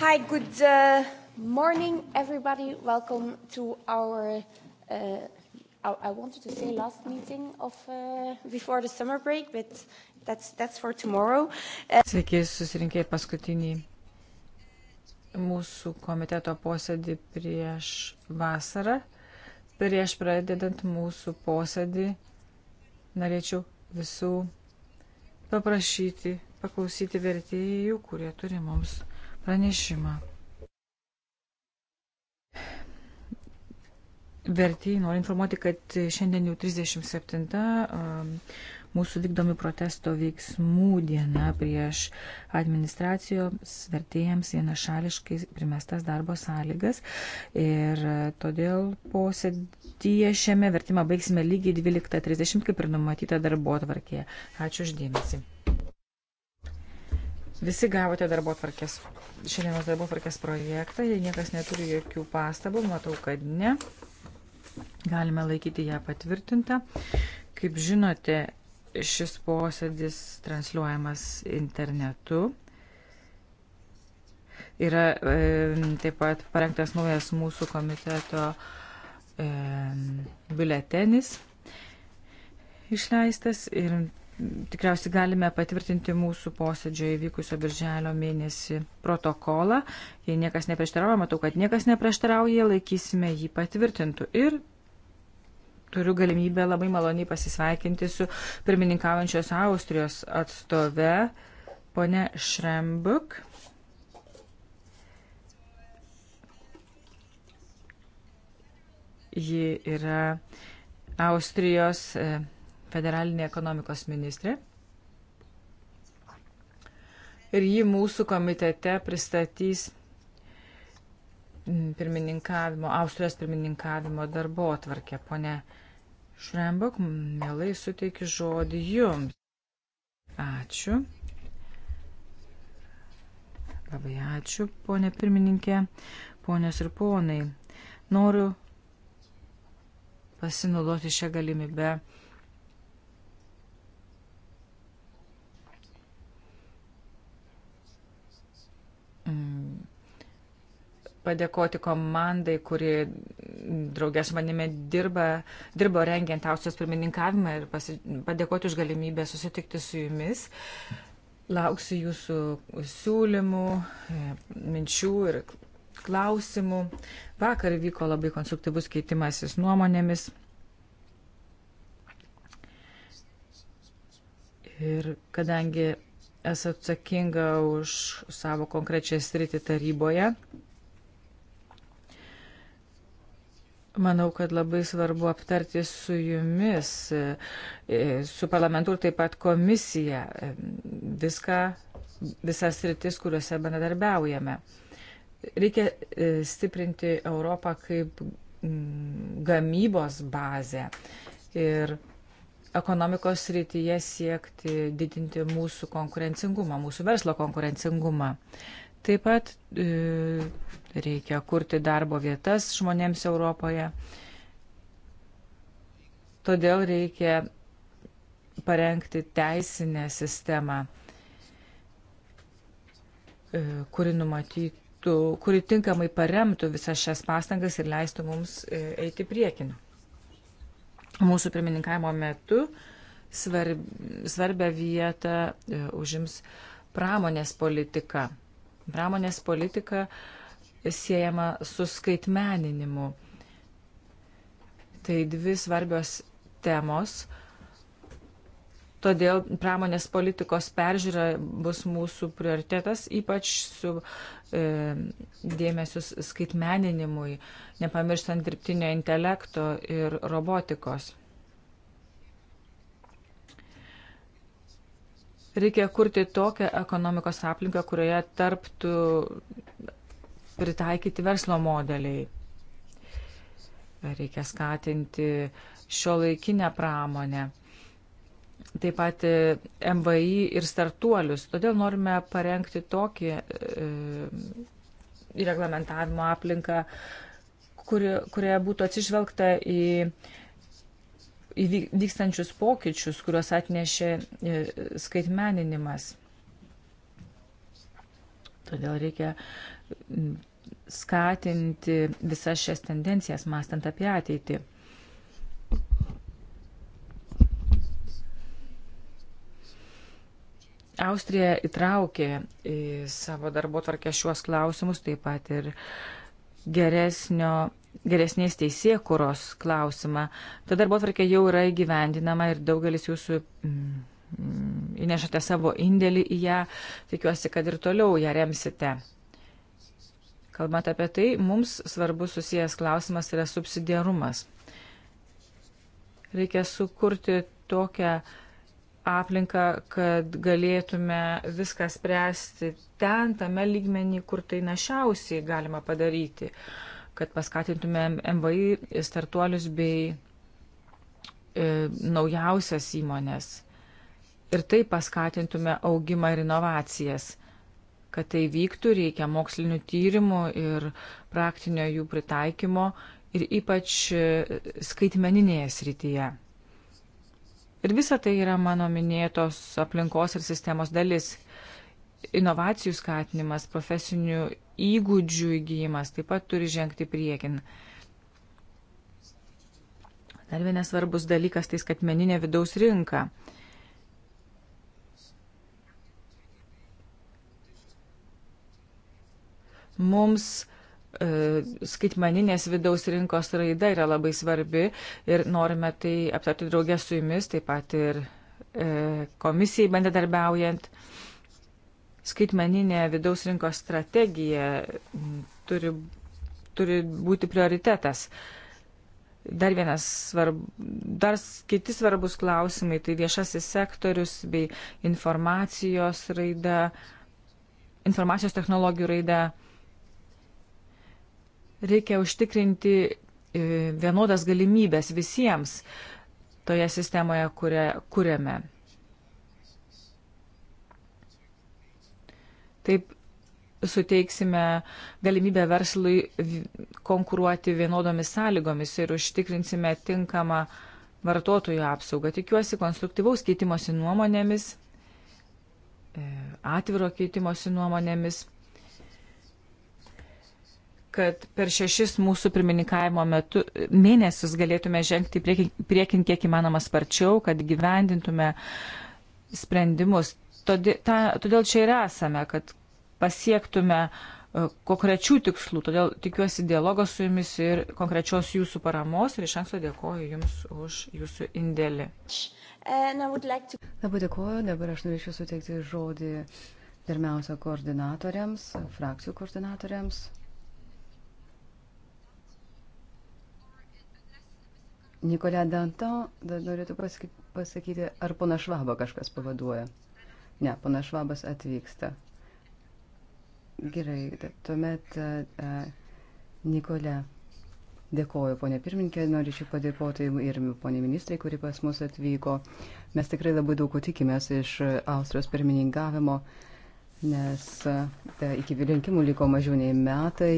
Hi, good uh, morning, everybody. Welcome to our, uh, I, I wanted to say last meeting of uh, before the summer break, but that's, that's for tomorrow. Uh... Sveiki, susirinkę į paskutinį mūsų komiteto posėdį prieš vasarą. Prieš pradedant mūsų posėdį norėčiau visų paprašyti, paklausyti vertėjų, kurie turi mums pranešimą. Vertėjai noriu informuoti, kad šiandien jau 37 um, mūsų vykdomi protesto veiksmų diena prieš administracijos vertėjams vienašališkai primestas darbo sąlygas. Ir todėl posėdyje šiame vertimą baigsime lygiai 12.30, kaip ir numatyta darbo atvarkėje. Ačiū uždėmesi. Visi gavote darbo tvarkės, šiandienos darbo tvarkės projektą, jei niekas neturi jokių pastabų, matau, kad ne. Galime laikyti ją patvirtintą. Kaip žinote, šis posėdis transliuojamas internetu. Yra e, taip pat parengtas naujas mūsų komiteto e, biuletenis išleistas ir tikriausiai galime patvirtinti mūsų posėdžio įvykusio birželio mėnesį protokolą. Jei niekas neprieštarauja, matau, kad niekas neprieštarauja, laikysime jį patvirtintų. Ir turiu galimybę labai maloniai pasisveikinti su pirmininkaujančios Austrijos atstove, ponė Šrembuk. Ji yra Austrijos. E, federalinė ekonomikos ministrė. Ir ji mūsų komitete pristatys pirmininkavimo, Austrijos pirmininkavimo darbo atvarkė. Pone Šrembok, mielai suteikiu žodį jums. Ačiū. Labai ačiū, ponė pirmininkė, ponios ir ponai. Noriu pasinaudoti šią galimybę Mm. padėkoti komandai, kuri draugės manimi dirba, dirbo rengiant Austrijos pirmininkavimą ir pasi, padėkoti už galimybę susitikti su jumis. Lauksiu jūsų siūlymų, e, minčių ir klausimų. Vakar vyko labai konstruktyvus keitimasis nuomonėmis. Ir kadangi esu atsakinga už savo konkrečią sritį taryboje. Manau, kad labai svarbu aptarti su jumis, e, su parlamentu ir taip pat komisija e, viską, visas sritis, kuriuose bendradarbiaujame. Reikia e, stiprinti Europą kaip gamybos bazę ir ekonomikos rytyje siekti didinti mūsų konkurencingumą, mūsų verslo konkurencingumą. Taip pat e, reikia kurti darbo vietas žmonėms Europoje. Todėl reikia parengti teisinę sistemą, e, kuri numatytų, kuri tinkamai paremtų visas šias pastangas ir leistų mums e, eiti priekinu mūsų pirmininkavimo metu svarb, svarbę vietą e, užims pramonės politika. Pramonės politika siejama su skaitmeninimu. Tai dvi svarbios temos, Todėl pramonės politikos peržiūra bus mūsų prioritetas, ypač su e, dėmesius skaitmeninimui, nepamirštant dirbtinio intelekto ir robotikos. Reikia kurti tokią ekonomikos aplinką, kurioje tarptų pritaikyti verslo modeliai. Reikia skatinti šio laikinę pramonę taip pat e, MVI ir startuolius. Todėl norime parengti tokį e, reglamentavimo aplinką, kuri, kurioje būtų atsižvelgta į įvykstančius pokyčius, kuriuos atnešė e, skaitmeninimas. Todėl reikia skatinti visas šias tendencijas, mąstant apie ateitį. Austrija įtraukė į savo darbo tvarkę šiuos klausimus, taip pat ir geresnio, geresnės teisėkuros klausimą. Ta darbo tvarkė jau yra įgyvendinama ir daugelis jūsų mm, įnešate savo indėlį į ją. Tikiuosi, kad ir toliau ją remsite. Kalbant apie tai, mums svarbus susijęs klausimas yra subsidiarumas. Reikia sukurti tokią aplinką, kad galėtume viską spręsti ten, tame lygmenį, kur tai našiausiai galima padaryti, kad paskatintume MVI startuolius bei e, naujausias įmonės ir tai paskatintume augimą ir inovacijas. Kad tai vyktų, reikia mokslinių tyrimų ir praktinio jų pritaikymo ir ypač e, skaitmeninėje srityje. Ir visa tai yra mano minėtos aplinkos ir sistemos dalis. Inovacijų skatinimas, profesinių įgūdžių įgyjimas taip pat turi žengti priekin. Dar vienas svarbus dalykas tai skatmeninė vidaus rinka. Mums E, skaitmaninės vidaus rinkos raida yra labai svarbi ir norime tai aptarti draugę su jumis, taip pat ir e, komisijai bendradarbiaujant. Skaitmeninė vidaus rinkos strategija turi, turi būti prioritetas. Dar vienas svarb, dar kiti svarbus klausimai, tai viešasis sektorius bei informacijos raida, informacijos technologijų raida. Reikia užtikrinti e, vienodas galimybės visiems toje sistemoje, kurią kuriame. Taip suteiksime galimybę verslui konkuruoti vienodomis sąlygomis ir užtikrinsime tinkamą vartotojų apsaugą. Tikiuosi konstruktyvaus keitimosi nuomonėmis, e, atviro keitimosi nuomonėmis kad per šešis mūsų pirmininkavimo metu, mėnesius galėtume žengti priekin, priekin kiek įmanoma sparčiau, kad gyvendintume sprendimus. Todėl, ta, todėl čia ir esame, kad pasiektume e, konkrečių tikslų. Todėl tikiuosi dialogo su jumis ir konkrečios jūsų paramos ir iš anksto dėkoju jums už jūsų indėlį. Like to... Labai dėkoju, dabar aš norėčiau suteikti žodį pirmiausia koordinatoriams, frakcijų koordinatoriams. Nikolė Danton, dar norėtų pasakyti, ar pana Švabą kažkas pavaduoja. Ne, pana Švabas atvyksta. Gerai, tuomet Nikolė. Dėkoju, ponė pirmininkė, norėčiau padėkoti ir ponė ministrai, kuri pas mus atvyko. Mes tikrai labai daug ko tikimės iš Austrijos pirmininkavimo, nes ta, iki rinkimų liko mažiau nei metai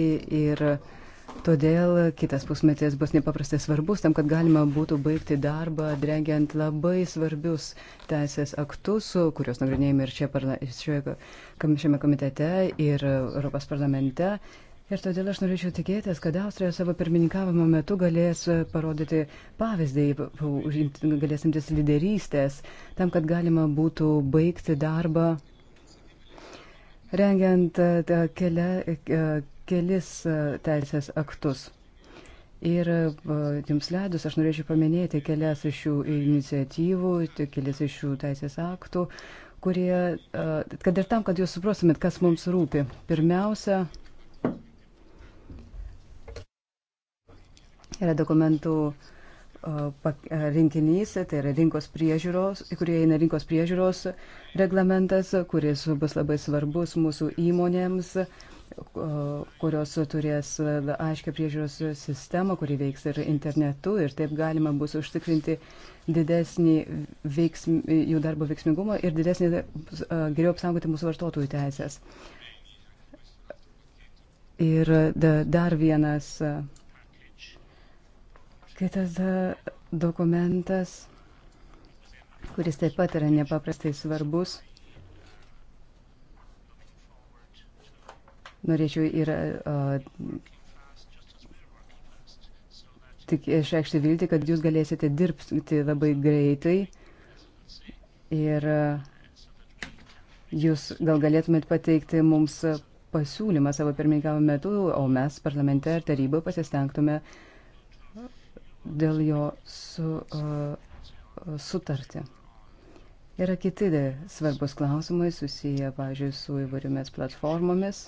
ir uh, Todėl kitas pusmetis bus nepaprastai svarbus tam, kad galima būtų baigti darbą, rengiant labai svarbius teisės aktus, kuriuos nagrinėjame ir čia, parla, šioje, šiame komitete, ir Europos parlamente. Ir todėl aš norėčiau tikėtis, kad Austrija savo pirmininkavimo metu galės parodyti pavyzdį, galės imtis lyderystės, tam, kad galima būtų baigti darbą, rengiant e, kelia, e, kelis e, teisės aktus. Ir e, jums leidus, aš norėčiau paminėti kelias iš šių iniciatyvų, kelias iš šių teisės aktų, kurie, e, kad ir tam, kad jūs suprastumėt, kas mums rūpi. Pirmiausia, yra dokumentų rinkinys, tai yra rinkos priežiūros, į kurį eina rinkos priežiūros reglamentas, kuris bus labai svarbus mūsų įmonėms, kurios turės aiškę priežiūros sistemą, kuri veiks ir internetu ir taip galima bus užtikrinti didesnį veiksm, jų darbo veiksmingumą ir didesnį, geriau apsaugoti mūsų vartotojų teisės. Ir dar vienas, kitas dokumentas, kuris taip pat yra nepaprastai svarbus norėčiau ir uh, tik išreikšti viltį, kad jūs galėsite dirbti labai greitai ir jūs gal galėtumėt pateikti mums pasiūlymą savo pirmininkavimo metu, o mes parlamente ar taryboje pasistengtume dėl jo su, uh, sutarti. Yra kiti svarbus klausimai susiję, pavyzdžiui, su įvairiomis platformomis.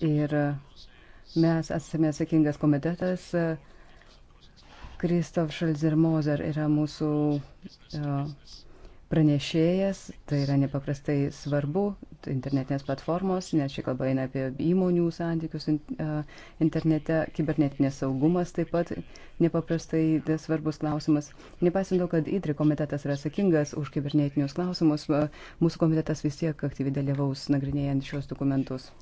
Ir e, mes esame atsakingas komitetas. E, Kristof Šalzirmozer yra mūsų e, pranešėjas, tai yra nepaprastai svarbu, internetinės platformos, nes čia kalba eina apie įmonių santykius internete, kibernetinės saugumas taip pat nepaprastai svarbus klausimas. Nepaisant to, kad ITRI komitetas yra atsakingas už kibernetinius klausimus, mūsų komitetas vis tiek aktyviai dalyvaus nagrinėjant šios dokumentus.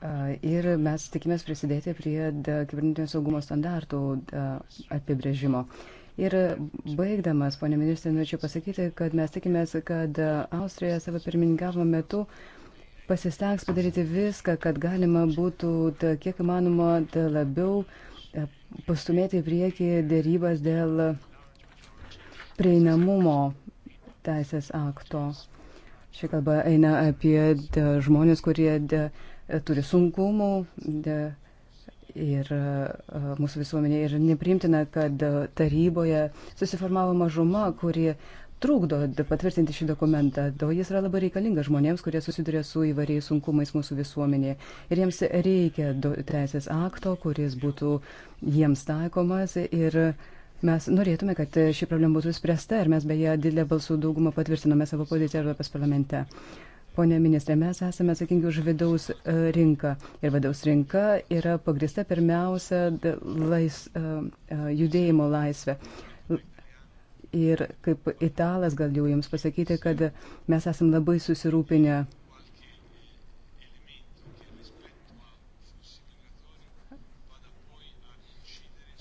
Ir mes tikimės prisidėti prie kibernetinio saugumo standartų apibrėžimo. Ir baigdamas, ponė ministrė, norėčiau pasakyti, kad mes tikimės, kad Austrija savo pirmininkavimo metu pasistengs padaryti viską, kad galima būtų ta, kiek įmanoma ta, labiau pastumėti į priekį dėrybas dėl prieinamumo teisės akto. Ši kalba eina apie da, žmonės, kurie da, E, turi sunkumų de, ir e, mūsų visuomenė ir neprimtina, kad e, taryboje susiformavo mažuma, kuri trukdo patvirtinti šį dokumentą, o jis yra labai reikalingas žmonėms, kurie susiduria su įvairiais sunkumais mūsų visuomenėje. Ir jiems reikia teisės akto, kuris būtų jiems taikomas. Ir mes norėtume, kad ši problema būtų spręsta ir mes beje didelę balsų daugumą patvirtiname savo poziciją Europos parlamente. Pone ministrė, mes esame atsakingi už vidaus e, rinką ir vidaus rinka yra pagrista pirmiausia lais, e, e, judėjimo laisvė. Ir kaip italas galiu Jums pasakyti, kad mes esame labai susirūpinę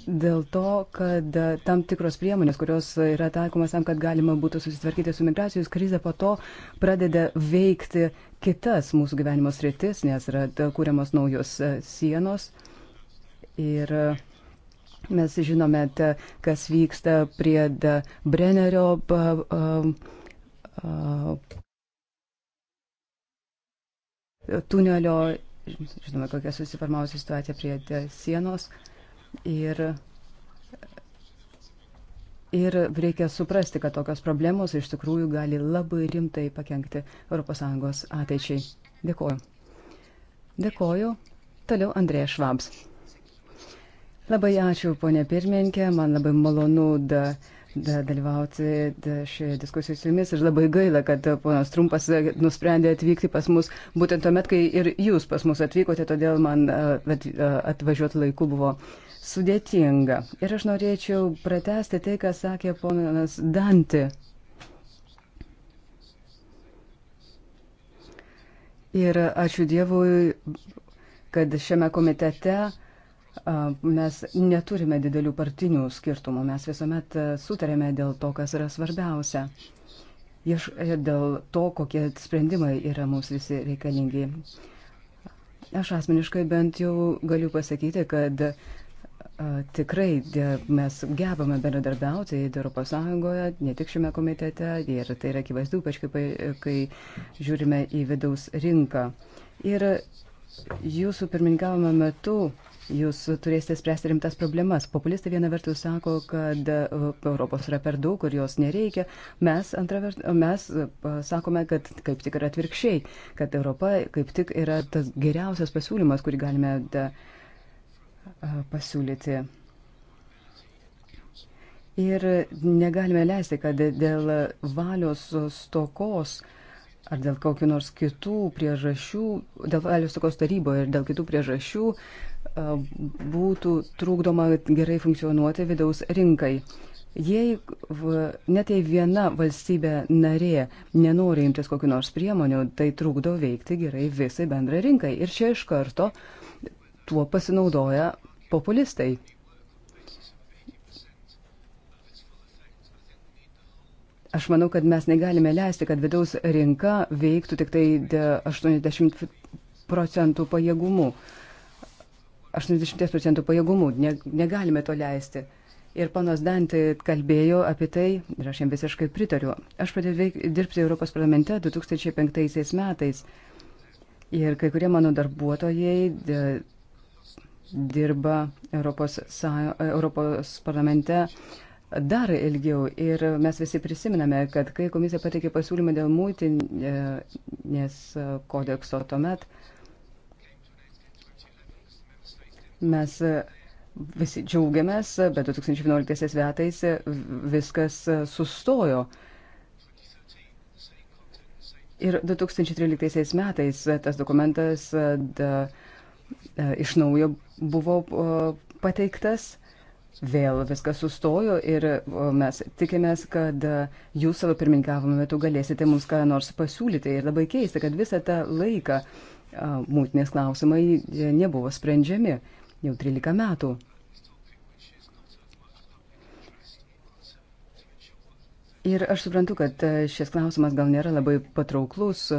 dėl to, kad e, tam tikros priemonės, kurios yra taikomas tam, kad galima būtų susitvarkyti su migracijos krize, po to pradeda veikti kitas mūsų gyvenimo sritis, nes yra e, kūriamos naujos e, sienos. Ir mes žinome, kas vyksta prie Brennerio. tunelio, žinome, kokia susiformavusi situacija prie sienos. Uh, Ir, ir reikia suprasti, kad tokios problemos iš tikrųjų gali labai rimtai pakengti ES ateičiai. Dėkoju. Dėkoju. Toliau Andrėja Švabs. Labai ačiū, ponė pirmininkė. Man labai malonu da, da, dalyvauti da, šioje diskusijoje su jumis ir labai gaila, kad ponas Trumpas nusprendė atvykti pas mus būtent tuomet, kai ir jūs pas mus atvykote, todėl man atvažiuoti laiku buvo uh, sudėtinga. Ir aš norėčiau pratesti tai, ką sakė ponas Danti. Ir ačiū Dievui, kad šiame komitete mes neturime didelių partinių skirtumų, mes visuomet sutarėme dėl to, kas yra svarbiausia. Ir e, dėl to, kokie sprendimai yra mums visi reikalingi. Aš asmeniškai bent jau galiu pasakyti, kad Tikrai mes gebame bendradarbiauti Europos Sąjungoje, ne tik šiame komitete, ir tai yra akivaizdu, ypač kai, kai žiūrime į vidaus rinką. Ir jūsų pirmininkavimo metu jūs turėsite spręsti rimtas problemas. Populistai viena vertus sako, kad e, Europos yra per daug ir jos nereikia. Mes, vert, mes e, sakome, kad kaip tik yra atvirkščiai, kad Europa kaip tik yra tas geriausias pasiūlymas, kurį galime. Da, de pasiūlyti. Ir negalime leisti, kad dėl valios stokos ar dėl kokių nors kitų priežasčių, dėl valios stokos taryboje ir dėl kitų priežasčių būtų trūkdoma gerai funkcionuoti vidaus rinkai. Jei net jei viena valstybė narė nenori imtis kokiu nors priemonių, tai trukdo veikti gerai visai bendrai rinkai. Ir čia iš karto uh, tuo pasinaudoja populistai. Aš manau, kad mes negalime leisti, kad vidaus rinka veiktų tik tai 80 procentų pajėgumų. 80 procentų pajėgumų. Ne, negalime to leisti. Ir panas Dantė kalbėjo apie tai, ir aš jam visiškai pritariu. Aš pradėjau veik, dirbti Europos parlamente 2005 metais. Ir kai kurie mano darbuotojai dirba Europos, Europos parlamente dar ilgiau. Ir mes visi prisiminame, kad kai komisija pateikė pasiūlymą dėl mūtinės kodekso, tuomet mes visi džiaugiamės, bet 2011 metais viskas sustojo. Ir 2013 metais tas dokumentas da, E, iš naujo buvo e, pateiktas. Vėl viskas sustojo ir e, mes tikimės, kad jūs savo pirmininkavimo metu galėsite mums ką nors pasiūlyti. Ir labai keista, kad visą tą laiką mūtinės klausimai nebuvo sprendžiami jau 13 metų. Ir aš suprantu, kad e, šis klausimas gal nėra labai patrauklus e,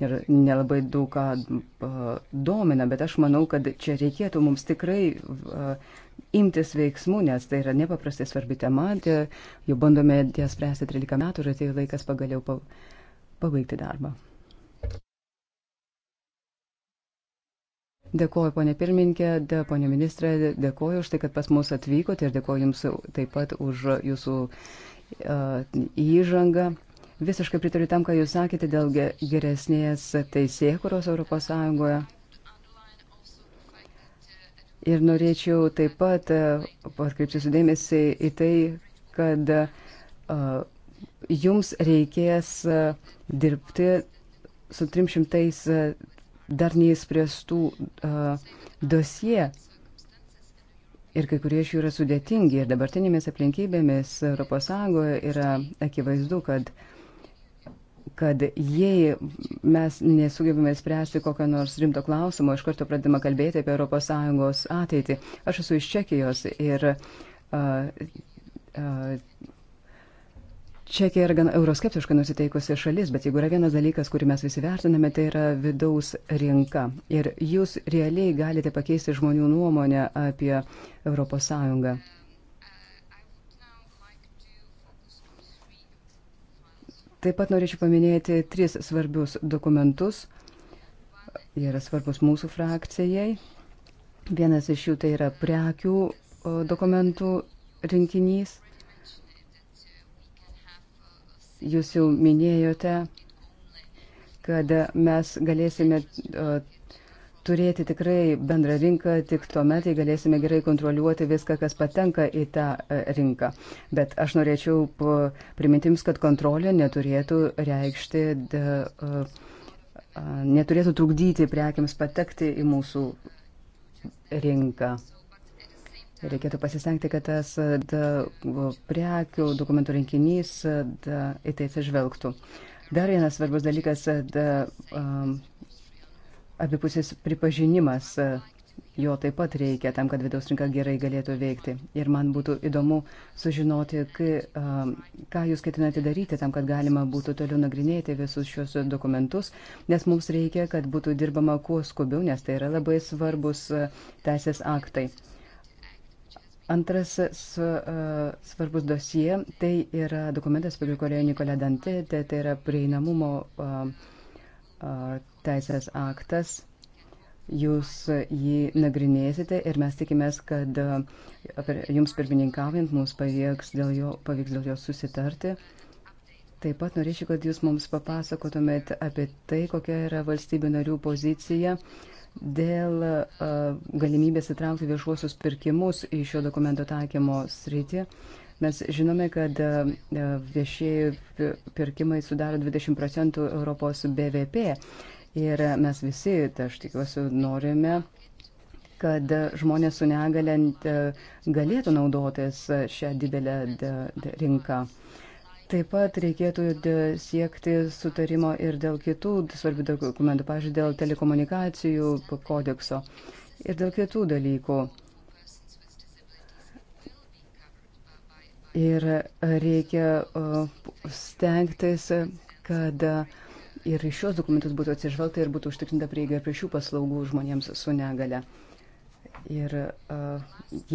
ir nelabai daug ką e, domina, bet aš manau, kad čia reikėtų mums tikrai imtis veiksmų, nes tai yra nepaprastai svarbi tema, tai jau bandome ją spręsti 13 metų ir atėjo laikas pagaliau pabaigti darbą. Dėkuoju, ponė pirmininkė, ponė ministrė, dėkuoju už tai, kad pas mus atvykote ir dėkuoju Jums taip pat už Jūsų uh, įžangą. Visiškai pritariu tam, ką jūs sakėte dėl geresnės teisėkuros ES. Ir norėčiau taip pat atkreipti sudėmėsi į tai, kad jums reikės dirbti su 300 dar neįspręstų dosie Ir kai kurie iš jų yra sudėtingi. Ir dabartinėmis aplinkybėmis ES yra akivaizdu, kad, kad jei mes nesugebame spręsti kokio nors rimto klausimo, iš karto pradedama kalbėti apie ES ateitį. Aš esu iš Čekijos ir. Uh, uh, Čekija yra gan euroskeptiškai nusiteikusi šalis, bet jeigu yra vienas dalykas, kurį mes visi vertiname, tai yra vidaus rinka. Ir jūs realiai galite pakeisti žmonių nuomonę apie ES. Taip pat norėčiau paminėti tris svarbius dokumentus. Jie yra svarbus mūsų frakcijai. Vienas iš jų tai yra prekių dokumentų rinkinys. Jūs jau minėjote, kad mes galėsime turėti tikrai bendrą rinką, tik tuomet jei galėsime gerai kontroliuoti viską, kas patenka į tą e, rinką. Bet aš norėčiau primintims, kad kontrolė neturėtų reikšti, de, neturėtų trukdyti prekiams patekti į mūsų rinką. Reikėtų pasistengti, kad tas e, da, prekių dokumentų rinkinys e, da, į tai atsižvelgtų. Dar vienas svarbus dalykas e, da, um, abipusis pripažinimas. Jo taip pat reikia tam, kad vidaus rinka gerai galėtų veikti. Ir man būtų įdomu sužinoti, kai, um, ką jūs ketinate daryti tam, kad galima būtų toliau nagrinėti visus šios dokumentus, nes mums reikia, kad būtų dirbama kuo skubiau, nes tai yra labai svarbus teisės aktai. Uh, Antras e, svarbus dosie tai yra dokumentas, pagal kurį Nikolė Dantė, tai, tai yra prieinamumo e, e, teisės aktas. Jūs jį nagrinėsite ir mes tikimės, kad jums pirmininkaujant mums pavyks dėl jo, pavyks dėl jo susitarti. Taip pat norėčiau, kad jūs mums papasakotumėt apie tai, kokia yra valstybių narių pozicija dėl uh, galimybės įtraukti viešuosius pirkimus į šio dokumento taikymo sritį. Mes žinome, kad uh, viešieji pirkimai sudaro 20 procentų Europos BVP ir mes visi, tai aš tikiuosi, norime kad žmonės su negaliant galėtų naudotis šią didelę rinką. Uh, Taip pat reikėtų siekti sutarimo ir dėl kitų svarbių dokumentų, pavyzdžiui, dėl telekomunikacijų kodekso ir dėl kitų dalykų. Ir reikia stengtis, kad ir iš šios dokumentus būtų atsižvelgta ir būtų užtikrinta prieiga prie šių paslaugų žmonėms su negale. Ir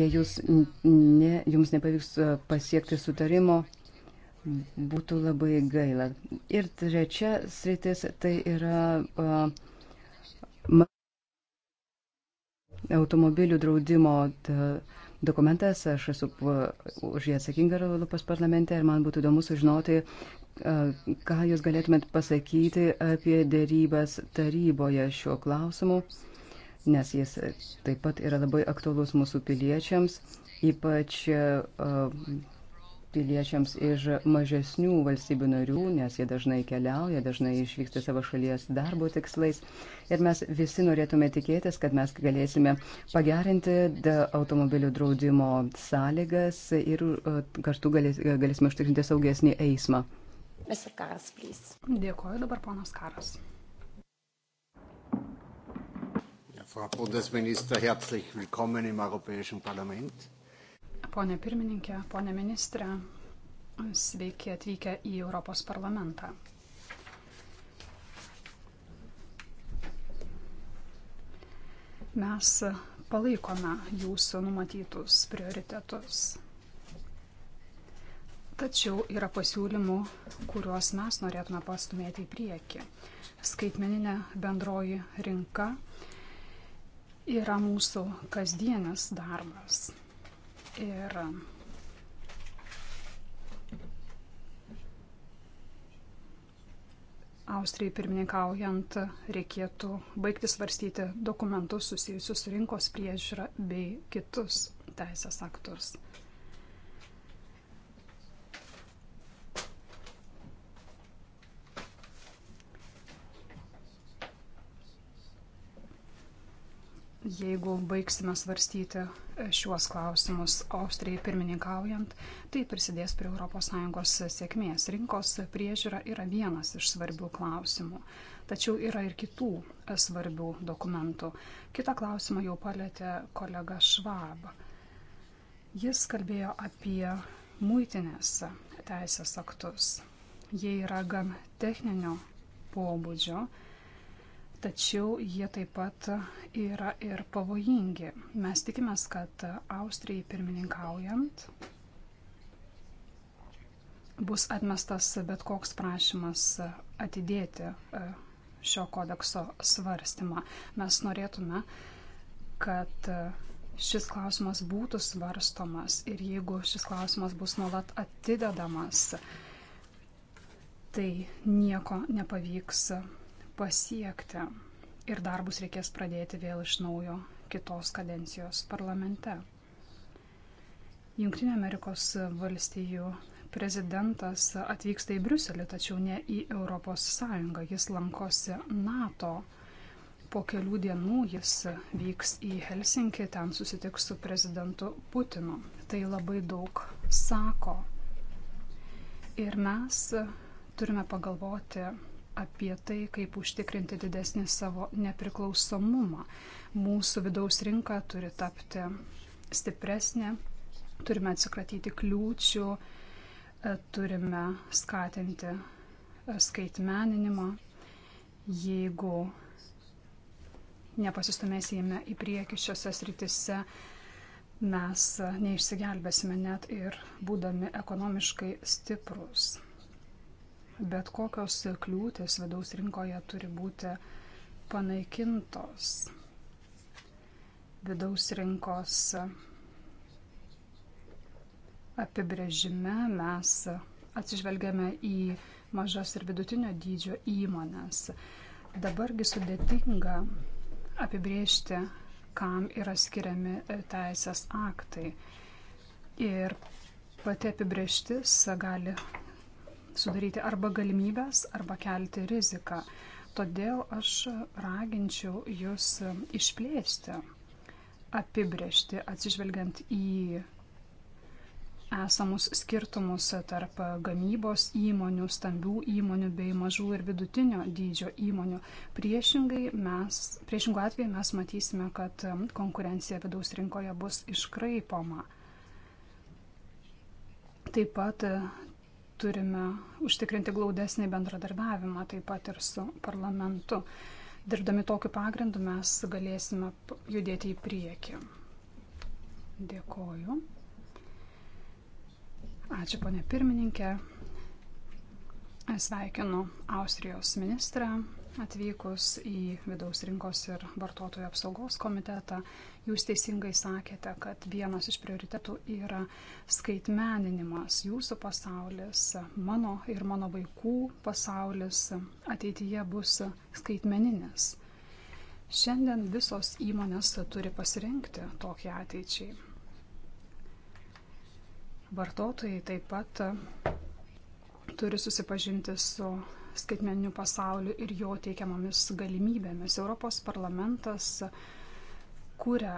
jei jūs ne, jums nepavyks pasiekti sutarimo, Būtų labai gaila. Ir trečia sritis tai yra uh, automobilių draudimo dokumentas. Aš esu už jį atsakinga Europos parlamente ir man būtų įdomu sužinoti, uh, ką jūs galėtumėt pasakyti apie dėrybas taryboje šiuo klausimu, nes jis taip pat yra labai aktuolus mūsų piliečiams, ypač uh, piliečiams iš mažesnių valstybių narių, nes jie dažnai keliauja, dažnai išvyksta savo šalies darbo tikslais. Ir mes visi norėtume tikėtis, kad mes galėsime pagerinti automobilių draudimo sąlygas ir e, kartu galės, galėsime užtikrinti saugesnį eismą. Mr. Karas, please. Dėkuoju dabar ponas Karas. Frau Bundesminister, herzlich willkommen im Europäischen Parlament. Pone pirmininkė, pone ministrė, sveiki atvykę į Europos parlamentą. Mes palaikome jūsų numatytus prioritetus. Tačiau yra pasiūlymų, kuriuos mes norėtume pastumėti į priekį. Skaitmeninė bendroji rinka yra mūsų kasdienis darbas. Ir Austrijai pirmininkaujant reikėtų baigti svarstyti dokumentus susijusius rinkos priežiūrą bei kitus teisės aktus. jeigu baigsime svarstyti e, šiuos klausimus Austrijai pirmininkaujant, tai prisidės prie ES sėkmės. Rinkos priežiūra yra vienas iš svarbių klausimų, tačiau yra ir kitų e, svarbių dokumentų. Kita klausimą jau palėtė kolega Švab. Jis kalbėjo apie muitinės teisės aktus. Jie yra gan techninio pobūdžio tačiau jie taip pat yra ir pavojingi. Mes tikimės, kad Austrijai pirmininkaujant bus atmestas bet koks prašymas atidėti e, šio kodekso svarstymą. Mes norėtume, kad e, šis klausimas būtų svarstomas ir jeigu šis klausimas bus nuolat atidedamas, tai nieko nepavyks pasiekti. Ir darbus reikės pradėti vėl iš naujo kitos kadencijos parlamente. Junktinė Amerikos valstijų prezidentas atvyksta į Briuselį, tačiau ne į Europos Sąjungą. Jis lankosi NATO. Po kelių dienų jis vyks į Helsinkį, ten susitiks su prezidentu Putinu. Tai labai daug sako. Ir mes turime pagalvoti apie tai, kaip užtikrinti didesnį savo nepriklausomumą. Mūsų vidaus rinka turi tapti stipresnė, turime atsikratyti kliūčių, e, turime skatinti e, skaitmeninimą. Jeigu nepasistumėsime į priekį šiose sritise, mes neišsigelbėsime net ir būdami ekonomiškai stiprus. Bet kokios kliūtis vidaus rinkoje turi būti panaikintos. Vidaus rinkos apibrėžime mes atsižvelgiame į mažas ir vidutinio dydžio įmonės. Dabargi sudėtinga apibriežti, kam yra skiriami e, teisės aktai. Ir pati apibrieštis gali sudaryti arba galimybės, arba kelti riziką. Todėl aš raginčiau jūs išplėsti, apibrėžti, atsižvelgiant į esamus skirtumus tarp gamybos įmonių, stambių įmonių bei mažų ir vidutinio dydžio įmonių. Priešingai mes, priešingų atveju mes matysime, kad konkurencija vidaus rinkoje bus iškraipoma. Taip pat turime užtikrinti glaudesnį bendradarbiavimą taip pat ir su parlamentu. Dirbdami tokiu pagrindu mes galėsime judėti į priekį. Dėkoju. Ačiū, ponė pirmininkė. Sveikinu Austrijos ministrą atvykus į vidaus rinkos ir vartotojų apsaugos komitetą. Jūs teisingai sakėte, kad vienas iš prioritetų yra skaitmeninimas, jūsų pasaulis, mano ir mano vaikų pasaulis ateityje bus skaitmeninis. Šiandien visos įmonės turi pasirinkti tokį ateičiai. Vartotojai taip pat turi susipažinti su skaitmeniniu pasauliu ir jo teikiamomis galimybėmis. Europos parlamentas kuria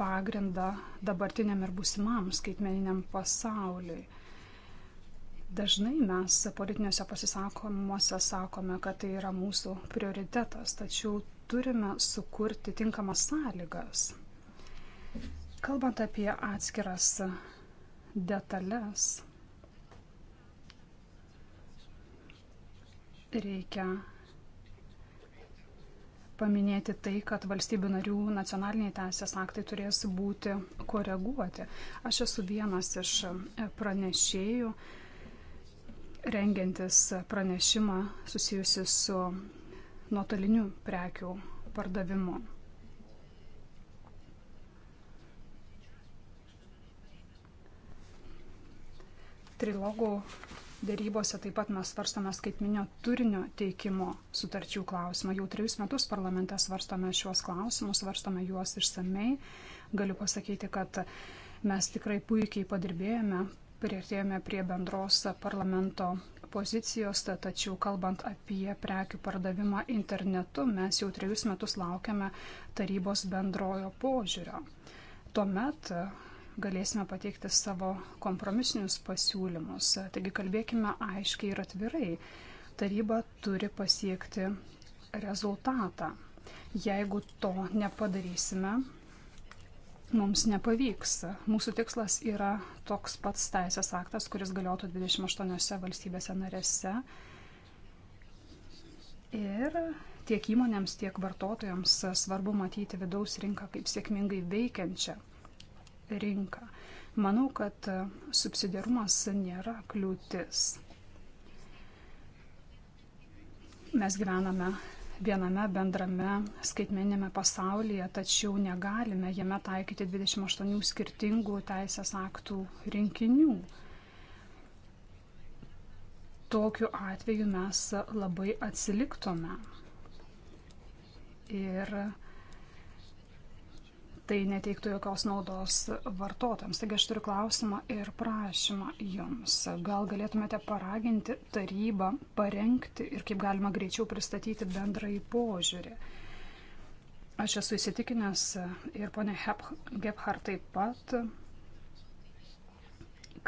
pagrindą dabartiniam ir būsimam skaitmeniniam pasauliui. Dažnai mes politiniuose pasisakomuose sakome, kad tai yra mūsų prioritetas, tačiau turime sukurti tinkamas sąlygas. Kalbant apie atskiras detalės, reikia paminėti tai, kad valstybių narių nacionaliniai teisės aktai turės būti koreguoti. Aš esu vienas iš e, pranešėjų, rengiantis pranešimą susijusi su nuotoliniu prekių pardavimu. Trilogų Dėrybose taip pat mes svarstame skaitminio turinio teikimo sutarčių klausimą. Jau trejus metus parlamente svarstame šiuos klausimus, svarstame juos išsamei. Galiu pasakyti, kad mes tikrai puikiai padirbėjome, prieartėjome prie bendros parlamento pozicijos, tačiau kalbant apie prekių pardavimą internetu, mes jau trejus metus laukiame tarybos bendrojo požiūrio. Tuomet galėsime pateikti savo kompromisinius pasiūlymus. Taigi kalbėkime aiškiai ir atvirai. Taryba turi pasiekti rezultatą. Jeigu to nepadarysime, mums nepavyks. Mūsų tikslas yra toks pats teisės aktas, kuris galiotų 28 valstybėse narėse. Ir tiek įmonėms, tiek vartotojams svarbu matyti vidaus rinką kaip sėkmingai veikiančią rinką. Manau, kad subsidiarumas nėra kliūtis. Mes gyvename viename bendrame skaitmeninėme pasaulyje, tačiau negalime jame taikyti 28 skirtingų teisės aktų rinkinių. Tokiu atveju mes labai atsiliktume. Ir tai neteiktų jokios naudos vartotojams. Taigi aš turiu klausimą ir prašymą jums. Gal galėtumėte paraginti tarybą parengti ir kaip galima greičiau pristatyti bendrąjį požiūrį. Aš esu įsitikinęs ir ponė Gebhard taip pat,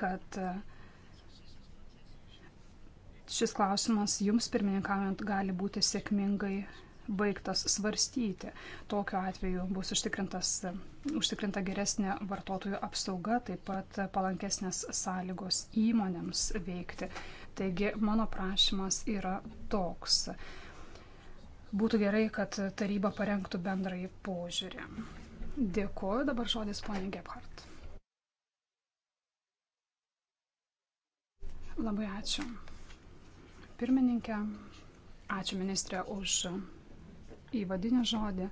kad šis klausimas jums pirmininkaujant gali būti sėkmingai baigtas svarstyti. Tokiu atveju bus užtikrinta geresnė vartotojų apsauga, taip pat palankesnės sąlygos įmonėms veikti. Taigi mano prašymas yra toks. Būtų gerai, kad taryba parengtų bendrąjį požiūrį. Dėkuoju, dabar žodis ponė Gebhardt. Labai ačiū. Pirmininkė, ačiū ministrė už įvadinį žodį,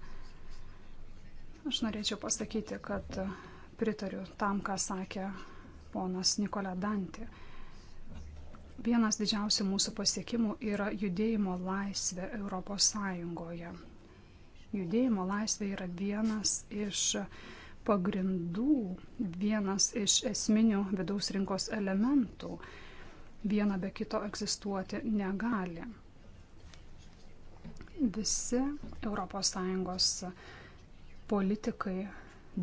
aš norėčiau pasakyti, kad pritariu tam, ką sakė ponas Nikola Dantė. Vienas didžiausių mūsų pasiekimų yra judėjimo laisvė Europos Sąjungoje. Judėjimo laisvė yra vienas iš pagrindų, vienas iš esminių vidaus rinkos elementų. Viena be kito egzistuoti negali. Visi ES politikai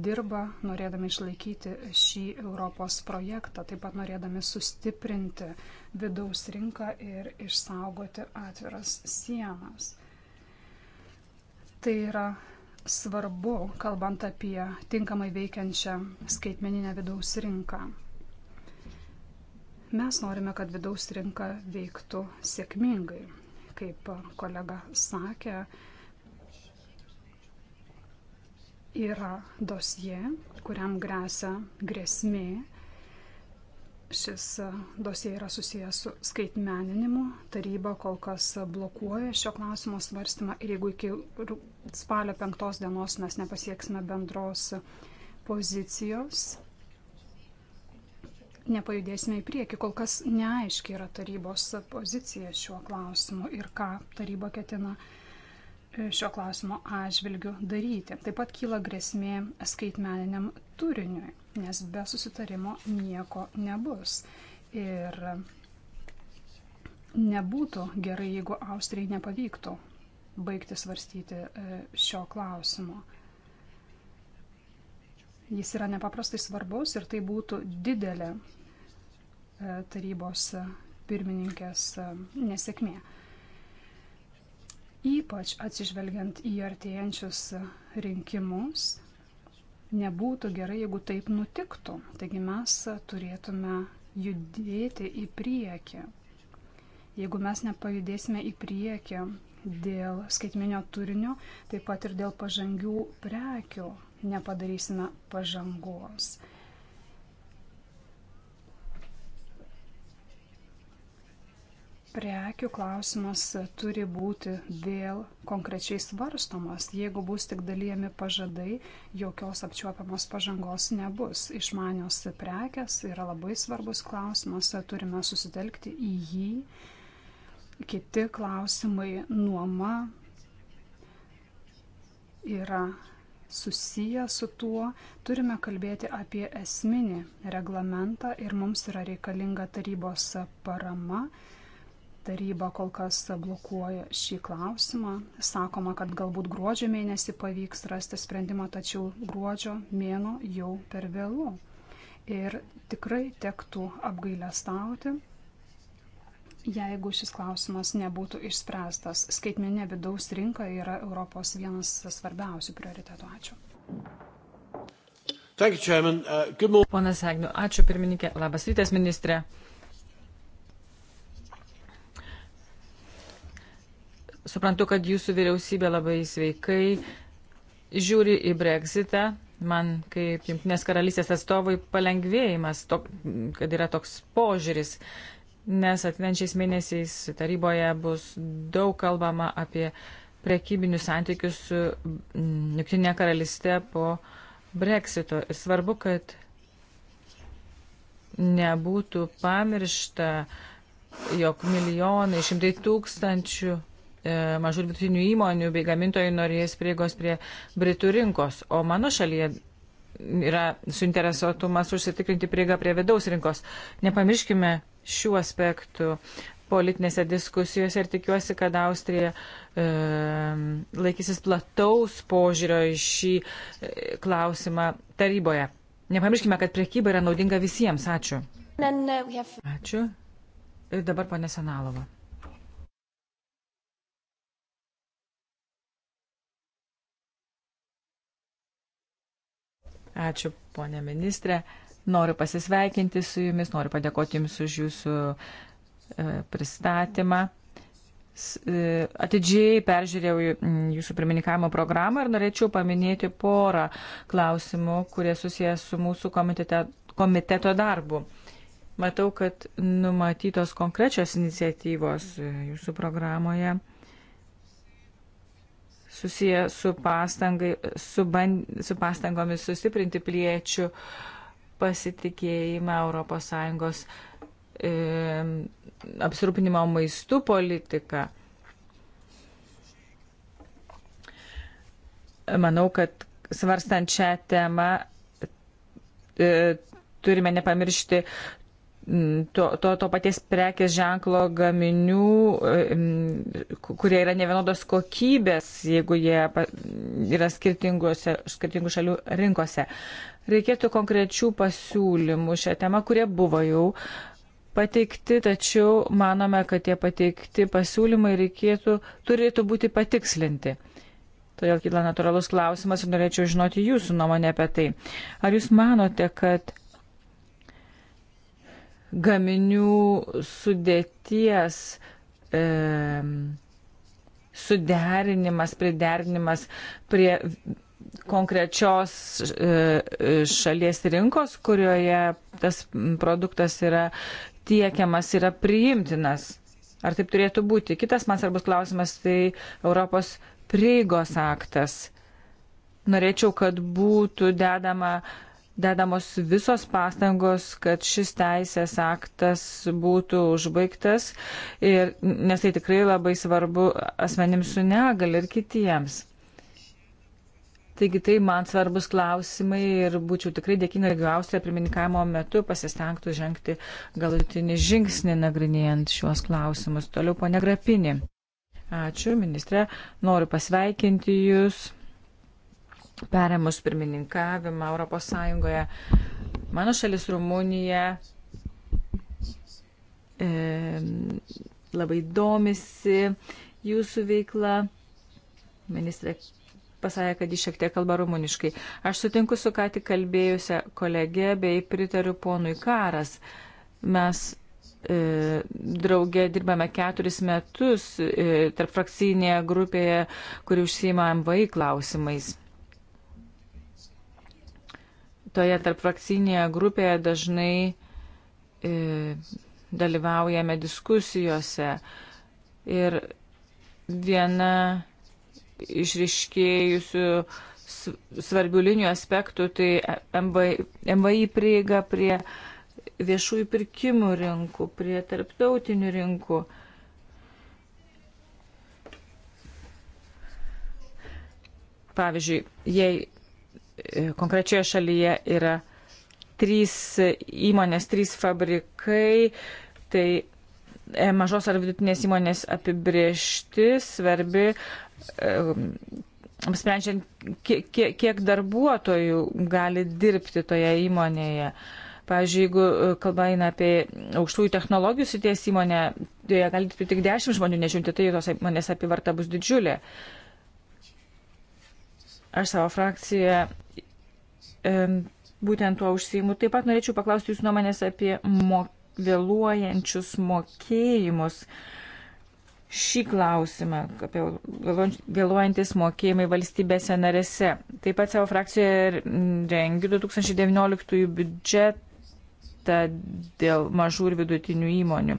dirba norėdami išlaikyti šį Europos projektą, taip pat norėdami sustiprinti vidaus rinką ir išsaugoti atviras sienas. Tai yra svarbu, kalbant apie tinkamai veikiančią skaitmeninę vidaus rinką. Mes norime, kad vidaus rinka veiktų sėkmingai kaip kolega sakė, yra dosie, kuriam grėsia grėsmė. Šis dosie yra susijęs su skaitmeninimu. Taryba kol kas blokuoja šio klausimo svarstymą ir jeigu iki spalio penktos dienos mes nepasieksime bendros pozicijos, nepajudėsime į priekį. Kol kas neaiški yra tarybos pozicija šiuo klausimu ir ką taryba ketina e, šio klausimo atžvilgiu daryti. Taip pat kyla grėsmė skaitmeniniam turiniui, nes be susitarimo nieko nebus. Ir nebūtų gerai, jeigu Austrijai nepavyktų baigti svarstyti e, šio klausimo. Jis yra nepaprastai svarbus ir tai būtų didelė e, tarybos e, pirmininkės e, nesėkmė. Ypač atsižvelgiant į artėjančius rinkimus, nebūtų gerai, jeigu taip nutiktų. Taigi mes turėtume judėti į priekį. Jeigu mes nepajudėsime į priekį dėl skaitminio turinio, taip pat ir dėl pažangių prekių, nepadarysime pažangos. prekių klausimas turi būti vėl konkrečiai svarstomas. Jeigu bus tik dalyjami pažadai, jokios apčiuopiamos pažangos nebus. Išmanios prekes yra labai svarbus klausimas, turime susitelkti į jį. Kiti klausimai - nuoma yra susiję su tuo, turime kalbėti apie esminį reglamentą ir mums yra reikalinga tarybos parama. Taryba kol kas blokuoja šį klausimą. Sakoma, kad galbūt gruodžio mėnesį pavyks rasti sprendimą, tačiau gruodžio mėno jau per vėlų. Ir tikrai tektų apgailę stauti, jeigu šis klausimas nebūtų išspręstas. Skaitmenė vidaus rinka yra Europos vienas svarbiausių prioritetų. Ačiū. You, uh, Ponas Agniu, ačiū pirmininkė. Labas rytas, ministrė. Suprantu, kad jūsų vyriausybė labai sveikai žiūri į Brexitą. Man kaip Junktinės karalystės atstovui palengvėjimas, to, kad yra toks požiūris. Uh, nes atvenčiais mėnesiais taryboje bus daug kalbama apie prekybinius santykius su mm, Junktinė karalystė po Brexito. Ir svarbu, kad nebūtų pamiršta, jog milijonai, šimtai tūkstančių e, mažų ir vidutinių įmonių bei gamintojų norės prieigos prie Britų rinkos, o mano šalyje yra suinteresuotumas užsitikrinti prieigą prie vidaus rinkos. Nepamirškime šių aspektų politinėse diskusijose ir tikiuosi, kad Austrija e, laikysis plataus požiūrio į šį e, klausimą taryboje. Nepamirškime, kad priekyba yra naudinga visiems. Ačiū. Uh, Ačiū. Ir dabar ponė Senalova. Ačiū, ponė ministrė. Noriu pasisveikinti su jumis, noriu padėkoti jums už jūsų e, pristatymą. E, atidžiai peržiūrėjau jūsų pirmininkavimo programą ir norėčiau paminėti porą klausimų, kurie susijęs su mūsų komitete, komiteto darbu. Matau, kad numatytos konkrečios iniciatyvos e, jūsų programoje susiję su, pastangai, su, ban, su pastangomis sustiprinti piliečių uh, pasitikėjimą ES e, apsirūpinimo maistu politiką. Manau, kad svarstant šią temą e, turime nepamiršti Mm, to, to, to paties prekės ženklo gaminių, e, mm, kurie yra nevienodos kokybės, jeigu jie yra skirtingų šalių rinkose. Reikėtų konkrečių pasiūlymų šią temą, kurie buvo jau pateikti, tačiau manome, kad tie pateikti pasiūlymai reikėtų, turėtų būti patikslinti. Todėl kyla natūralus klausimas ir norėčiau žinoti jūsų nuomonę apie tai. Ar jūs manote, kad gaminių sudėties e, suderinimas, priderinimas prie konkrečios e, šalies rinkos, kurioje tas produktas yra tiekiamas, yra priimtinas. Ar taip turėtų būti? Kitas man svarbus klausimas - tai Europos prieigos aktas. Norėčiau, kad būtų dedama uh, dedamos visos pastangos, kad šis teisės aktas būtų užbaigtas, ir, nes tai tikrai labai svarbu asmenims su negali ir kitiems. Taigi tai man svarbus klausimai ir būčiau tikrai dėkinga, jeigu Austrija pirmininkavimo metu pasistengtų žengti galutinį žingsnį nagrinėjant šiuos klausimus. Toliau ponegrapinį. Ačiū, ministrė. Noriu pasveikinti Jūs perėmus pirmininkavimą Europos Sąjungoje. Mano šalis Rumunija e, labai domisi jūsų veikla. Ministrė pasakė, kad jis šiek tiek kalba rumuniškai. Aš sutinku su ką tik kalbėjusią kolegę bei pritariu ponui Karas. Mes e, draugė dirbame keturis metus e, tarp frakcinėje grupėje, kuri užsima MVI klausimais toje tarpfrakcinėje grupėje dažnai e, dalyvaujame diskusijose. Ir viena išriškėjusių svarbių linijų aspektų tai MVI, MVI prieiga prie viešųjų pirkimų rinkų, prie tarptautinių rinkų. Pavyzdžiui, jei E, konkrečioje šalyje yra trys įmonės, trys fabrikai, tai e, mažos ar vidutinės įmonės apibriešti svarbi, e, sprendžiant, kiek, kiek darbuotojų gali dirbti toje įmonėje. Pavyzdžiui, jeigu kalba eina apie aukštųjų technologijų sities įmonę, joje gali dirbti tik 10 žmonių, nežiūrinti tai, tos įmonės apivarta bus didžiulė. Uh, Aš savo frakciją e, būtent tuo užsijimu. Taip pat norėčiau paklausti jūsų nuomonės apie mok vėluojančius mokėjimus. Šį klausimą apie vėluojantis mokėjimai valstybėse narėse. Taip pat savo frakcijoje rengiu 2019 biudžetą dėl mažų ir vidutinių įmonių.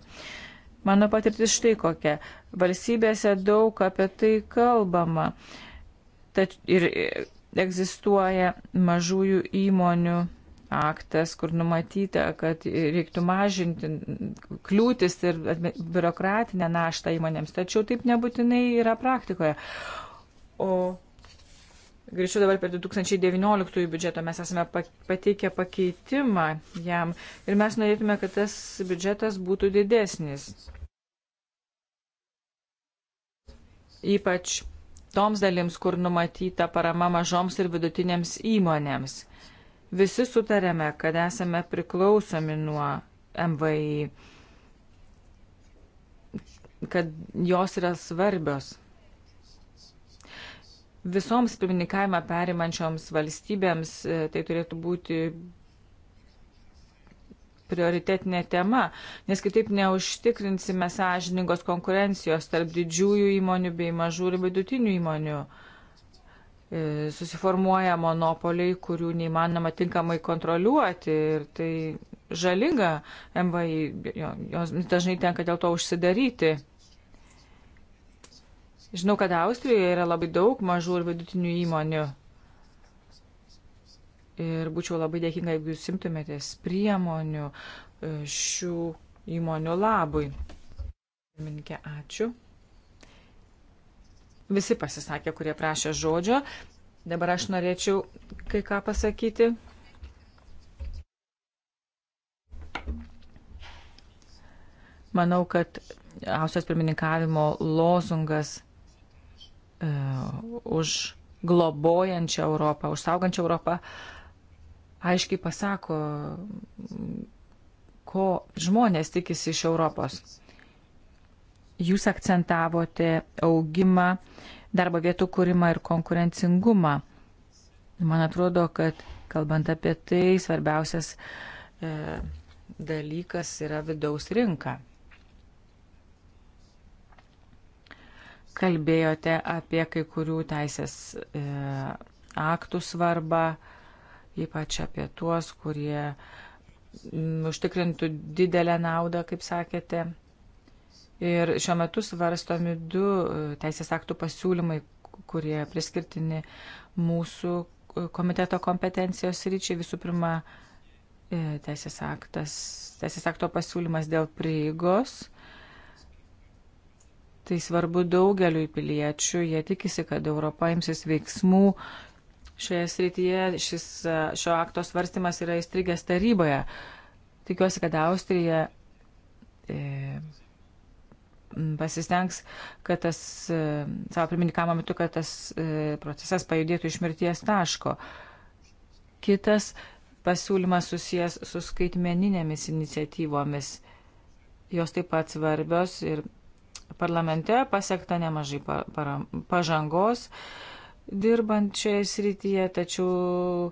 Mano patirtis štai kokia. Valstybėse daug apie tai kalbama. Uh, tač, ir egzistuoja mažųjų įmonių aktas, kur numatyta, kad reiktų mažinti kliūtis ir biurokratinę naštą įmonėms, tačiau taip nebūtinai yra praktikoje. O grįžtu dabar per 2019 biudžeto, mes esame pateikę pakeitimą jam ir mes norėtume, kad tas biudžetas būtų didesnis. Ypač toms dalims, kur numatyta parama mažoms ir vidutinėms įmonėms. Visi sutarėme, kad esame priklausomi nuo MVI, kad jos yra svarbios. Visoms pirmininkavimą perimančioms valstybėms e, tai turėtų būti prioritetinė tema, nes kitaip neužtikrinsime sąžiningos konkurencijos tarp didžiųjų įmonių bei mažų ir vidutinių įmonių. E, susiformuoja monopoliai, kurių neįmanoma tinkamai kontroliuoti ir tai žalinga MVI, jos dažnai tenka dėl to užsidaryti. Žinau, kad Austrijoje yra labai daug mažų ir vidutinių įmonių ir būčiau labai dėkinga, jeigu jūs simtumėtės priemonių e, šių įmonių labui. Minkė, ačiū. Visi pasisakė, kurie prašė žodžio. Dabar aš norėčiau kai ką pasakyti. Manau, kad Ausijos pirmininkavimo lozungas uh, už globojančią Europą, už saugančią Europą uh, aiškiai pasako, ko žmonės tikisi iš Europos. Jūs akcentavote augimą, darbo vietų kūrimą ir konkurencingumą. Man atrodo, kad kalbant apie tai, svarbiausias e, dalykas yra vidaus rinka. Kalbėjote apie kai kurių teisės e, aktų svarbą, e, ypač apie tuos, kurie mm, užtikrintų didelę naudą, kaip sakėte. Ir šiuo metu svarstomi du e, teisės aktų pasiūlymai, kurie priskirtini mūsų e, komiteto kompetencijos ryčiai. Visų pirma, e, teisės, aktas, teisės akto pasiūlymas dėl prieigos. Tai svarbu daugeliu piliečių, jie tikisi, kad Europa imsis veiksmų Šioje srityje šis, šio akto svarstymas yra įstrigęs taryboje. Tikiuosi, kad Austrija e, pasistengs, kad tas e, savo pirmininkamo metu, kad tas e, procesas pajudėtų iš mirties taško. Kitas pasiūlymas susijęs su skaitmeninėmis iniciatyvomis. Jos taip pat svarbios ir parlamente pasiekta nemažai pažangos. Pa, dirbant šioje srityje, tačiau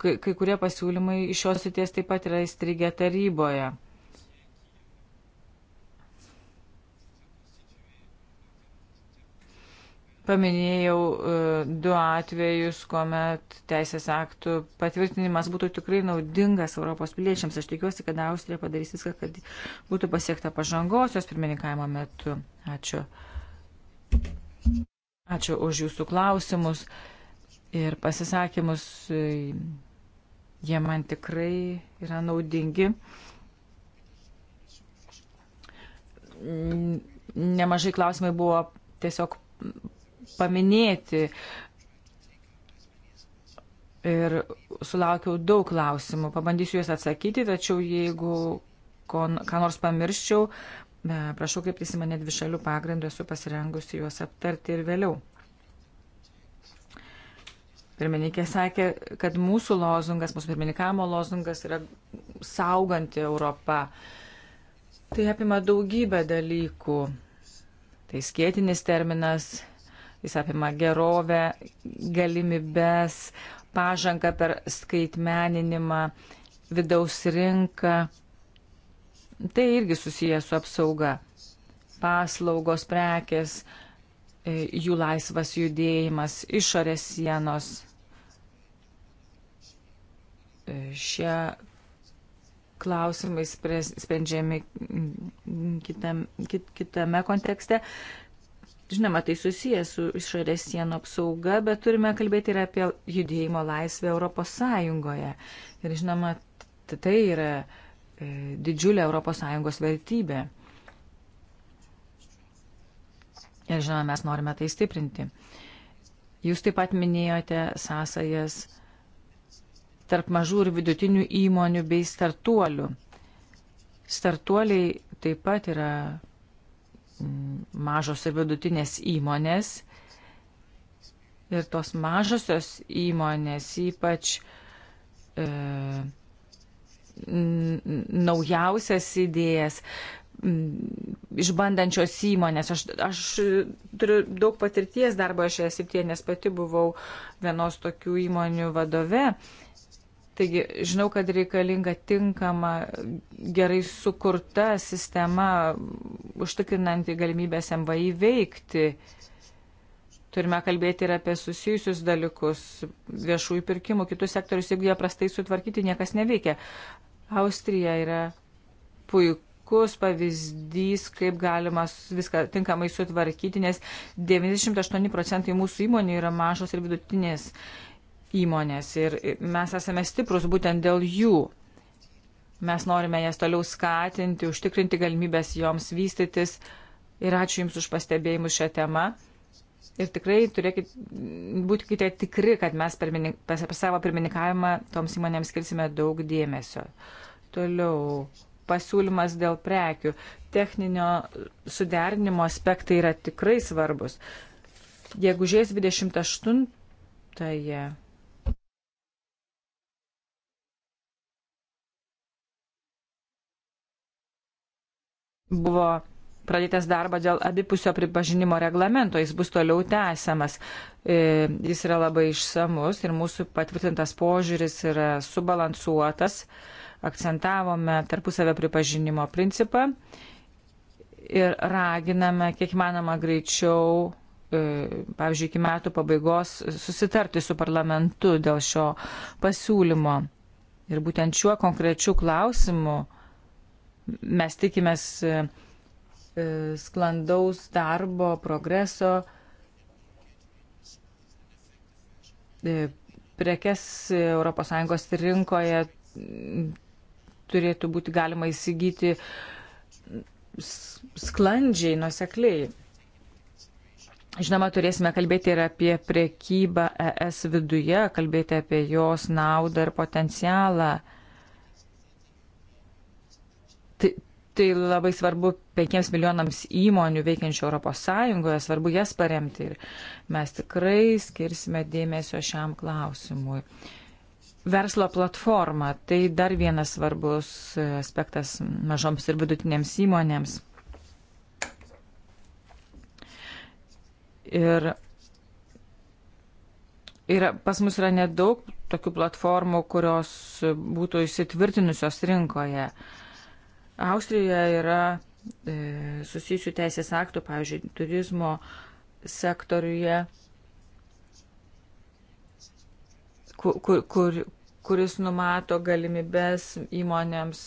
kai, kai kurie pasiūlymai iš šios srities taip pat yra įstrigę taryboje. Paminėjau e, du atvejus, kuomet teisės aktų patvirtinimas būtų tikrai naudingas Europos piliečiams. Aš tikiuosi, kad Austrija padarys viską, kad būtų pasiekta pažangos jos pirmininkavimo metu. Ačiū. Ačiū už jūsų klausimus ir pasisakymus. Jie man tikrai yra naudingi. Nemažai klausimai buvo tiesiog paminėti ir sulaukiau daug klausimų. Pabandysiu juos atsakyti, tačiau jeigu ką nors pamirščiau, Prašau kreiptis į mane dvi šalių pagrindą, esu pasirengusi juos aptarti ir vėliau. Pirmininkė sakė, kad mūsų lozungas, mūsų pirmininkavimo lozungas yra sauganti Europą. Tai apima daugybę dalykų. Tai skėtinis terminas, jis apima gerovę, galimybės, pažangą per skaitmeninimą, vidaus rinką, Tai irgi susijęs su apsauga. Paslaugos, prekės, e, jų laisvas judėjimas, išorės sienos. E, šie klausimai sprendžiami mm, kitam, kit, kitame kontekste. Žinoma, tai susijęs su išorės sienų apsauga, bet turime kalbėti ir apie judėjimo laisvę Europos Sąjungoje. Ir žinoma, tai yra E, didžiulė ES vertybė. Ir žinoma, mes norime tai stiprinti. Jūs taip pat minėjote sąsajas tarp mažų ir vidutinių įmonių bei startuolių. Startuoliai taip pat yra mažos ir vidutinės įmonės. Ir tos mažosios įmonės ypač e, naujausias idėjas, išbandančios įmonės. Aš, aš turiu daug patirties darboje šioje srityje, nes pati buvau vienos tokių įmonių vadove. Taigi žinau, kad reikalinga tinkama, gerai sukurta sistema, užtikrinanti galimybės MVI veikti. Turime kalbėti ir apie susijusius dalykus, viešųjų pirkimų, kitus sektorius, jeigu jie prastai sutvarkyti, niekas neveikia. Austrija yra puikus pavyzdys, kaip galima viską tinkamai sutvarkyti, nes 98 procentai mūsų įmonių yra mažos ir vidutinės įmonės ir mes esame stiprus būtent dėl jų. Mes norime jas toliau skatinti, užtikrinti galimybės joms vystytis ir ačiū Jums už pastebėjimus šią temą. Ir tikrai turėkit, būkite tikri, kad mes pirmininka, pas, pas savo pirmininkavimą toms įmonėms skirsime daug dėmesio. Toliau pasiūlymas dėl prekių. Techninio suderinimo aspektai yra tikrai svarbus. Jeigu žies 28-ąją. Buvo pradėtas darbą dėl abipusio pripažinimo reglamento, jis bus toliau tęsiamas. E, jis yra labai išsamus ir mūsų patvirtintas požiūris yra subalansuotas. Akcentavome tarpusavę pripažinimo principą ir raginame kiek manoma greičiau, e, pavyzdžiui, iki metų pabaigos susitarti su parlamentu dėl šio pasiūlymo. Ir būtent šiuo konkrečiu klausimu mes tikimės e, E, sklandaus darbo, progreso, e, prekes ES rinkoje turėtų būti galima įsigyti sklandžiai, nusekliai. Žinoma, turėsime kalbėti ir apie priekybą ES viduje, kalbėti apie jos naudą ir potencialą. Tai tai labai svarbu penkiems milijonams įmonių veikiančių Europos Sąjungoje, svarbu jas paremti ir mes tikrai skirsime dėmesio šiam klausimui. Verslo platforma - tai dar vienas svarbus aspektas mažoms ir vidutinėms įmonėms. Ir, ir pas mus yra nedaug tokių platformų, kurios būtų įsitvirtinusios rinkoje. Uh, Austrijoje yra e, susijusių teisės aktų, pavyzdžiui, turizmo sektoriuje, kur, kur, kur, kuris numato galimybės įmonėms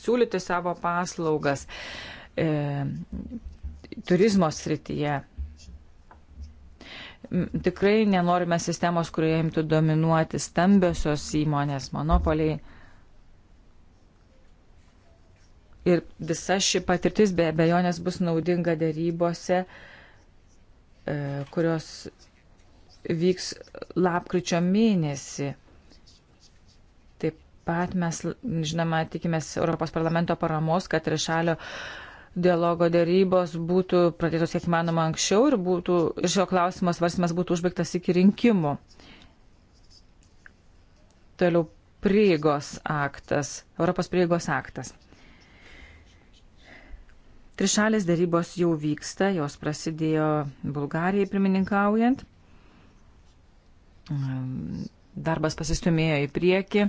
siūlyti savo paslaugas e, turizmo srityje. Tikrai nenorime sistemos, kurioje imtų dominuoti stambiosios įmonės, monopoliai. Ir visa ši patirtis be abejonės bus naudinga dėrybose, e, kurios vyks lapkričio mėnesį. Taip pat mes, žinoma, tikimės Europos parlamento paramos, kad trišalio dialogo dėrybos būtų pradėtos kiek manoma anksčiau ir būtų, šio klausimo svarstymas būtų užbaigtas iki rinkimų. Toliau prieigos aktas, Europos prieigos aktas. Trišalės darybos jau vyksta, jos prasidėjo Bulgarijai pirmininkaujant. Darbas pasistumėjo į priekį.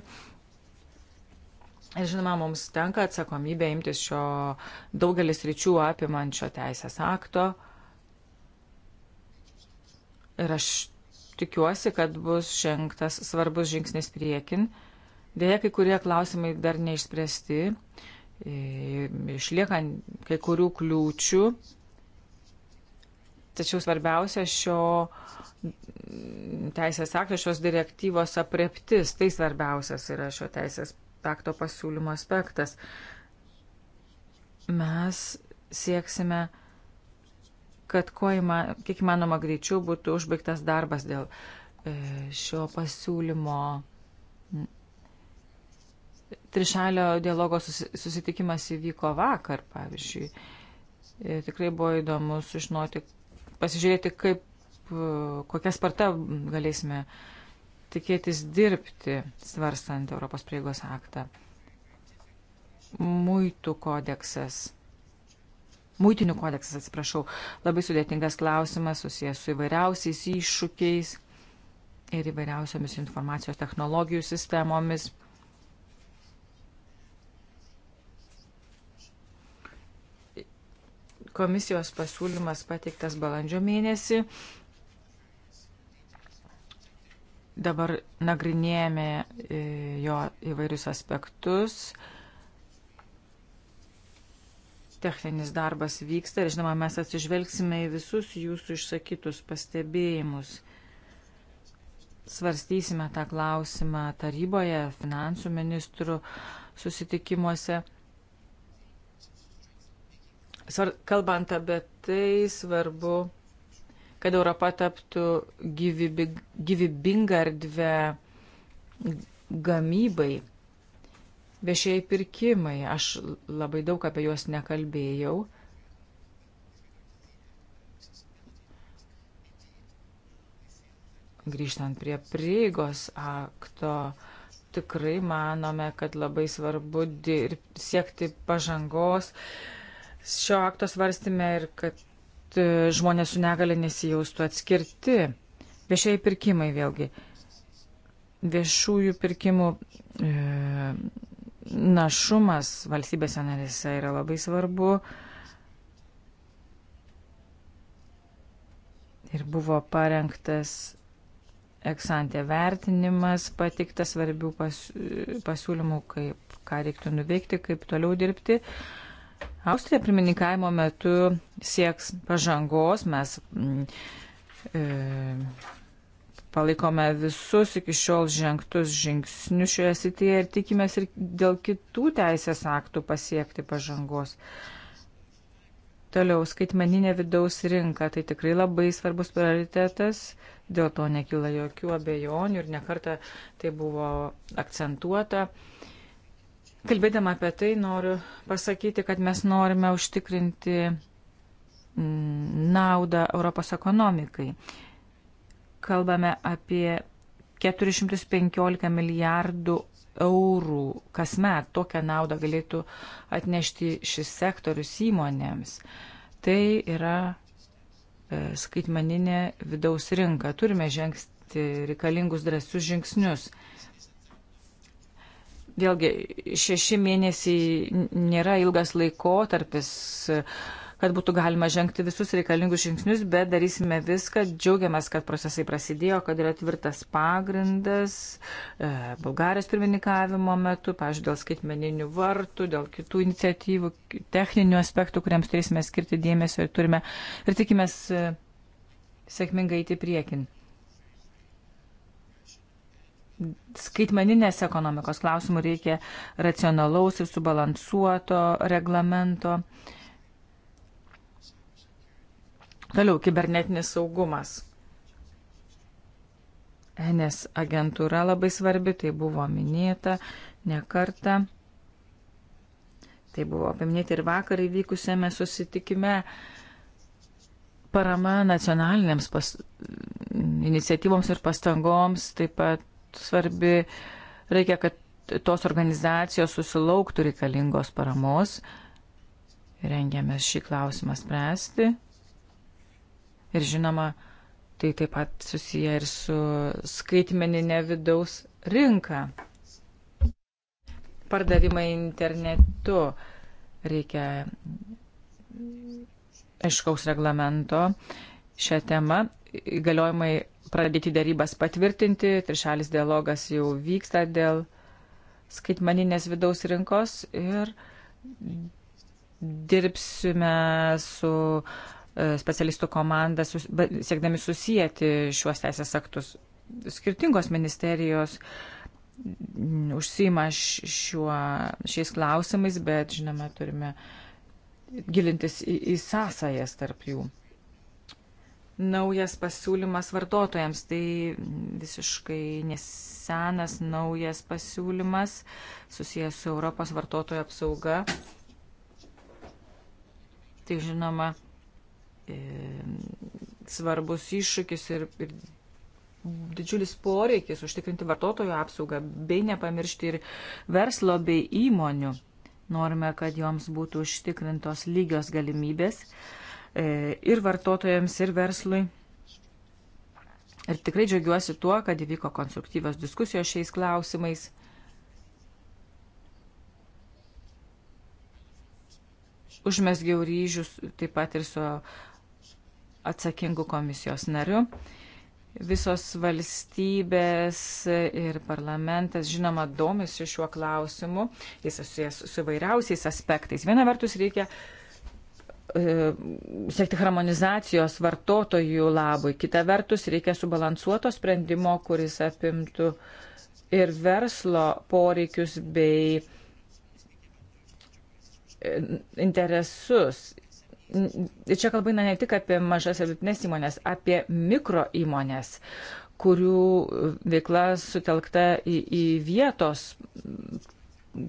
Ir žinoma, mums tenka atsakomybė imtis šio daugelis ryčių apimančio teisės akto. Ir aš tikiuosi, kad bus žengtas svarbus žingsnis priekin. Dėja, kai kurie klausimai dar neišspręsti išlieka kai kurių kliūčių, tačiau svarbiausia šio teisės akto, šios direktyvos apreptis, tai svarbiausias yra šio teisės akto pasiūlymo aspektas. Mes sieksime, kad kuo įma, kiek įmanoma greičiau būtų užbaigtas darbas dėl e, šio pasiūlymo Trišalio dialogo susitikimas įvyko vakar, pavyzdžiui. Tikrai buvo įdomu sužinoti, pasižiūrėti, kaip, kokia sparta galėsime tikėtis dirbti, svarstant Europos prieigos aktą. Muitų kodeksas. Muitinių kodeksas, atsiprašau, labai sudėtingas klausimas susijęs su įvairiausiais iššūkiais ir įvairiausiomis informacijos technologijų sistemomis. Komisijos pasiūlymas pateiktas balandžio mėnesį. Dabar nagrinėjame e, jo įvairius aspektus. Techninis darbas vyksta ir, žinoma, mes atsižvelgsime į visus jūsų išsakytus pastebėjimus svarstysime tą klausimą taryboje, finansų ministrų susitikimuose kalbant apie tai, svarbu, kad Europa taptų gyvybing, gyvybinga erdvė gamybai, viešieji pirkimai. Aš labai daug apie juos nekalbėjau. Grįžtant prie prieigos akto, tikrai manome, kad labai svarbu dirbti, siekti pažangos. Uh, šio akto svarstymė ir kad e, žmonės su negali nesijaustų atskirti. Viešieji pirkimai vėlgi. Viešųjų pirkimų e, našumas valstybėse narėse yra labai svarbu. Ir buvo parengtas eksantė vertinimas, patiktas svarbių pas, e, pasiūlymų, kaip, ką reiktų nuveikti, kaip toliau dirbti. E, Austrija pirmininkavimo metu sieks pažangos, mes mm, e, palaikome visus iki šiol žengtus žingsnius šioje srityje ir tikimės ir dėl kitų teisės aktų pasiekti pažangos. Toliau, skaitmeninė vidaus rinka, tai tikrai labai svarbus prioritetas, dėl to nekyla jokių abejonių ir nekarta tai buvo akcentuota. E, Kalbėdama apie tai, noriu pasakyti, kad mes norime užtikrinti mm, naudą Europos ekonomikai. Kalbame apie 415 milijardų eurų kasmet. Tokią naudą galėtų atnešti šis sektorius įmonėms. Tai yra e, skaitmaninė vidaus rinka. Turime žengti reikalingus drąsius žingsnius. Vėlgi, šeši mėnesiai nėra ilgas laikotarpis, kad būtų galima žengti visus reikalingus žingsnius, bet darysime viską. Džiaugiamės, kad procesai prasidėjo, kad yra tvirtas pagrindas e, Bulgarijos pirmininkavimo metu, pažiūrėjau, dėl skaitmeninių vartų, dėl kitų iniciatyvų, techninių aspektų, kuriems turėsime skirti dėmesio ir turime ir tikimės e, sėkmingai įti priekin skaitmeninės ekonomikos klausimų reikia racionalaus ir subalansuoto reglamento. Toliau kibernetinis saugumas. NS agentūra labai svarbi, tai buvo minėta ne kartą. Tai buvo paminėta ir vakar įvykusėme susitikime. Parama nacionalinėms pas... iniciatyvoms ir pastangoms taip pat svarbi, reikia, kad tos organizacijos susilauktų reikalingos paramos. Rengiamės šį klausimą spręsti. Ir žinoma, tai taip pat susiję ir su skaitmeninė vidaus rinka. Pardavimai internetu reikia aiškaus reglamento šią temą. Įgaliojimai pradėti darybas patvirtinti, trišalis dialogas jau vyksta dėl skaitmaninės vidaus rinkos ir dirbsime su e, specialistų komanda, sus, siekdami susijęti šiuos teisės aktus. Skirtingos ministerijos mm, užsima šiuo, šiais klausimais, bet, žinoma, turime gilintis į, į sąsajas tarp jų naujas pasiūlymas vartotojams. Tai visiškai nesenas naujas pasiūlymas susijęs su Europos vartotojo apsauga. Tai žinoma, e, svarbus iššūkis ir, ir didžiulis poreikis užtikrinti vartotojų apsaugą, bei nepamiršti ir verslo bei įmonių. Norime, kad joms būtų užtikrintos lygios galimybės. E, E, ir vartotojams, ir verslui. Ir tikrai džiaugiuosi tuo, kad įvyko konstruktyvios diskusijos šiais klausimais. Užmesgiau ryžius taip pat ir su atsakingu komisijos nariu. Visos valstybės ir parlamentas, žinoma, domisi šiuo klausimu. Jis susijęs su vairiausiais aspektais. Viena vertus reikia uh, E, siekti harmonizacijos vartotojų labui. Kita vertus, reikia subalansuoto sprendimo, kuris apimtų ir verslo poreikius bei e, interesus. Ir čia kalba ne tik apie mažas ir vidutinės įmonės, apie mikro įmonės, kurių veikla sutelkta į, į vietos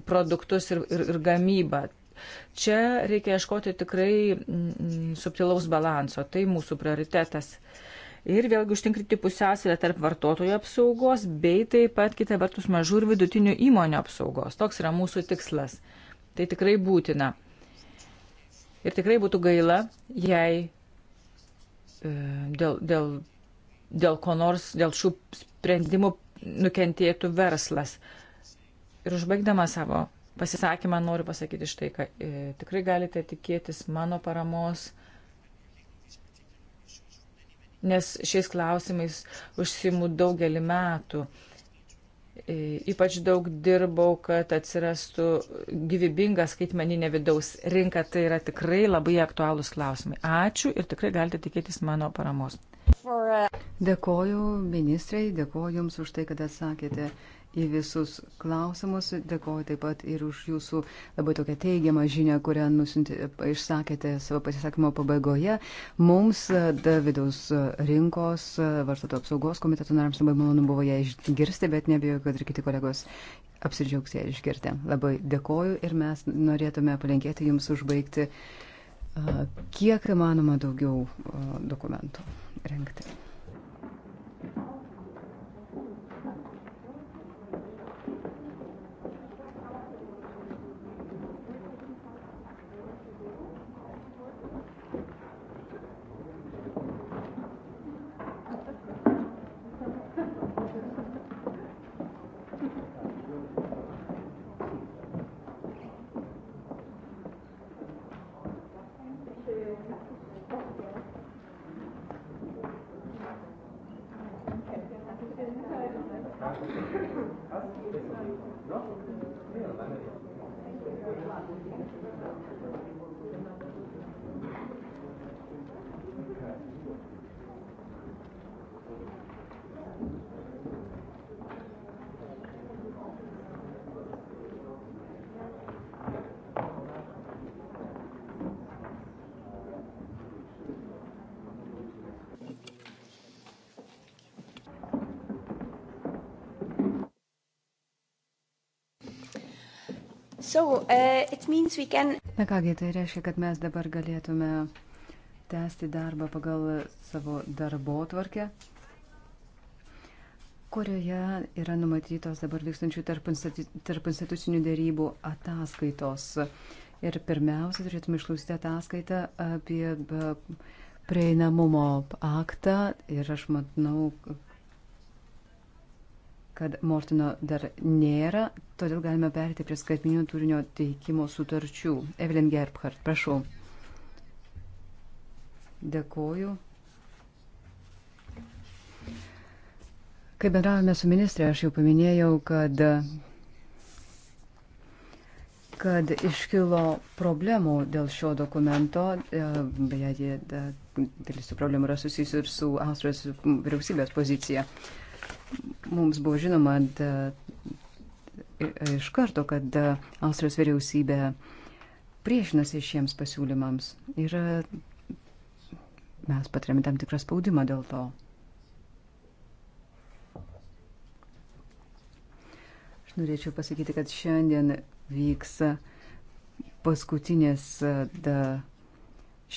produktus ir, ir, ir gamybą. Čia reikia ieškoti tikrai mm, subtilaus balanso. Tai mūsų prioritetas. Ir vėlgi užtinkrinti pusiausvę tarp vartotojų apsaugos, bei taip pat kitą vertus mažų ir vidutinių įmonių apsaugos. Toks yra mūsų tikslas. Tai tikrai būtina. Ir tikrai būtų gaila, jei e, dėl, dėl, dėl ko nors, dėl šių sprendimų nukentėtų verslas. Ir užbaigdama savo pasisakymą noriu pasakyti štai, kad e, tikrai galite tikėtis mano paramos, nes šiais klausimais užsimu daugelį metų. E, ypač daug dirbau, kad atsirastų gyvybinga skaitmeninė vidaus rinka. Tai yra tikrai labai aktualūs klausimai. Ačiū ir tikrai galite tikėtis mano paramos. Dėkoju ministrai, dėkoju Jums už tai, kad atsakėte į visus klausimus. Dėkoju taip pat ir už jūsų labai tokią teigiamą žinią, kurią nusinti, išsakėte savo pasisakymo pabaigoje. Mums e, vidaus rinkos e, vartotojų apsaugos komiteto nariams labai malonu buvo ją išgirsti, bet nebijoju, kad ir kiti kolegos apsidžiaugs ją išgirti. Labai dėkoju ir mes norėtume palinkėti jums užbaigti e, kiek įmanoma daugiau dokumentų rengti. So, uh, can... Na kągi, tai reiškia, kad mes dabar galėtume tęsti darbą pagal savo darbo tvarkę, kurioje yra numatytos dabar vykstančių tarp, tarp institucinių dėrybų ataskaitos. Ir pirmiausia, turėtume išklausyti ataskaitą apie prieinamumo aktą ir aš manau, kad Mortino dar nėra, todėl galime perėti prie skaitminio turinio teikimo sutarčių. Evelyn Gerbhardt, prašau. Dėkoju. Kai bendravome su ministrė, aš jau paminėjau, kad, kad iškilo problemų dėl šio dokumento, e, beje, dalis tų problemų yra susijusi ir su Austrijos vyriausybės pozicija. Uh, mums buvo žinoma iš karto, kad Austrijos vyriausybė priešinasi šiems pasiūlymams ir mes patiriame tam tikrą spaudimą dėl to. Aš norėčiau pasakyti, kad šiandien vyks paskutinės da,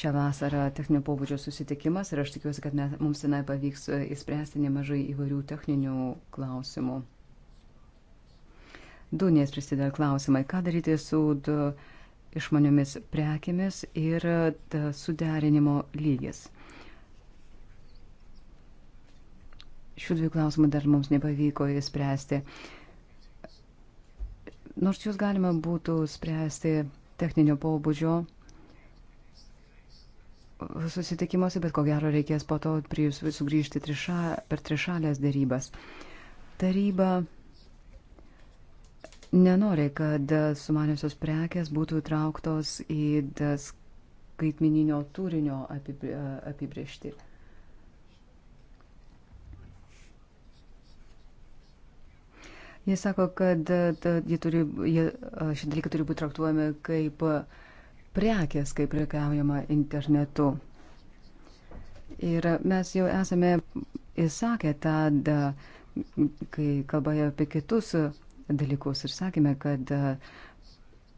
šią vasarą techninio pobūdžio susitikimas ir aš tikiuosi, kad mes, mums tenai pavyks įspręsti e, nemažai įvairių techninių klausimų. Du neįspręsti dar klausimai. Ką daryti su du, išmaniomis prekėmis ir suderinimo lygis? Šių dviejų klausimų dar mums nepavyko įspręsti. Nors jūs galima būtų spręsti techninio pobūdžio susitikimuose, bet ko gero reikės po to prie jūsų sugrįžti triša, per trišalės dėrybas. Taryba nenori, kad sumaniosios prekes būtų įtrauktos į skaitmininio turinio apibriežti. Jie sako, kad jie turi, jie, šį dalyką turi būti traktuojami kaip uh, prekės, kaip prekiaujama internetu. Ir mes jau esame įsakę tą, kai kalbame apie kitus dalykus ir sakėme, kad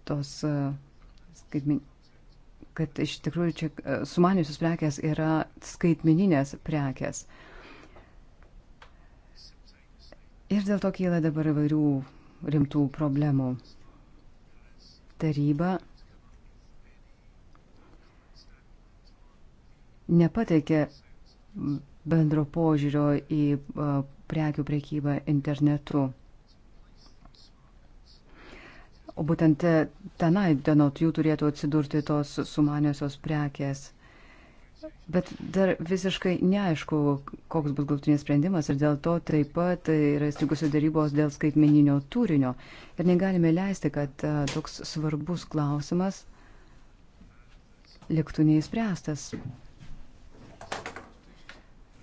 tos, kad iš tikrųjų čia sumaniusios prekės yra skaitmininės prekės. Ir dėl to kyla dabar įvairių rimtų problemų. Taryba nepateikė bendro požiūrio į prekių prekybą internetu. O būtent e, tenai, denot jų turėtų atsidurti tos sumaniosios prekės. Bet dar visiškai neaišku, koks bus galtinis sprendimas ir dėl to taip pat yra įstrigusios darybos dėl skaitmeninio turinio. Ir negalime leisti, kad e, toks svarbus klausimas liktų neįspręstas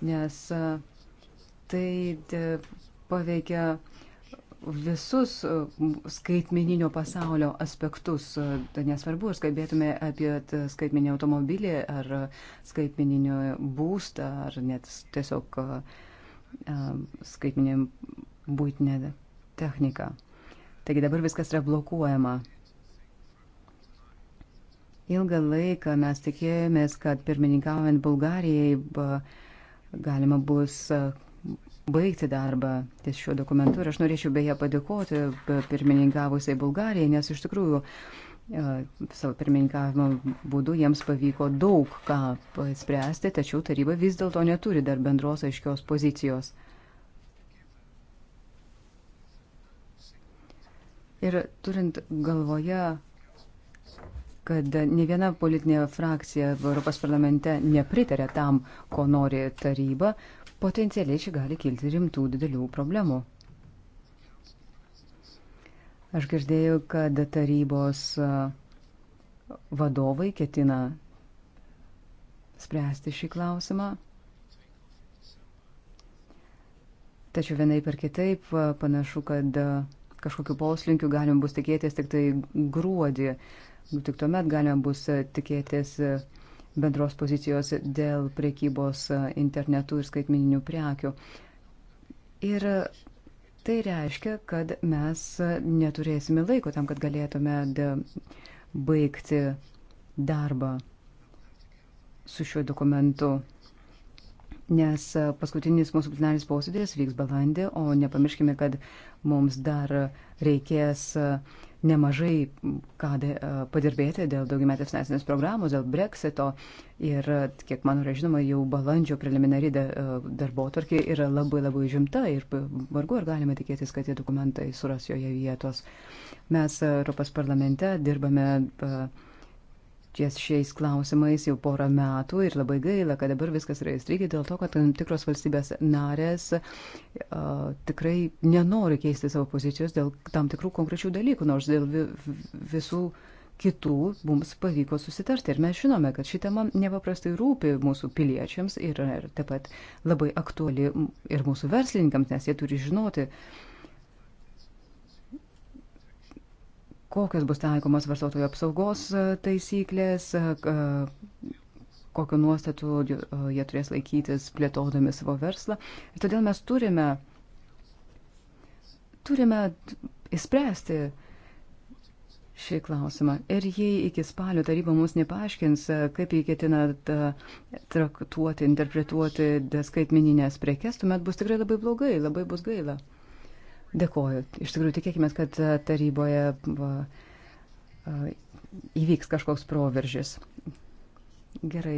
nes e, tai e, paveikia visus e, skaitmeninio pasaulio aspektus. Tai nesvarbu, ar kalbėtume apie skaitmeninį automobilį, ar skaitmeninį būstą, ar net tiesiog skaitmeninį būtinę techniką. Taigi dabar viskas yra blokuojama. Ilgą laiką mes tikėjomės, kad pirmininkaujant Bulgarijai galima bus baigti darbą ties šiuo dokumentu. Ir aš norėčiau beje padėkoti pirmininkavusiai Bulgarijai, nes iš tikrųjų savo pirmininkavimo būdu jiems pavyko daug ką spręsti, tačiau taryba vis dėlto neturi dar bendros aiškios pozicijos. Ir turint galvoje kad ne viena politinė frakcija Europos parlamente nepritarė tam, ko nori taryba, potencialiai čia gali kilti rimtų didelių problemų. Aš girdėjau, kad tarybos vadovai ketina spręsti šį klausimą. Tačiau vienai per kitaip panašu, kad kažkokiu poslinkiu galim bus tikėtis tik tai gruodį. Uh, Nu, tik tuomet galima bus e, tikėtis e, bendros pozicijos dėl priekybos e, internetų ir skaitmininių prekių. Ir tai reiškia, kad mes neturėsime laiko tam, kad galėtume baigti darbą su šiuo dokumentu nes paskutinis mūsų plenarinis posėdis vyks balandį, o nepamirškime, kad mums dar reikės uh, nemažai ką e, padirbėti dėl daugiametės finansinės programos, dėl breksito ir, e, kiek man yra žinoma, jau balandžio preliminari e, darbo tvarkė yra labai labai žimta ir vargu ar galime tikėtis, kad tie dokumentai suras joje vietos. Mes Europos parlamente dirbame. Uh, ties šiais klausimais jau porą metų ir labai gaila, kad dabar viskas yra įstrigę dėl to, kad tam tikros valstybės narės a, tikrai nenori keisti savo pozicijos dėl tam tikrų konkrečių dalykų, nors dėl vi, visų kitų mums pavyko susitarti. Ir mes žinome, kad ši tema nepaprastai rūpi mūsų piliečiams ir, ir taip pat labai aktuali ir mūsų verslininkams, nes jie turi žinoti, uh, kokios bus taikomos vartotojų apsaugos e, taisyklės, e, e, kokio nuostatų jie turės laikytis plėtodami savo verslą. Ir todėl mes turime, turime įspręsti šį klausimą. Ir jei iki spalio taryba mums nepaaiškins, kaip jie ketina traktuoti, interpretuoti skaitmininės prekes, tuomet bus tikrai labai blogai, labai bus gaila. Dėkoju. Iš tikrųjų, tikėkime, kad e, taryboje va, e, įvyks kažkoks proveržis. Gerai.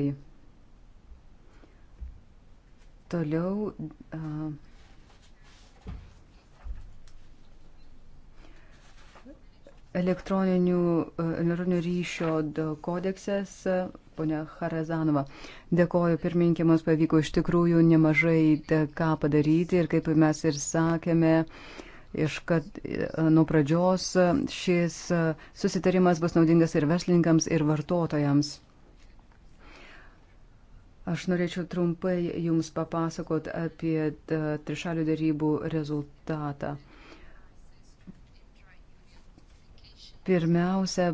Toliau. A, e, elektroninių, elektroninių ryšio kodeksas ponia Harazanova. Dėkoju pirminkė, mums pavyko iš tikrųjų nemažai ką padaryti ir kaip mes ir sakėme. Iš kad e, nuo pradžios e, šis e, susitarimas bus naudingas ir verslininkams, ir vartotojams. Aš norėčiau trumpai Jums papasakot apie trišalių darybų rezultatą. Pirmiausia,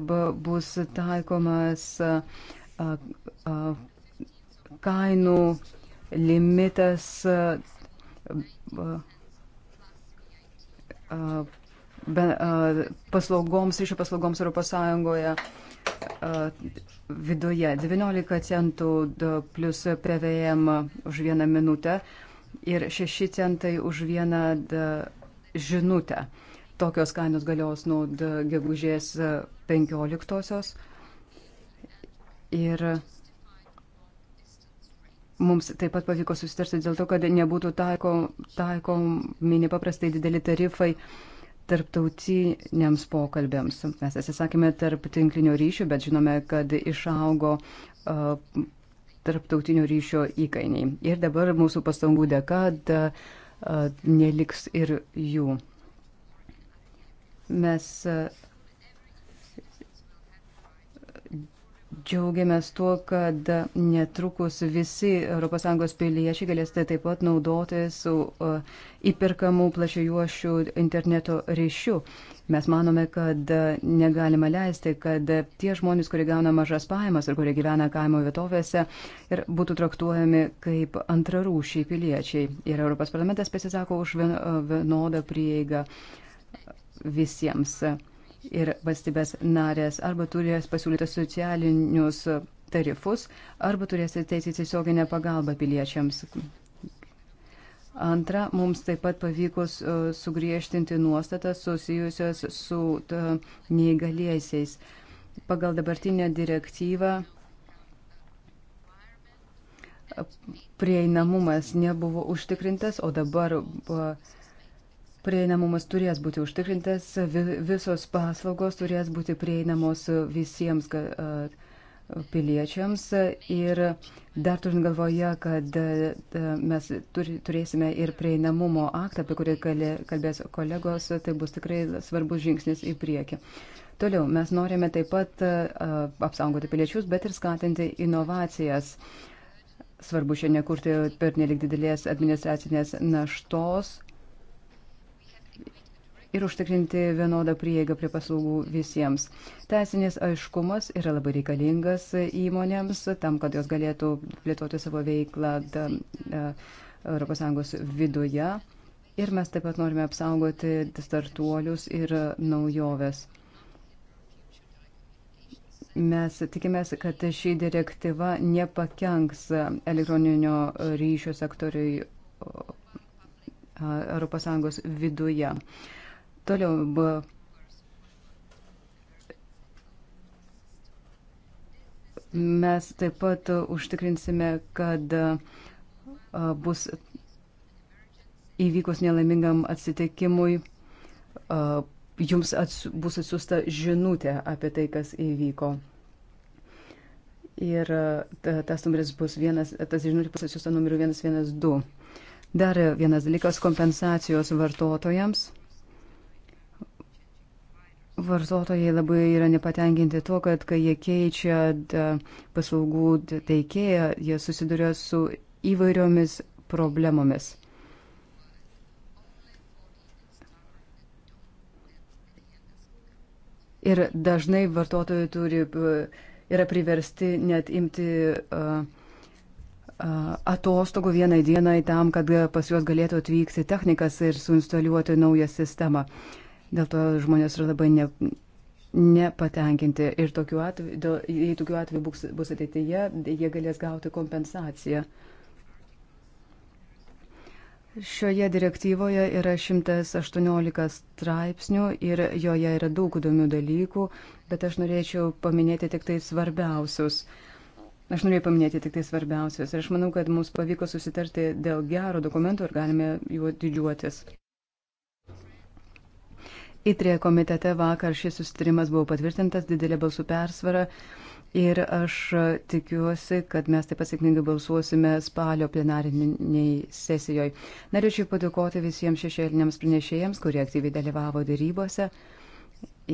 bus taikomas uh, kainų limitas paslaugoms, ryšio paslaugoms Europos Sąjungoje viduje 19 centų plus PVM už vieną minutę ir 6 centai už vieną žinutę. Tokios kainos galios nuo gegužės 15-osios. E, Ir mums taip pat pavyko susitarti dėl to, kad nebūtų taikomi taiko, nepaprastai dideli tarifai tarptautiniams pokalbėms. Mes atsisakėme tarp tinklinio ryšio, bet žinome, kad išaugo uh, tarptautinio ryšio įkainiai. Ir dabar mūsų pastangų dėka uh, neliks ir jų. Mes uh, Džiaugiamės tuo, kad netrukus visi ES piliečiai galėsite tai taip pat naudotis su įperkamų plačiajuošių interneto ryšių. Mes manome, kad negalima leisti, kad tie žmonės, kurie gauna mažas pajamas ir kurie gyvena kaimo vietovėse, ir būtų traktuojami kaip antrarūšiai piliečiai. Ir Europos parlamentas pasisako už vienodą prieigą visiems ir valstybės narės arba turės pasiūlyti socialinius tarifus, arba turės teisę tiesioginę pagalbą piliečiams. Antra, mums taip pat pavyko e, sugriežtinti nuostatas susijusios su e, neįgaliaisiais. Pagal dabartinę direktyvą e, prieinamumas nebuvo užtikrintas, o dabar buvo prieinamumas turės būti užtikrintas, visos paslaugos turės būti prieinamos visiems piliečiams ir dar turint galvoje, kad mes turėsime ir prieinamumo aktą, apie kurį kalbės kolegos, tai bus tikrai svarbus žingsnis į priekį. Toliau, mes norime taip pat apsaugoti piliečius, bet ir skatinti inovacijas. Svarbu šiandien kurti per nelik didelės administracinės naštos ir užtikrinti vienodą prieigą prie paslaugų visiems. Teisinis aiškumas yra labai reikalingas įmonėms tam, kad jos galėtų plėtoti savo veiklą ES viduje. Ir mes taip pat norime apsaugoti startuolius ir naujoves mes tikimės, kad ši direktyva nepakenks elektroninio ryšio sektoriui ES viduje. Toliau buvo. Mes taip pat užtikrinsime, kad bus įvykus nelaimingam atsitikimui, jums ats, bus atsiusta žinutė apie tai, kas įvyko. Ir ta, tas numeris bus vienas, tas žinutė bus atsiusta numeriu 112. Dar vienas dalykas - kompensacijos vartotojams. Vartotojai labai yra nepatenkinti tuo, kad kai jie keičia e, paslaugų teikėją, jie susiduria su įvairiomis problemomis. Ir dažnai vartotojai turi, e, yra priversti net imti e, atostogų vienai dienai tam, kad pas juos galėtų atvykti technikas ir suinstaliuoti naują sistemą. Uh, Dėl to žmonės yra labai ne, nepatenkinti ir tokiu atveju, dėl, jei tokiu atveju bus, bus ateityje, tai jie galės gauti kompensaciją. Šioje direktyvoje yra 118 straipsnių ir joje yra daug įdomių dalykų, bet aš norėčiau paminėti tik tai svarbiausius. Aš norėjau paminėti tik tai svarbiausius ir aš manau, kad mums pavyko susitarti dėl gero dokumento ir galime juo didžiuotis. Įtrė komitete vakar šis sustarimas buvo patvirtintas didelė balsų persvara. Ir aš tikiuosi, kad mes taip pasiekmingai balsuosime spalio plenariniai sesijoje. Norėčiau padėkoti visiems šešėliniams pranešėjams, kurie aktyviai dalyvavo dėrybose.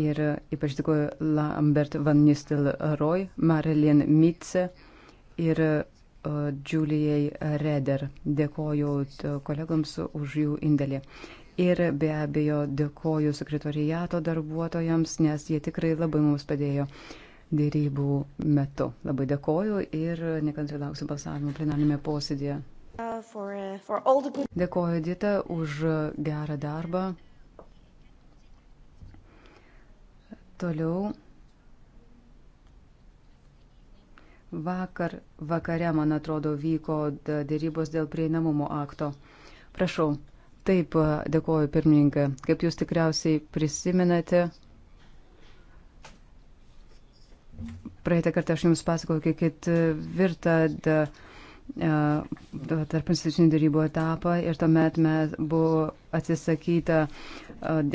Ir ypač dėkoju Lambert Van Nistel Roy, Marilyn Mitze ir Julijai Reder. Dėkoju kolegoms už jų indėlį. Ir be abejo dėkoju sekretorijato darbuotojams, nes jie tikrai labai mums padėjo dėrybų metu. Labai dėkoju ir nekantri lauksiu balsavimo plenarinėme posėdėje. Dėkoju Dita už gerą darbą. Toliau. Vakar vakare, man atrodo, vyko dėrybos dėl prieinamumo akto. Prašau. Taip, dėkoju pirmininką. Kaip jūs tikriausiai prisimenate, praeitą kartą aš jums pasakojau, kiek ketvirtą tarp institucinių darybų etapą ir tuomet mes buvo atsisakyta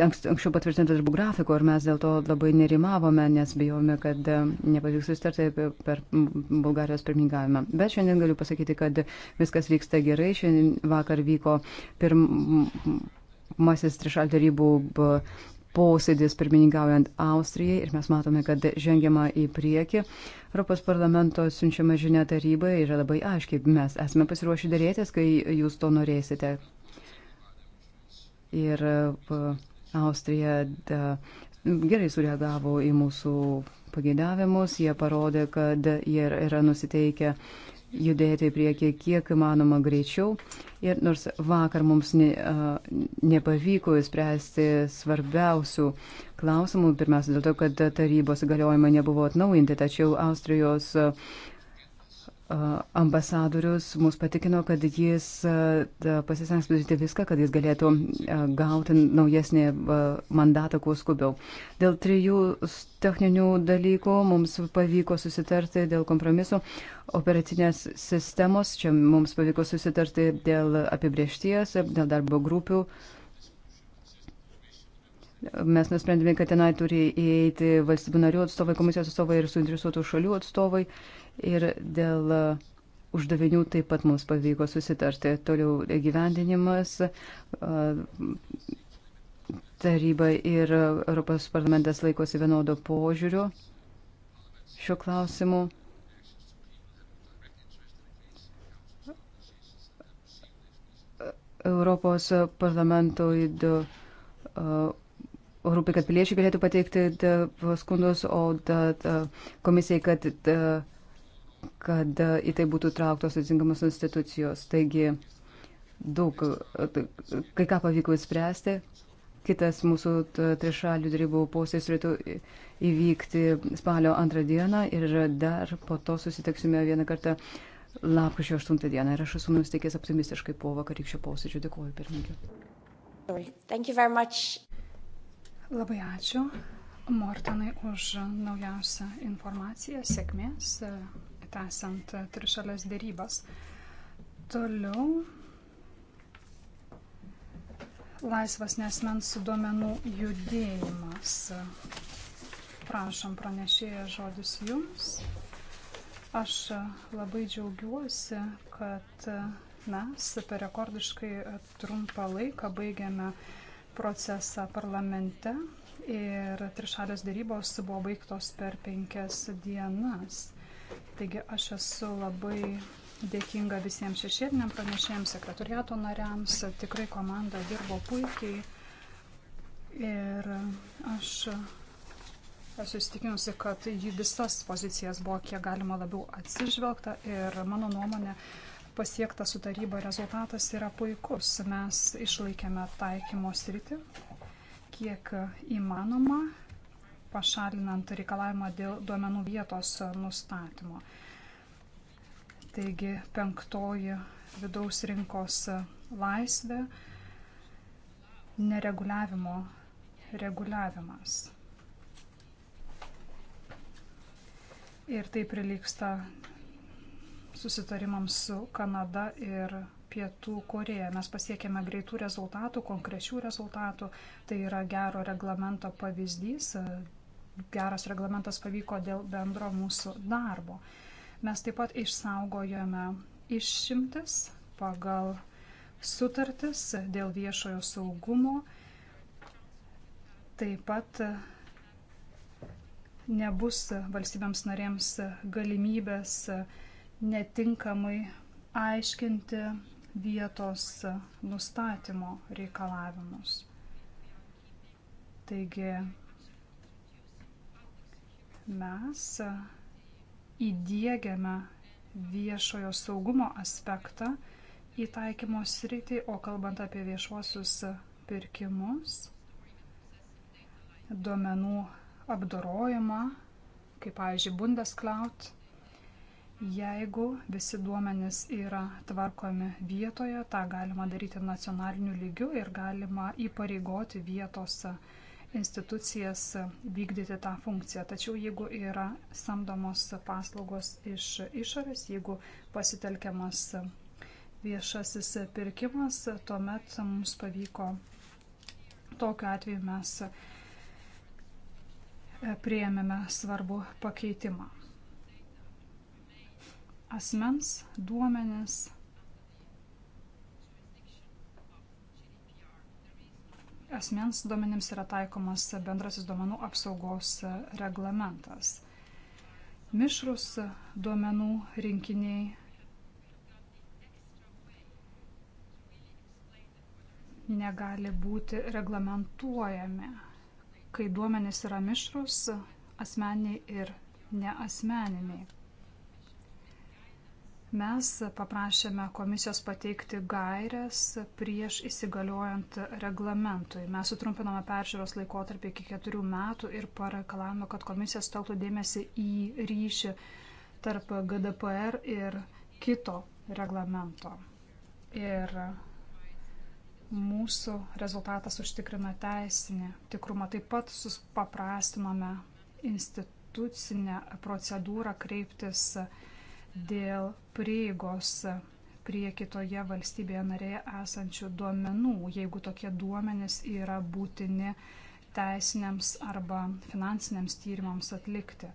anksčiau patvirtinto darbų grafiko ir mes dėl to labai nerimavome, nes bijome, kad nepavyks susitarti per Bulgarijos pirmingavimą. Bet šiandien galiu pasakyti, kad viskas vyksta gerai. Šiandien vakar vyko pirmasis trišalio darybų posėdis pirmininkaujant Austrijai ir mes matome, kad žengiama į priekį. Europos parlamento siunčiama žinia tarybai yra labai aiškiai, mes esame pasiruošę dėrėtis, kai jūs to norėsite. Ir e, Austrija da, gerai sureagavo į mūsų pageidavimus, jie parodė, kad jie yra nusiteikę judėti į priekį kiek įmanoma greičiau. Ir nors vakar mums ne, a, nepavyko įspręsti svarbiausių klausimų, pirmiausia dėl to, kad tarybos įgaliojimai nebuvo atnaujinti, tačiau Austrijos ambasadorius mus patikino, kad jis pasisengs padaryti viską, kad jis galėtų gauti naujesnį mandatą kuo skubiau. Dėl trijų techninių dalykų mums pavyko susitarti dėl kompromiso operacinės sistemos, čia mums pavyko susitarti dėl apibriešties, dėl darbo grupių. Mes nusprendėme, kad tenai turi įeiti valstybių narių atstovai, komisijos atstovai ir suinteresuotų šalių atstovai. Uh, ir dėl uh, uždavinių taip pat mums pavyko susitarti. Toliau gyvendinimas. Uh, taryba ir Europos parlamentas laikosi vienodo požiūrio šiuo klausimu. Europos parlamentui uh, rūpi, kad piliečiai galėtų pateikti skundus, o da, da, komisijai, kad da, kad e, į tai būtų trauktos atsingamos institucijos. Taigi, daug, e, kai ką pavyko įspręsti. Kitas mūsų trišalių darybų posės turėtų įvykti spalio antrą dieną ir dar po to susitiksime vieną kartą lapkričio 8 dieną. Ir aš esu nusteikęs optimistiškai po vakarykščio posėdžio. Dėkuoju, pirmininkė. Labai ačiū Mortonai už naujausią informaciją. Sėkmės e, tęsiant trišalės dėrybas. Toliau laisvas nesmens duomenų judėjimas. Prašom pranešėję žodis jums. Aš labai džiaugiuosi, kad mes per rekordiškai trumpą laiką baigėme procesą parlamente ir trišalės dėrybos buvo baigtos per penkias dienas. Taigi aš esu labai dėkinga visiems šešėliniam pranešėjams, sekretoriato nariams. Tikrai komanda dirbo puikiai. Ir aš esu įstikinusi, kad į visas pozicijas buvo kiek galima labiau atsižvelgta. Ir mano nuomonė pasiektas su taryba rezultatas yra puikus. Mes išlaikėme taikymo sritį kiek įmanoma pašalinant reikalavimą dėl duomenų vietos nustatymo. Taigi penktoji vidaus rinkos laisvė - nereguliavimo reguliavimas. Ir tai priliksta susitarimams su Kanada ir Pietų Koreja. Mes pasiekėme greitų rezultatų, konkrečių rezultatų. Tai yra gero reglamento pavyzdys geras reglamentas pavyko dėl bendro mūsų darbo. Mes taip pat išsaugojame išimtis pagal sutartis dėl viešojo saugumo. Taip pat nebus valstybėms narėms galimybės netinkamai aiškinti vietos nustatymo reikalavimus. Taigi mes įdiegiame viešojo saugumo aspektą į taikymo sritį, o kalbant apie viešuosius pirkimus, duomenų apdorojimą, kaip pavyzdžiui Bundesklaut, jeigu visi duomenys yra tvarkomi vietoje, tą galima daryti nacionaliniu lygiu ir galima įpareigoti vietos valdžią institucijas vykdyti tą funkciją. Tačiau jeigu yra samdomos paslaugos iš išorės, jeigu pasitelkiamas viešasis pirkimas, tuomet mums pavyko tokiu atveju mes prieėmėme svarbų pakeitimą. Asmens duomenis asmens duomenims yra taikomas bendrasis duomenų apsaugos reglamentas. Mišrus duomenų rinkiniai negali būti reglamentuojami. Kai duomenys yra mišrus, asmeniai ir neasmeniniai. Mes paprašėme komisijos pateikti gairias prieš įsigaliojant reglamentui. Mes sutrumpinome peržiūros laikotarpį iki keturių metų ir pareikalavome, kad komisija steltų dėmesį į ryšį tarp GDPR ir kito reglamento. Ir mūsų rezultatas užtikrina teisinį tikrumą. Taip pat supaprastinome institucinę procedūrą kreiptis į dėl prieigos prie kitoje valstybėje narėje esančių duomenų, jeigu tokie duomenys yra būtini teisiniams arba finansiniams tyrimams atlikti.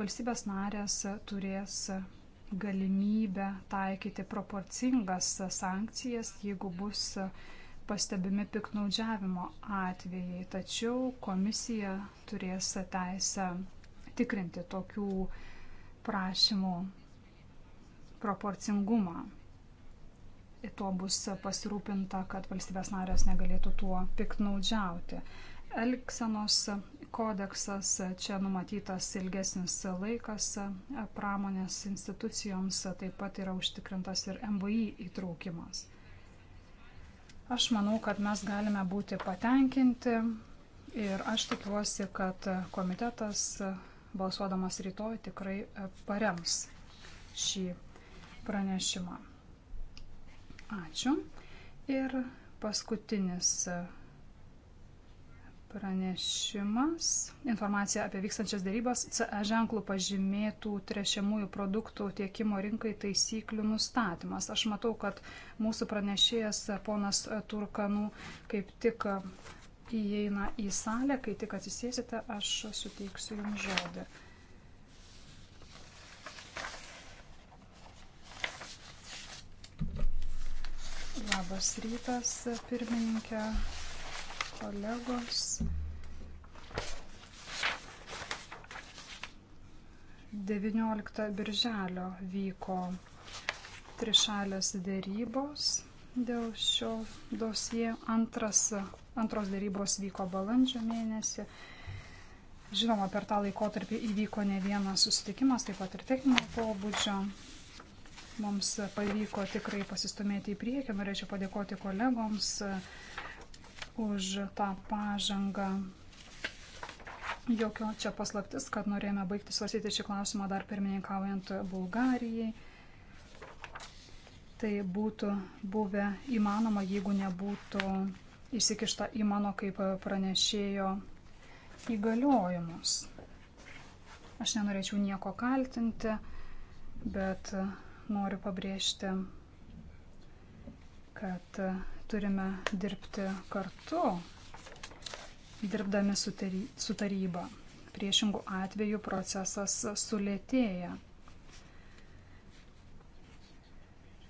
Valstybės narės turės galimybę taikyti proporcingas sankcijas, jeigu bus pastebimi piknaudžiavimo atvejai. Tačiau komisija turės teisę tikrinti tokių prašymų proporcingumą. Ir tuo bus pasirūpinta, kad valstybės narės negalėtų tuo piknaudžiauti. Elksenos kodeksas čia numatytas ilgesnis laikas pramonės institucijoms, taip pat yra užtikrintas ir MVI įtraukimas. Aš manau, kad mes galime būti patenkinti ir aš tikiuosi, kad komitetas balsuodamas rytoj tikrai parems šį pranešimą. Ačiū. Ir paskutinis pranešimas. Informacija apie vykstančias dėrybas CE ženklų pažymėtų trešiamųjų produktų tiekimo rinkai taisyklių nustatymas. Aš matau, kad mūsų pranešėjas ponas Turkanų kaip tik įeina į salę. Kai tik atsisėsite, aš suteiksiu jums žodį. Labas rytas, pirmininkė, kolegos. Devynioliktą birželio vyko trišalės dėrybos dėl šio dosie. Antras, antros dėrybos vyko balandžio mėnesį. Žinoma, per tą laikotarpį įvyko ne vienas susitikimas, taip pat ir techninio pobūdžio. Mums pavyko tikrai pasistumėti į priekį. Norėčiau padėkoti kolegoms e, už tą pažangą. Jokio čia paslaptis, kad norėjome baigti svarstyti šį klausimą dar pirmininkaujant Bulgarijai. Tai būtų buvę įmanoma, jeigu nebūtų įsikišta į mano kaip pranešėjo įgaliojimus. Aš nenorėčiau nieko kaltinti, bet noriu pabrėžti, kad e, turime dirbti kartu, dirbdami su taryba. Priešingų atvejų procesas sulėtėja.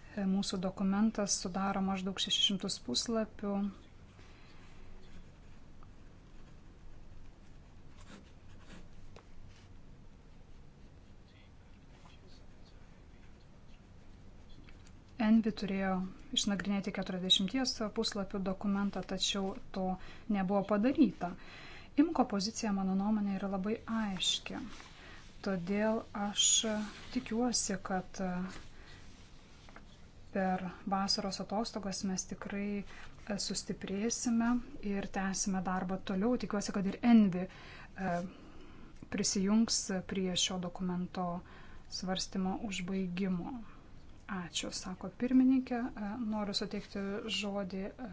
E, mūsų dokumentas sudaro maždaug 600 puslapių Envi turėjo išnagrinėti 40 puslapių dokumentą, tačiau to nebuvo padaryta. Imko pozicija, mano nuomonė, yra labai aiški. Todėl aš tikiuosi, kad per vasaros atostogas mes tikrai sustiprėsime ir tęsime darbą toliau. Tikiuosi, kad ir Envi e, prisijungs prie šio dokumento svarstymo užbaigimo. Ačiū, sako pirmininkė. E, noriu suteikti žodį e,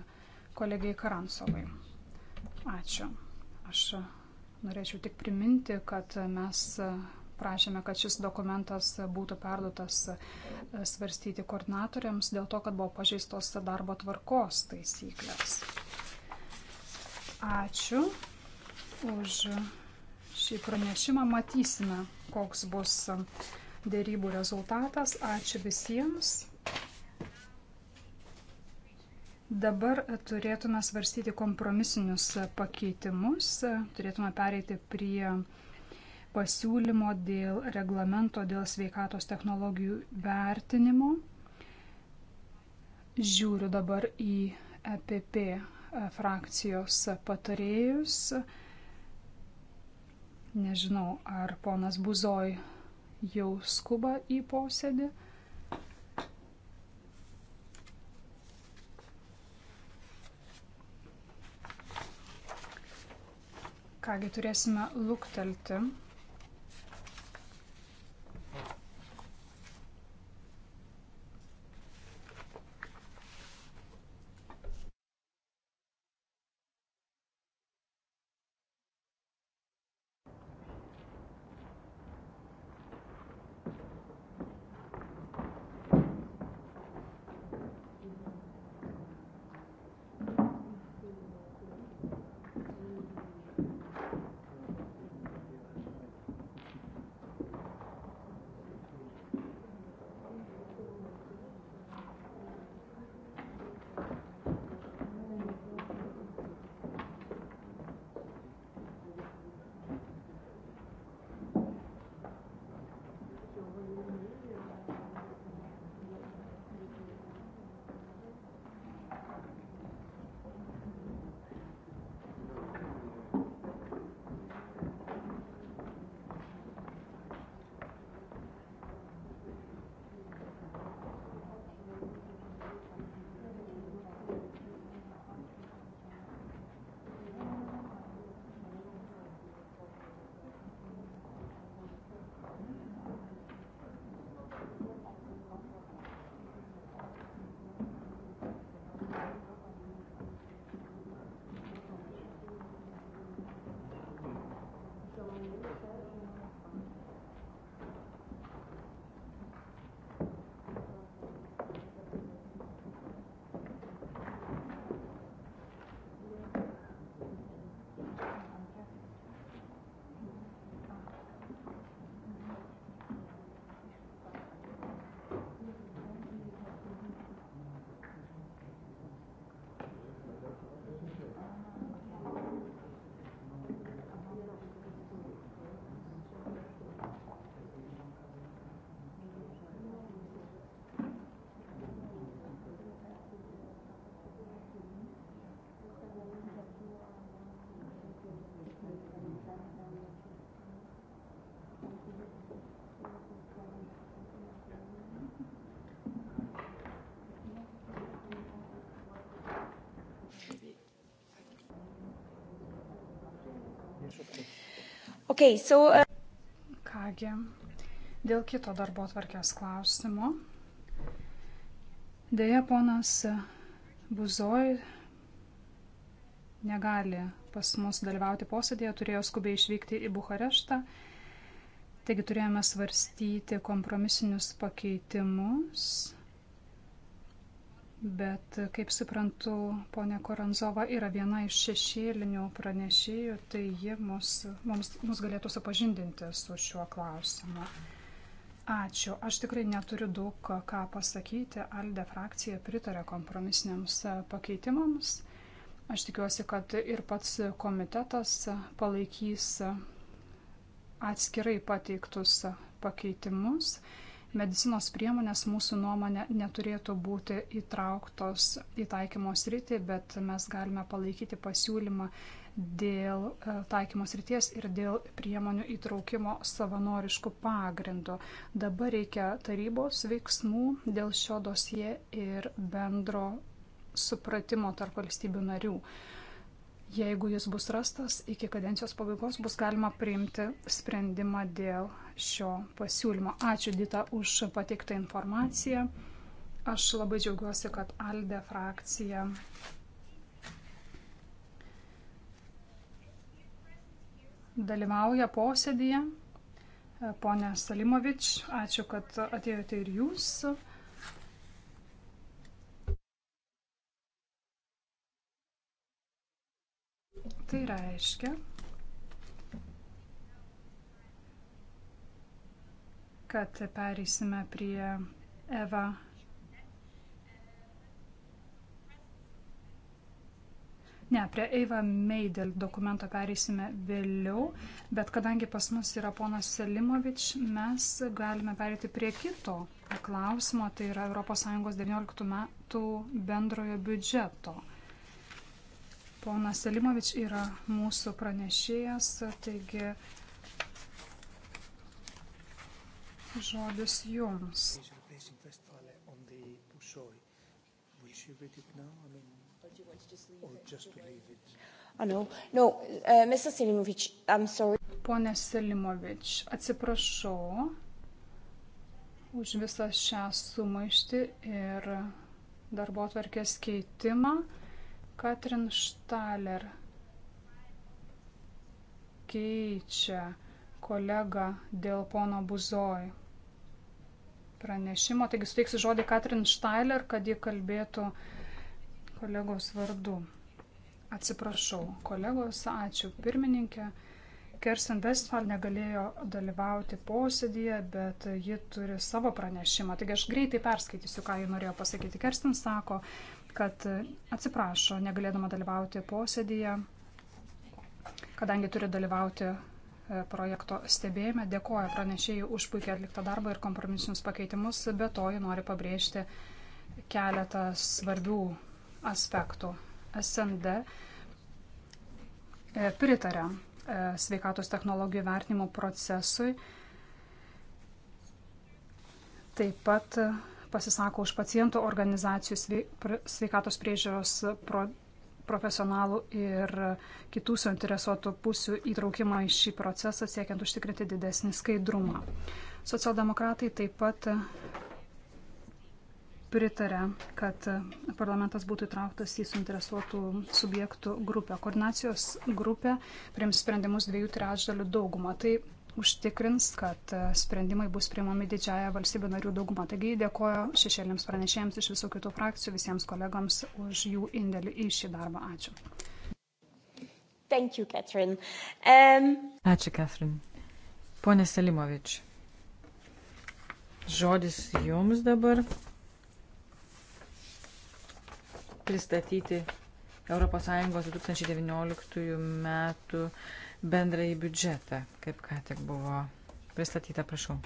kolegijai Karansovai. Ačiū. Aš e, norėčiau tik priminti, kad mes prašėme, kad šis dokumentas būtų perduotas svarstyti koordinatoriams dėl to, kad buvo pažeistos darbo tvarkos taisyklės. Ačiū už šį pranešimą. Matysime, koks bus dėrybų rezultatas. Ačiū visiems. Dabar turėtume svarstyti kompromisinius pakeitimus, turėtume pereiti prie pasiūlymo dėl reglamento dėl sveikatos technologijų vertinimo. Žiūriu dabar į EPP frakcijos patarėjus. Nežinau, ar ponas Buzoj jau skuba į posėdį. Kągi turėsime luktelti Okay, so, uh... Kągi, dėl kito darbo tvarkės klausimo. Deja, ponas Buzoj negali pas mus dalyvauti posėdėje, turėjo skubiai išvykti į Bukareštą. Taigi turėjome svarstyti kompromisinius pakeitimus Bet, kaip suprantu, ponė Koranzova yra viena iš šešėlinių pranešėjų, tai ji mus, mums, mums galėtų supažindinti su šiuo klausimu. Ačiū. Aš tikrai neturiu daug ką pasakyti. Alde frakcija pritarė kompromisiniams pakeitimams. Aš tikiuosi, kad ir pats komitetas palaikys atskirai pateiktus pakeitimus. Medicinos priemonės mūsų nuomonė neturėtų būti įtrauktos į taikymos rytį, bet mes galime palaikyti pasiūlymą dėl e, taikymos ryties ir dėl priemonių įtraukimo savanoriškų pagrindų. Dabar reikia tarybos veiksmų dėl šio dosie ir bendro supratimo tarp valstybių narių. Jeigu jis bus rastas, iki kadencijos pabaigos bus galima priimti sprendimą dėl šio pasiūlymo. Ačiū Dita už pateiktą informaciją. Aš labai džiaugiuosi, kad Alde frakcija dalyvauja posėdėje. Pone Salimovič, ačiū, kad atėjote ir jūs. Tai reiškia, kad pereisime prie Eva. Ne, prie Eiva Meidel dokumento pereisime vėliau, bet kadangi pas mus yra ponas Selimovič, mes galime pereiti prie kito klausimo, tai yra ES 19 metų bendrojo biudžeto. Ponas Selimovič yra mūsų pranešėjas, taigi žodis jums. Uh, Pone Selimovič, atsiprašau už visą šią sumaištį ir darbo atvarkės keitimą. Katrin Štaler keičia kolegą dėl pono Buzoj pranešimo. Taigi suteiksiu žodį Katrin Štailer, kad ji kalbėtų kolegos vardu. Atsiprašau, kolegos, ačiū pirmininkė. Kersen Westfal negalėjo dalyvauti posėdėje, bet ji turi savo pranešimą. Taigi aš greitai perskaitysiu, ką ji norėjo pasakyti. Kersen sako, kad atsiprašo negalėdama dalyvauti posėdėje, kadangi turi dalyvauti e, projekto stebėjime. Dėkoja pranešėjai už puikiai atliktą darbą ir kompromisinius pakeitimus, be to ji nori pabrėžti keletą svarbių aspektų. SND e, pritarė e, sveikatos technologijų vertinimo procesui. Taip pat pasisako už pacientų organizacijų sveikatos priežiūros pro, profesionalų ir kitų suinteresuotų pusių įtraukimą į šį procesą, siekiant užtikrinti didesnį skaidrumą. Socialdemokratai taip pat pritarė, kad parlamentas būtų įtrauktas į suinteresuotų subjektų grupę. Koordinacijos grupė priims sprendimus dviejų trečdalių daugumą. Tai užtikrins, kad e, sprendimai bus priimami didžiaja valstybių narių dauguma. Taigi dėkoju šešėlėms pranešėjams iš visų kitų frakcijų, visiems kolegams už jų indėlį į šį darbą. Ačiū. Thank you, Catherine. Um... Ačiū, Catherine. Pone Selimovič, žodis jums dabar pristatyti ES 2019 metų bendrąjį biudžetą, kaip ką tik buvo pristatyta, prašau.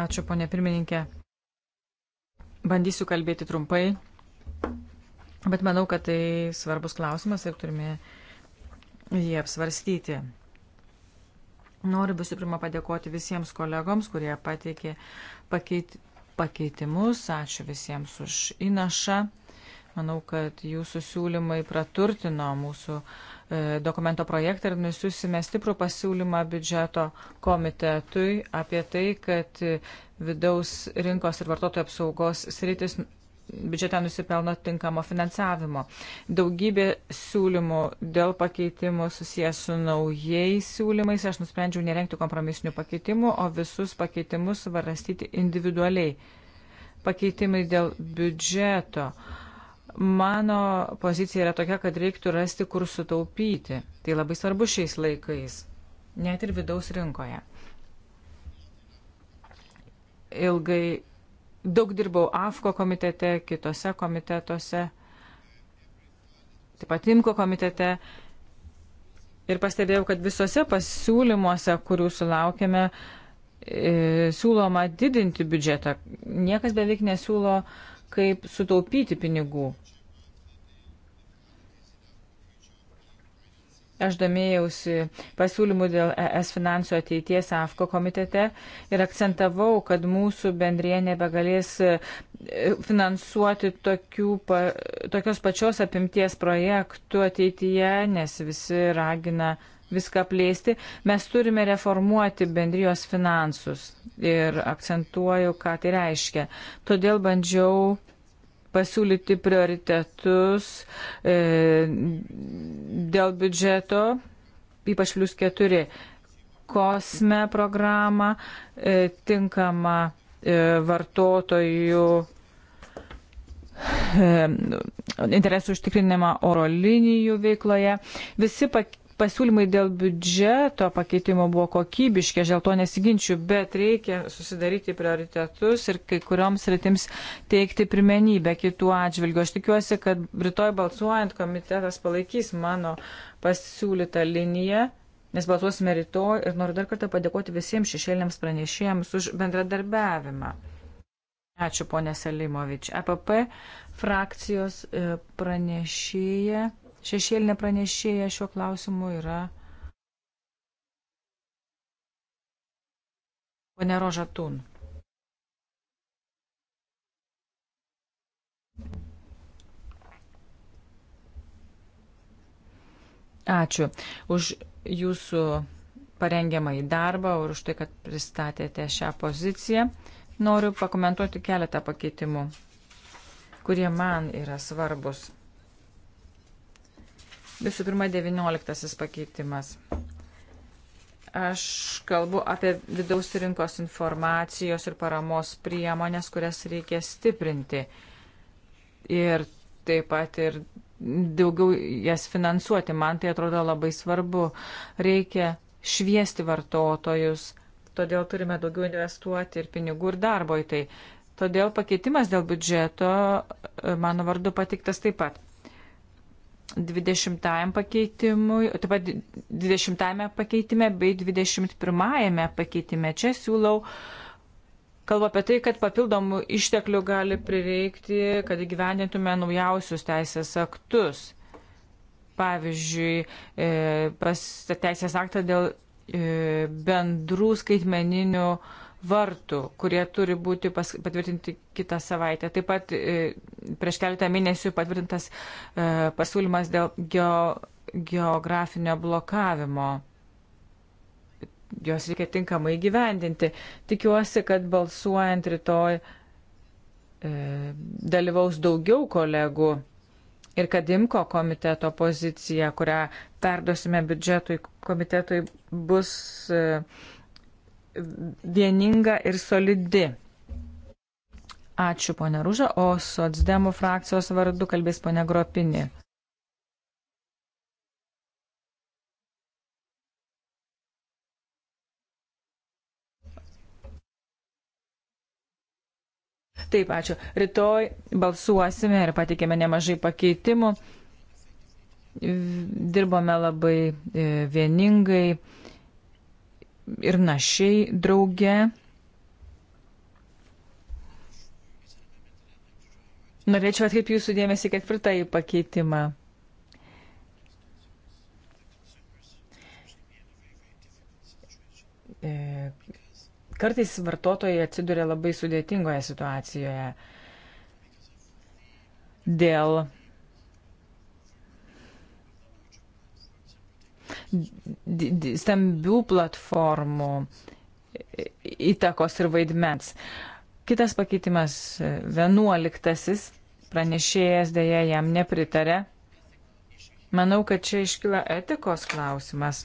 Ačiū, ponė pirmininkė. Bandysiu kalbėti trumpai, bet manau, kad tai svarbus klausimas ir turime jį apsvarstyti. Noriu visų pirma padėkoti visiems kolegoms, kurie pateikė pakeit, pakeitimus. Ačiū visiems už įnašą. Manau, kad jūsų siūlymai praturtino mūsų e, dokumento projektą ir nusiusime stiprų pasiūlymą biudžeto komitetui apie tai, kad e, vidaus rinkos ir vartotojų apsaugos sritis biudžete nusipelno tinkamo finansavimo. Daugybė siūlymų dėl pakeitimų susijęs su naujais siūlymais. Aš nusprendžiau nerenkti kompromisinių pakeitimų, o visus pakeitimus varastyti individualiai. Pakeitimai dėl biudžeto. Uh, Mano pozicija yra tokia, kad reiktų rasti, kur sutaupyti. Tai labai svarbu šiais laikais, net ir vidaus rinkoje. Ilgai daug dirbau AFKO komitete, kitose komitetuose, taip pat IMKO komitete. Ir pastebėjau, kad visose pasiūlymuose, kurių sulaukėme, e, siūloma didinti biudžetą. Niekas beveik nesiūlo e, kaip sutaupyti pinigų. Aš domėjausi pasiūlymų dėl ES finansų ateities AFKO komitete ir akcentavau, kad mūsų bendrėje nebegalės e, finansuoti tokių, pa, tokios pačios apimties projektų ateityje, nes visi ragina uh, viską plėsti, mes turime reformuoti bendrijos finansus. Ir akcentuoju, ką tai reiškia. Todėl bandžiau pasiūlyti prioritetus e, dėl biudžeto, ypač plus keturi, kosme programą, e, tinkamą e, vartotojų e, interesų užtikrinimą oro linijų veikloje. Visi pak pasiūlymai dėl biudžeto pakeitimo buvo kokybiški, aš dėl to nesiginčiu, bet reikia susidaryti prioritetus ir kai kurioms rytims teikti pirmenybę kitų atžvilgių. Aš tikiuosi, kad rytoj balsuojant komitetas palaikys mano pasiūlytą liniją. Nes balsuosime rytoj ir noriu dar kartą padėkoti visiems šešėliams pranešėjams už bendradarbiavimą. Ačiū, ponė Selimovič. APP e frakcijos e, pranešėja šešėlinė pranešėja šiuo klausimu yra ponė Rožatun. Ačiū už jūsų parengiamą į darbą ir už tai, kad pristatėte šią poziciją. Noriu pakomentuoti keletą pakeitimų, kurie man yra svarbus. Visų pirma, 19 pakeitimas. Aš kalbu apie vidaus rinkos informacijos ir paramos priemonės, kurias reikia stiprinti. Ir taip pat ir daugiau jas finansuoti. Man tai atrodo labai svarbu. Reikia šviesti vartotojus. Todėl turime daugiau investuoti ir pinigų, ir darbo į tai. Todėl pakeitimas dėl biudžeto mano vardu patiktas taip pat. 20 pakeitimui, taip pat 20 pakeitime bei 21 pakeitime. Čia siūlau, kalba apie tai, kad papildomų išteklių gali prireikti, kad įgyvendintume naujausius teisės aktus. Pavyzdžiui, e, pas teisės aktą dėl e, bendrų skaitmeninių vartų, kurie turi būti pas, patvirtinti kitą savaitę. Taip pat e, prieš keletą mėnesių patvirtintas e, pasiūlymas dėl geo, geografinio blokavimo. Jos reikia tinkamai gyvendinti. Tikiuosi, kad balsuojant rytoj e, dalyvaus daugiau kolegų ir kad imko komiteto pozicija, kurią perdosime biudžetui komitetui, bus uh, vieninga ir solidi. Ačiū, ponia Rūža, o socdemų frakcijos vardu kalbės ponia Gropinė. Taip, ačiū. Rytoj balsuosime ir patikėme nemažai pakeitimų. Dirbome labai e, vieningai ir našiai drauge. Norėčiau atkreipti jūsų dėmesį ketvirtąjį pakeitimą. E, kartais vartotojai atsiduria labai sudėtingoje situacijoje dėl stambių platformų įtakos ir vaidmens. Kitas pakeitimas, vienuoliktasis, pranešėjas dėja jam nepritarė. Manau, kad čia iškyla etikos klausimas.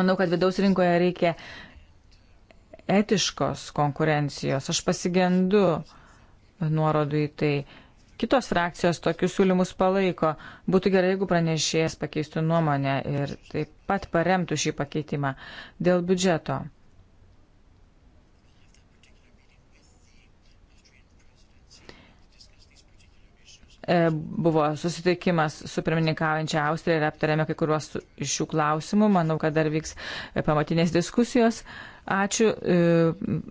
Manau, kad vidaus rinkoje reikia etiškos konkurencijos. Aš pasigendu nuorodų į tai kitos frakcijos tokius siūlymus palaiko. Būtų gerai, jeigu pranešėjas pakeistų nuomonę ir taip pat paremtų šį pakeitimą dėl biudžeto. E, buvo susitikimas su pirmininkaujančia Austrija ir aptarėme kai kuriuos iš šių klausimų. Manau, kad dar vyks e, pamatinės diskusijos. Ačiū e,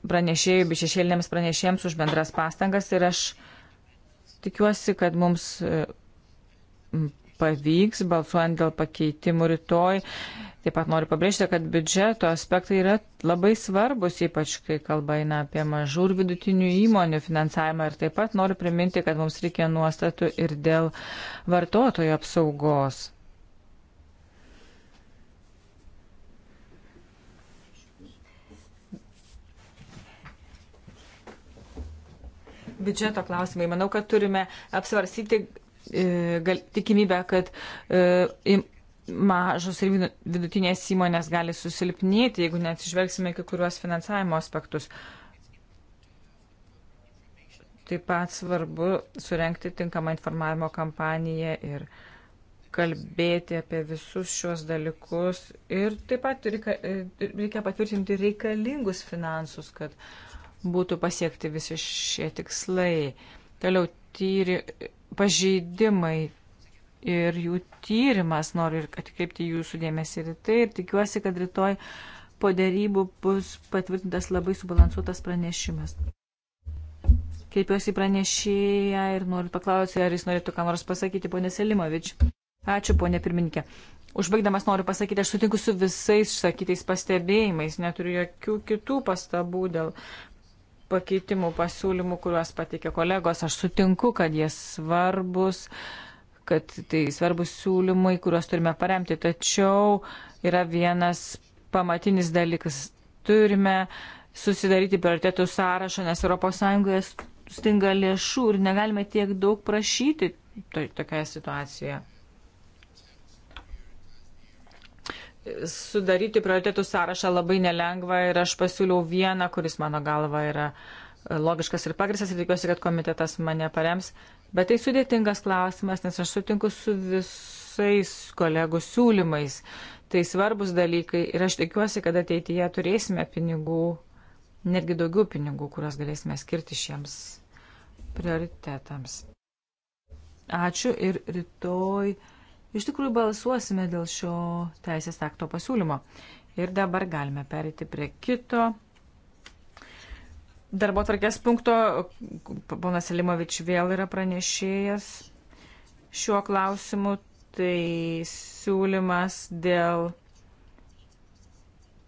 pranešėjai, bišešėlinėms pranešėjams už bendras pastangas ir aš uh, Tikiuosi, kad mums e, pavyks balsuojant dėl pakeitimų rytoj. Taip pat noriu pabrėžti, kad biudžeto aspektai yra labai svarbus, ypač kai kalba eina apie mažų ir vidutinių įmonių finansavimą. Ir taip pat noriu priminti, kad mums reikia nuostatų ir dėl vartotojo apsaugos. biudžeto klausimai. Manau, kad turime apsvarsyti e, gal, tikimybę, kad e, mažos ir vidutinės įmonės gali susilpnėti, jeigu neatsižvelgsime kai kuriuos finansavimo aspektus. Taip pat svarbu surenkti tinkamą informavimo kampaniją ir kalbėti apie visus šios dalykus. Ir taip pat reikia, e, reikia patvirtinti reikalingus finansus, kad uh, būtų pasiekti visi šie tikslai. Toliau tyri, pažeidimai ir jų tyrimas. Noriu ir atkreipti jūsų dėmesį ir tai. Ir tikiuosi, kad rytoj po dėrybų bus patvirtintas labai subalansuotas pranešimas. Kreipiuosi į pranešėją ir noriu paklausti, ar jis norėtų ką nors pasakyti, ponė Selimovič. Ačiū, ponė pirmininkė. Užbaigdamas noriu pasakyti, aš sutinku su visais išsakytais pastebėjimais, neturiu jokių kitų pastabų dėl pakeitimų pasiūlymų, kuriuos patikė kolegos. Aš sutinku, kad jie svarbus, kad tai svarbus siūlymai, kuriuos turime paremti. Tačiau yra vienas pamatinis dalykas. Turime susidaryti prioritetų sąrašą, nes ES stinga lėšų ir negalime tiek daug prašyti tokioje situacijoje. sudaryti prioritetų sąrašą labai nelengva ir aš pasiūliau vieną, kuris mano galva yra e, logiškas ir pagristas ir tikiuosi, kad komitetas mane parems. Bet tai sudėtingas klausimas, nes aš sutinku su visais kolegų siūlymais. Tai svarbus dalykai ir aš tikiuosi, kad ateityje turėsime pinigų, netgi daugiau pinigų, kuriuos galėsime skirti šiems prioritetams. Ačiū ir rytoj. Iš tikrųjų balsuosime dėl šio teisės akto pasiūlymo. Ir dabar galime perėti prie kito darbo tvarkės punkto. Ponas Elimovič vėl yra pranešėjęs šiuo klausimu. Tai siūlymas dėl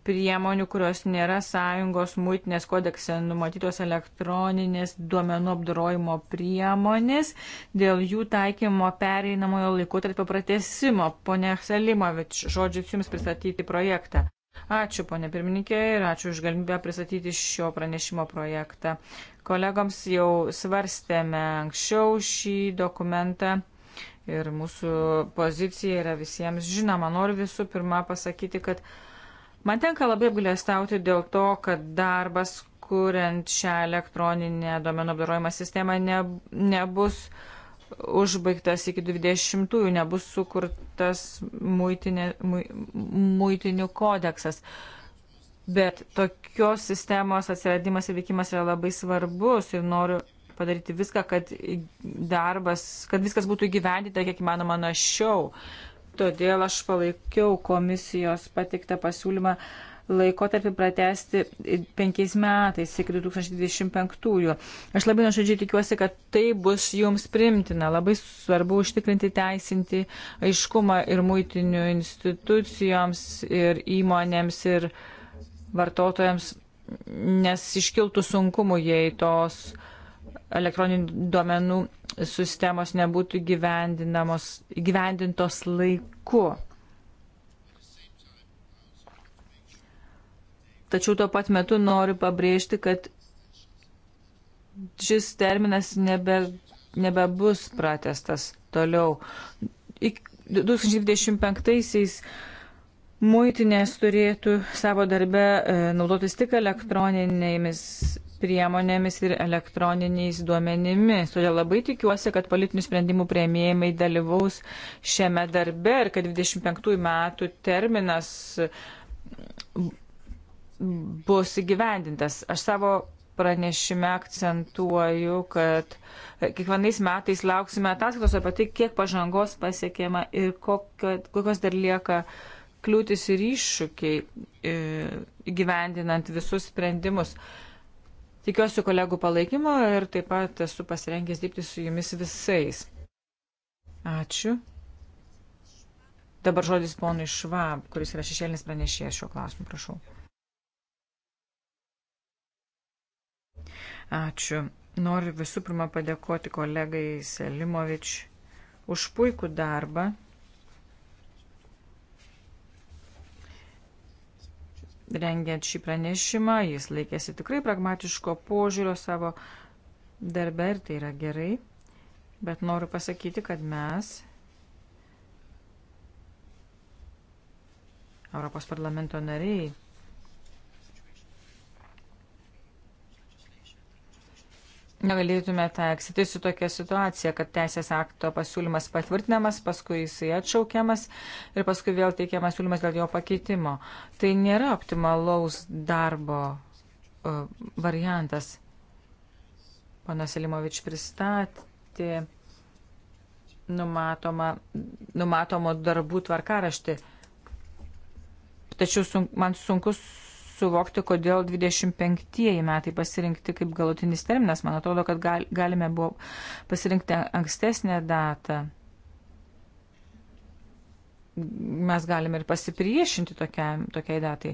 priemonių, kurios nėra sąjungos muitinės kodekse numatytos elektroninės duomenų apdorojimo priemonės, dėl jų taikymo pereinamojo laikotarpio pratesimo. Pone Selimovič, žodžius Jums pristatyti projektą. Ačiū, ponė pirmininkė, ir ačiū už galimybę pristatyti šio pranešimo projektą. Kolegoms jau svarstėme anksčiau šį dokumentą ir mūsų pozicija yra visiems žinoma. Noriu visų pirma pasakyti, kad Man tenka labai apgalėstauti dėl to, kad darbas, kuriant šią elektroninę domenų apdarojimą sistemą, ne, nebus užbaigtas iki 20-ųjų, nebus sukurtas muitinė, mu, muitinių kodeksas. Bet tokios sistemos atsiradimas ir veikimas yra labai svarbus ir noriu padaryti viską, kad darbas, kad viskas būtų įgyvendita kiek įmanoma našiau. Todėl aš palaikiau komisijos pateiktą pasiūlymą laikotarpį pratesti penkiais metais iki 2025-ųjų. Aš labai nuoširdžiai tikiuosi, kad tai bus jums primtina. Labai svarbu užtikrinti teisinti aiškumą ir muitinių institucijoms, ir įmonėms, ir vartotojams, nes iškiltų sunkumų, jei tos elektroninių duomenų sistemos nebūtų gyvendintos laiku. Tačiau tuo pat metu noriu pabrėžti, kad šis terminas nebe, nebebus pratestas toliau. Iki 2025-aisiais muitinės turėtų savo darbę e, naudotis tik elektroninėmis priemonėmis ir elektroniniais duomenimis. Todėl labai tikiuosi, kad politinių sprendimų prieimėjai dalyvaus šiame darbe ir kad 25 metų terminas bus įgyvendintas. Aš savo pranešime akcentuoju, kad kiekvienais metais lauksime ataskaitos apie tai, kiek pažangos pasiekėma ir kokio, kokios dar lieka kliūtis ir iššūkiai e, įgyvendinant visus sprendimus. E, Tikiuosi kolegų palaikymo ir taip pat esu pasirengęs dirbti su jumis visais. Ačiū. Dabar žodis ponui Švab, kuris yra šešėlinis pranešėjas šiuo klausimu, prašau. Ačiū. Noriu visų pirma padėkoti kolegai Selimovič už puikų darbą rengiant šį pranešimą. Jis laikėsi tikrai pragmatiško požiūrio savo darbę ir tai yra gerai. Bet noriu pasakyti, kad mes, Europos parlamento nariai, negalėtume taiksyti su tokia situacija, kad teisės akto pasiūlymas patvirtinamas, paskui jisai atšaukiamas ir paskui vėl teikiamas siūlymas dėl jo pakeitimo. Tai nėra optimalaus darbo uh, variantas. Panas Elimovič pristatė numatoma, numatomo darbų tvarkaraštį. Tačiau sun, man sunkus suvokti, kodėl 25 metai pasirinkti kaip galutinis terminas. Man atrodo, kad gal, galime buvo pasirinkti ankstesnę datą. Mes galime ir pasipriešinti tokiam, tokiai datai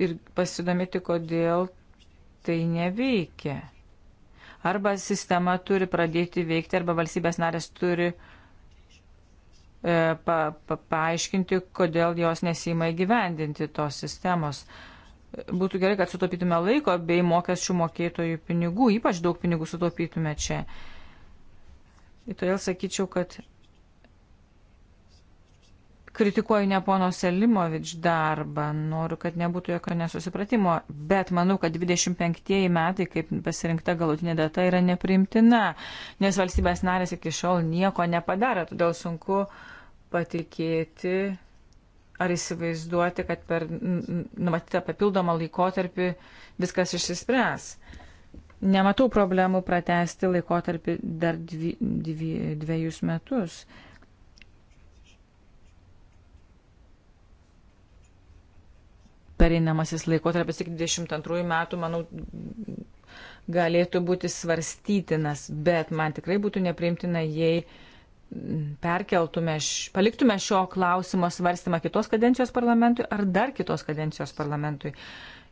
ir pasidomėti, kodėl tai neveikia. Arba sistema turi pradėti veikti, arba valstybės narės turi uh, E, pa, pa, paaiškinti, kodėl jos nesima įgyvendinti tos sistemos. Būtų gerai, kad sutaupytume laiko bei mokesčių mokėtojų pinigų, ypač daug pinigų sutaupytume čia. Ir todėl sakyčiau, kad kritikuoju ne pono Selimovič darbą, noriu, kad nebūtų jokio nesusipratimo, bet manau, kad 25 metai, kaip pasirinkta galutinė data, yra neprimtina, nes valstybės narės iki šiol nieko nepadarė, todėl sunku uh, patikėti ar įsivaizduoti, kad per numatytą papildomą laikotarpį viskas išsispręs. Nematau problemų pratesti laikotarpį dar dvi, dvi, dviejus metus. Pereinamasis laikotarpis iki 22 metų, manau, galėtų būti svarstytinas, bet man tikrai būtų nepriimtina, jei uh, perkeltume, paliktume šio klausimo svarstymą kitos kadencijos parlamentui ar dar kitos kadencijos parlamentui.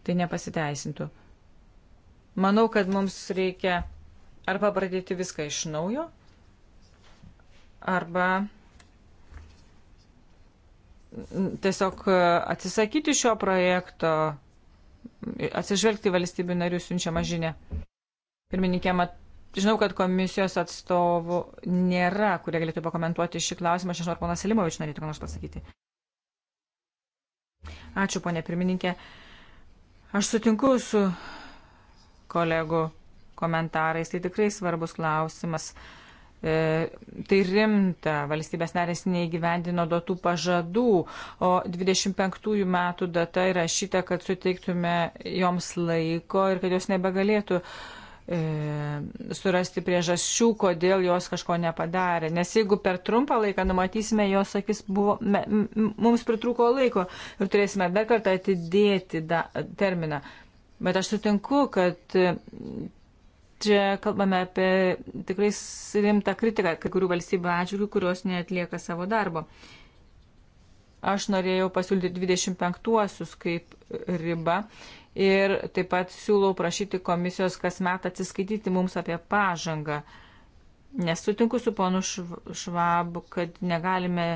Tai nepasiteisintų. Manau, kad mums reikia arba pradėti viską iš naujo, arba tiesiog atsisakyti šio projekto, atsižvelgti valstybių narių siunčiamą žinę. Pirmininkė, mat, Žinau, kad komisijos atstovų nėra, kurie galėtų pakomentuoti šį klausimą. Aš žinau, ar ponas Selimovič norėtų ką nors pasakyti. Ačiū, ponė pirmininkė. Aš sutinku su kolegų komentarais. Tai tikrai svarbus klausimas. E, tai rimta, valstybės narės neįgyvendino duotų pažadų, o 25 metų data įrašyta, kad suteiktume joms laiko ir kad jos nebegalėtų uh, E, surasti priežasčių, kodėl jos kažko nepadarė. Nes jeigu per trumpą laiką numatysime, jos sakys, buvo, me, mums pritruko laiko ir turėsime dar kartą atidėti da, terminą. Bet aš sutinku, kad e, čia kalbame apie tikrai rimtą kritiką kai kurių valstybių atžvilgių, kurios neatlieka savo darbo. Aš norėjau pasiūlyti 25-uosius kaip ribą. Uh, ir taip pat siūlau prašyti komisijos kasmet atsiskaityti mums apie pažangą. Nesutinku su ponu Švabu, kad negalime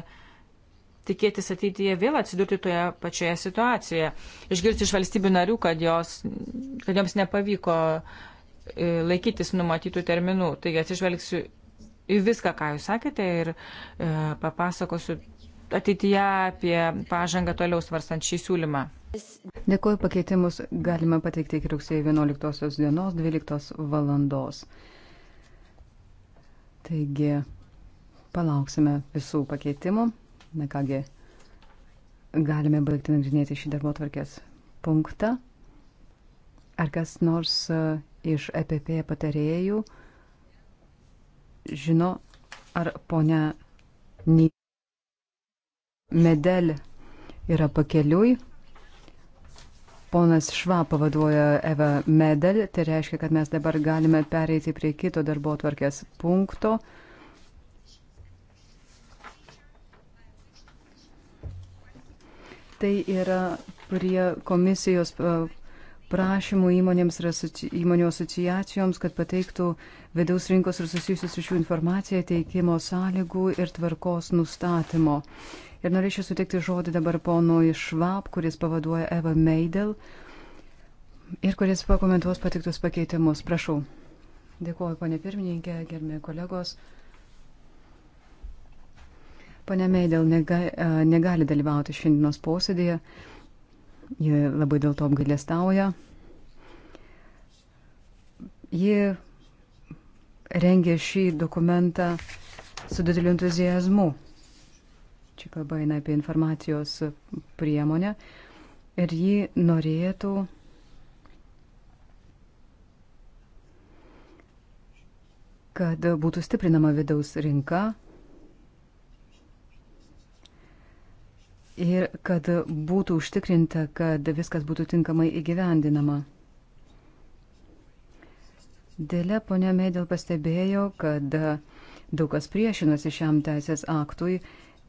tikėtis ateityje vėl atsidurti toje pačioje situacijoje. Išgirsti iš valstybių narių, kad, jos, kad joms nepavyko e, laikytis numatytų terminų. Taigi atsižvelgsiu į viską, ką jūs sakėte ir e, papasakosiu ateityje apie pažangą toliau svarstant šį siūlymą. Dėkuoju, pakeitimus galima pateikti iki rugsėjo 11 dienos 12 valandos. Taigi, palauksime visų pakeitimų. Na kągi, galime baigti nagrinėti šį darbo tvarkės punktą. Ar kas nors e, iš EPP patarėjų žino, ar ponia Medel yra pakeliui? Ponas Šva pavaduoja Eva Medel, tai reiškia, kad mes dabar galime pereiti prie kito darbo tvarkės punkto. Tai yra prie komisijos e, prašymų įmonėms ir įmonių asociacijoms, kad pateiktų vidaus rinkos ir susijusius ryšių informaciją teikimo sąlygų ir tvarkos nustatymo. Ir norėčiau sutikti žodį dabar ponui Švab, kuris pavaduoja Eva Meidel ir kuris pakomentuos patiktus pakeitimus. Prašau. Dėkuoju, ponė pirmininkė, gerbėjai kolegos. Pane Meidel nega, negali dalyvauti šiandienos posėdėje. Ji labai dėl to apgailestauja. Ji rengė šį dokumentą su dideliu entuzijazmu. Čia kalba eina apie informacijos priemonę. Ir ji norėtų kad būtų stiprinama vidaus rinka ir kad būtų užtikrinta, kad viskas būtų tinkamai įgyvendinama. Dėlė ponia Medėl pastebėjo, kad daug kas priešinosi šiam teisės aktui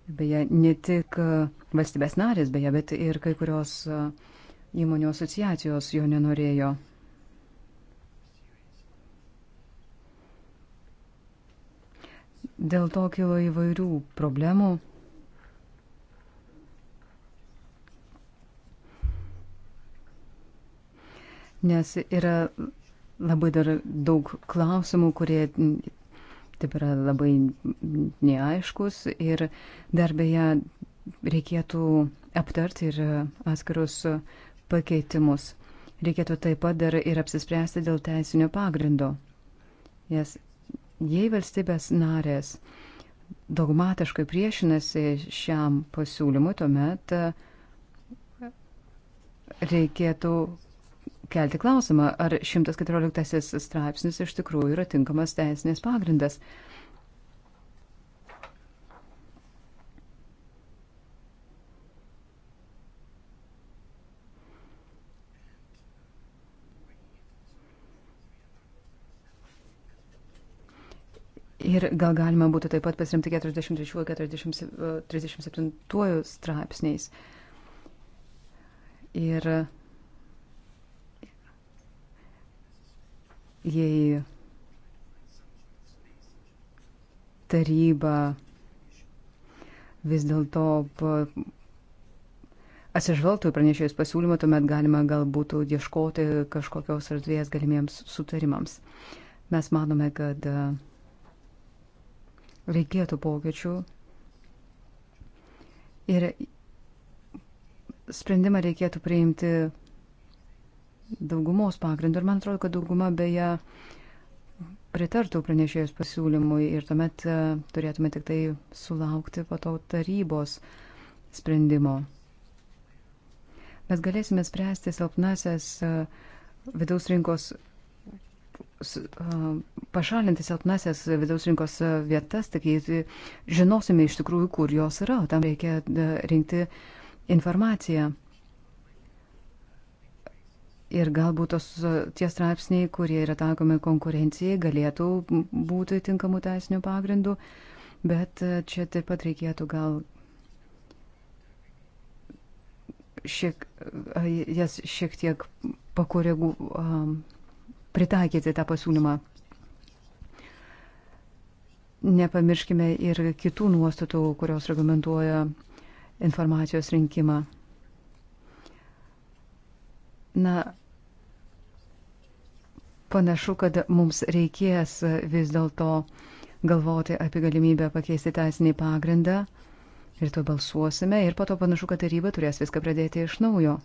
Beje, ne tik e, valstybės narės, beje, bet ir kai kurios e, įmonių asociacijos jo nenorėjo. Dėl to kilo įvairių problemų. Nes yra labai dar daug klausimų, kurie taip yra labai neaiškus ir dar beje reikėtų aptarti ir atskirus pakeitimus. Reikėtų taip pat dar ir apsispręsti dėl teisinio pagrindo. Nes jei valstybės narės dogmatiškai priešinasi šiam pasiūlymui, tuomet reikėtų kelti klausimą, ar 114 straipsnis iš tikrųjų yra tinkamas teisinės pagrindas. Ir gal galima būtų taip pat pasirinkti 43-37 straipsniais. Ir jei taryba vis dėlto atsižvelgtų į pranešėjus pasiūlymą, tuomet galima galbūt ieškoti kažkokios erdvės galimiems sutarimams. Mes manome, kad e, reikėtų pokyčių ir sprendimą reikėtų priimti daugumos pagrindu. Ir man atrodo, kad dauguma beje pritartų pranešėjos pasiūlymui ir tuomet e, turėtume tik tai sulaukti po to tarybos sprendimo. Mes galėsime spręsti silpnasias e, vidaus rinkos e, pašalinti silpnasias vidaus rinkos vietas, tik jei žinosime iš tikrųjų, kur jos yra, tam reikia rinkti informaciją. Ir galbūt tos tie straipsniai, kurie yra taikomi konkurencijai, galėtų būti tinkamų teisinių pagrindų, bet e, čia taip pat reikėtų gal šiek, e, jas šiek tiek pakoregų, pritaikyti tą pasiūlymą. Nepamirškime ir kitų nuostatų, kurios reglamentuoja informacijos rinkimą. Na, Panašu, kad mums reikės vis dėlto galvoti apie galimybę pakeisti teisinį pagrindą ir to balsuosime ir po to panašu, kad taryba turės viską pradėti iš naujo.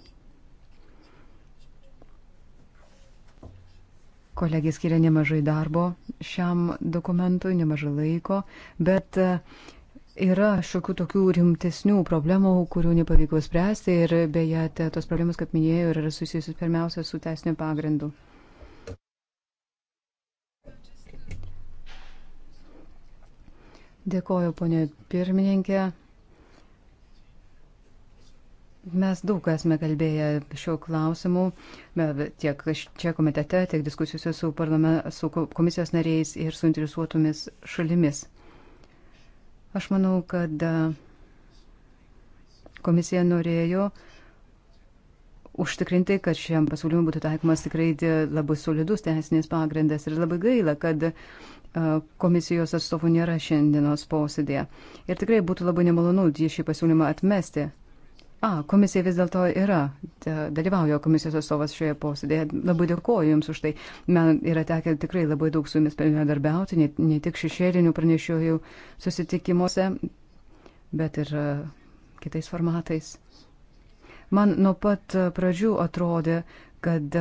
Kolegija skiria nemažai darbo šiam dokumentui, nemažai laiko, bet e, yra šiokių tokių rimtesnių problemų, kurių nepavyko spręsti ir beje, tos problemos, kaip minėjau, yra susijusios pirmiausia su teisiniu pagrindu. Dėkoju, ponė pirmininkė. Mes daug esame kalbėję šiuo klausimu, tiek čia komitete, tiek diskusijose su, su komisijos nariais ir suinteresuotomis šalimis. Aš manau, kad e, komisija norėjo užtikrinti, kad šiam pasiūlymui būtų taikomas tikrai e, labai solidus teisinės pagrindas. Ir labai gaila, kad E, komisijos atstovų nėra šiandienos posėdėje. Ir tikrai būtų labai nemalonu jį šį pasiūlymą atmesti. A, komisija vis dėlto yra, e, dalyvauja komisijos atstovas šioje posėdėje. Labai dėkoju Jums už tai. Man yra tekę tikrai labai daug su Jumis bendradarbiauti, ne, ne tik šešėlinių pranešėjų susitikimuose, bet ir e, kitais formatais. Man nuo pat pradžių atrodė, kad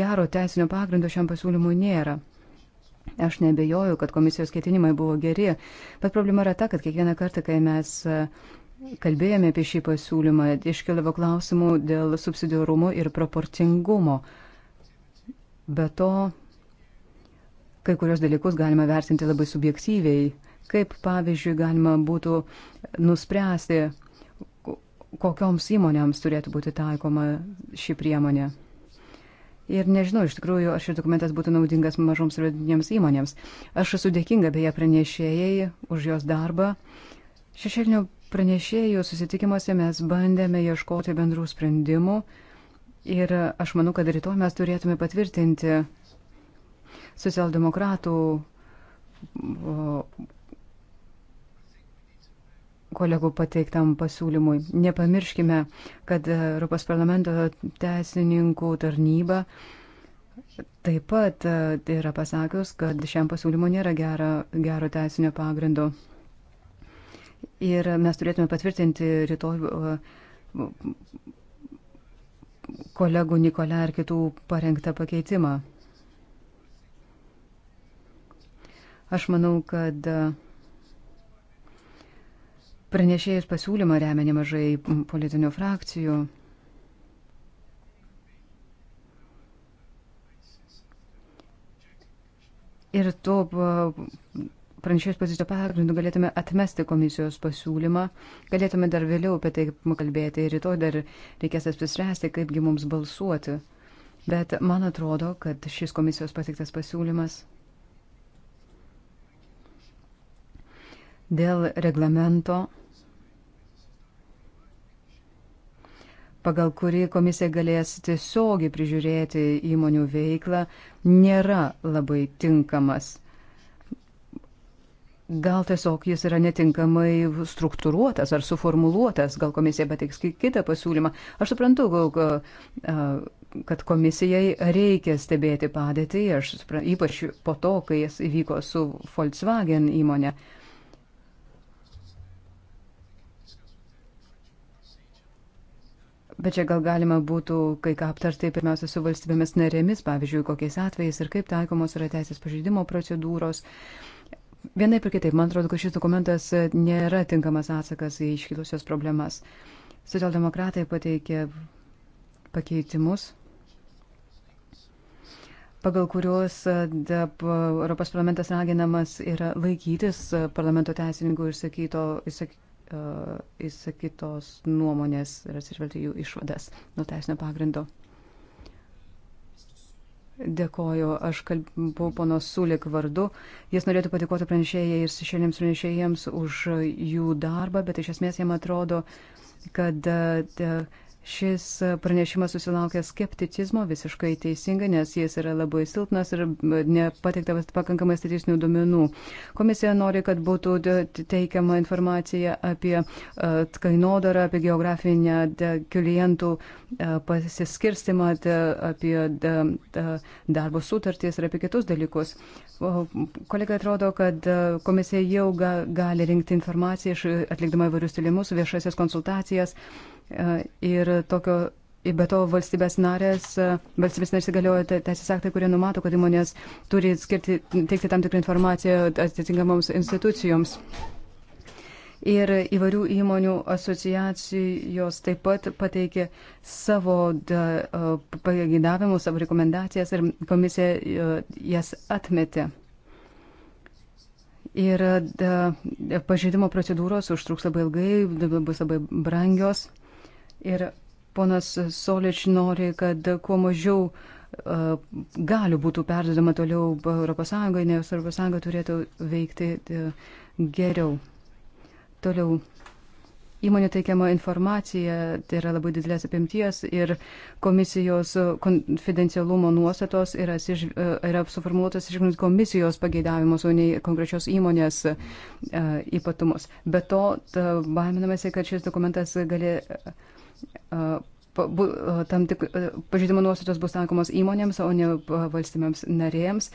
gero teisinio pagrindo šiam pasiūlymui nėra. Aš nebejoju, kad komisijos ketinimai buvo geri, bet problema yra ta, kad kiekvieną kartą, kai mes e, kalbėjome apie šį pasiūlymą, iškilavo klausimų dėl subsidiarumo ir proporcingumo. Be to, kai kurios dalykus galima vertinti labai subjektyviai, kaip pavyzdžiui galima būtų nuspręsti, kokioms įmonėms turėtų būti taikoma ši priemonė. Ir nežinau, iš tikrųjų, ar šis dokumentas būtų naudingas mažoms ir vidutinėms įmonėms. Aš esu dėkinga beje pranešėjai už jos darbą. Šešėlinio pranešėjų susitikimuose mes bandėme ieškoti bendrų sprendimų ir aš manau, kad rytoj mes turėtume patvirtinti socialdemokratų kolegų pateiktam pasiūlymui. Nepamirškime, kad Europos parlamento teisininkų tarnyba taip pat e, yra pasakius, kad šiam pasiūlymui nėra gero, gero teisinio pagrindo. Ir mes turėtume patvirtinti rytoj e, kolegų Nikolai ir kitų parengtą pakeitimą. Aš manau, kad uh, Pranešėjus pasiūlymą remia nemažai politinių frakcijų. Ir to e, pranešėjus pozicijų pagrindų galėtume atmesti komisijos pasiūlymą, galėtume dar vėliau apie tai kalbėti ir rytoj dar reikės apsispręsti, kaipgi mums balsuoti. Bet man atrodo, kad šis komisijos patiktas pasiūlymas dėl reglamento pagal kurį komisija galės tiesiogiai prižiūrėti įmonių veiklą, nėra labai tinkamas. Gal tiesiog jis yra netinkamai struktūruotas ar suformuluotas, gal komisija pateiks kitą pasiūlymą. Aš suprantu, kad komisijai reikia stebėti padėtį, aš suprantu, ypač po to, kai jis įvyko su Volkswagen įmonė. Uh, Bet čia gal galima būtų kai ką aptarti pirmiausia su valstybėmis narėmis, pavyzdžiui, kokiais atvejais ir kaip taikomos yra teisės pažeidimo procedūros. Vienaip ir kitaip, man atrodo, kad šis dokumentas nėra tinkamas atsakas į iškilusios problemas. Socialdemokratai pateikė pakeitimus, pagal kuriuos e, Europos parlamentas raginamas yra laikytis e, parlamento teisininkų išsakyto, išsakyto įsakytos e, nuomonės ir atsižvelgti jų išvadas nuo teisinio pagrindo. Dėkoju, aš kalbu pono Sulik vardu. Jis norėtų padėkoti pranešėjai ir šešėlėms pranešėjams už jų darbą, bet iš esmės jam atrodo, kad e, Šis pranešimas susilaukė skepticizmo visiškai teisingai, nes jis yra labai silpnas ir nepatiktamas pakankamai statistinių duomenų. Komisija nori, kad būtų teikiama informacija apie e, kainodarą, apie geografinę klientų e, pasiskirstimą, apie darbo sutartys ir apie kitus dalykus. Kolega atrodo, kad e, komisija jau gali rinkti informaciją, atlikdama įvairius tyrimus, viešasias konsultacijas E, ir tokio, be to valstybės narės, e, valstybės narės įgalioja teisės aktai, kurie numato, kad įmonės turi skirti, teikti tam tikrą informaciją atitinkamoms institucijoms. Ir įvairių įmonių asociacijos taip pat pateikė savo e, pagėdavimus, savo rekomendacijas ir komisija jas atmetė. Ir pažeidimo procedūros užtruks labai ilgai, bus labai brangios. Ir ponas Solič nori, kad kuo mažiau uh, galių būtų perdodama toliau ES, nes ES turėtų veikti uh, geriau. Toliau. Įmonė teikiama informacija tai yra labai didelės apimties ir komisijos konfidencialumo nuostatos yra, siž, e, yra suformuoluotas išgrinus komisijos pageidavimus, o ne konkrečios įmonės uh, ypatumus. Be to, baiminamasi, kad šis dokumentas gali. Uh, tam tik pažydimo nuostatos bus taikomos įmonėms, o ne valstybėms narėms.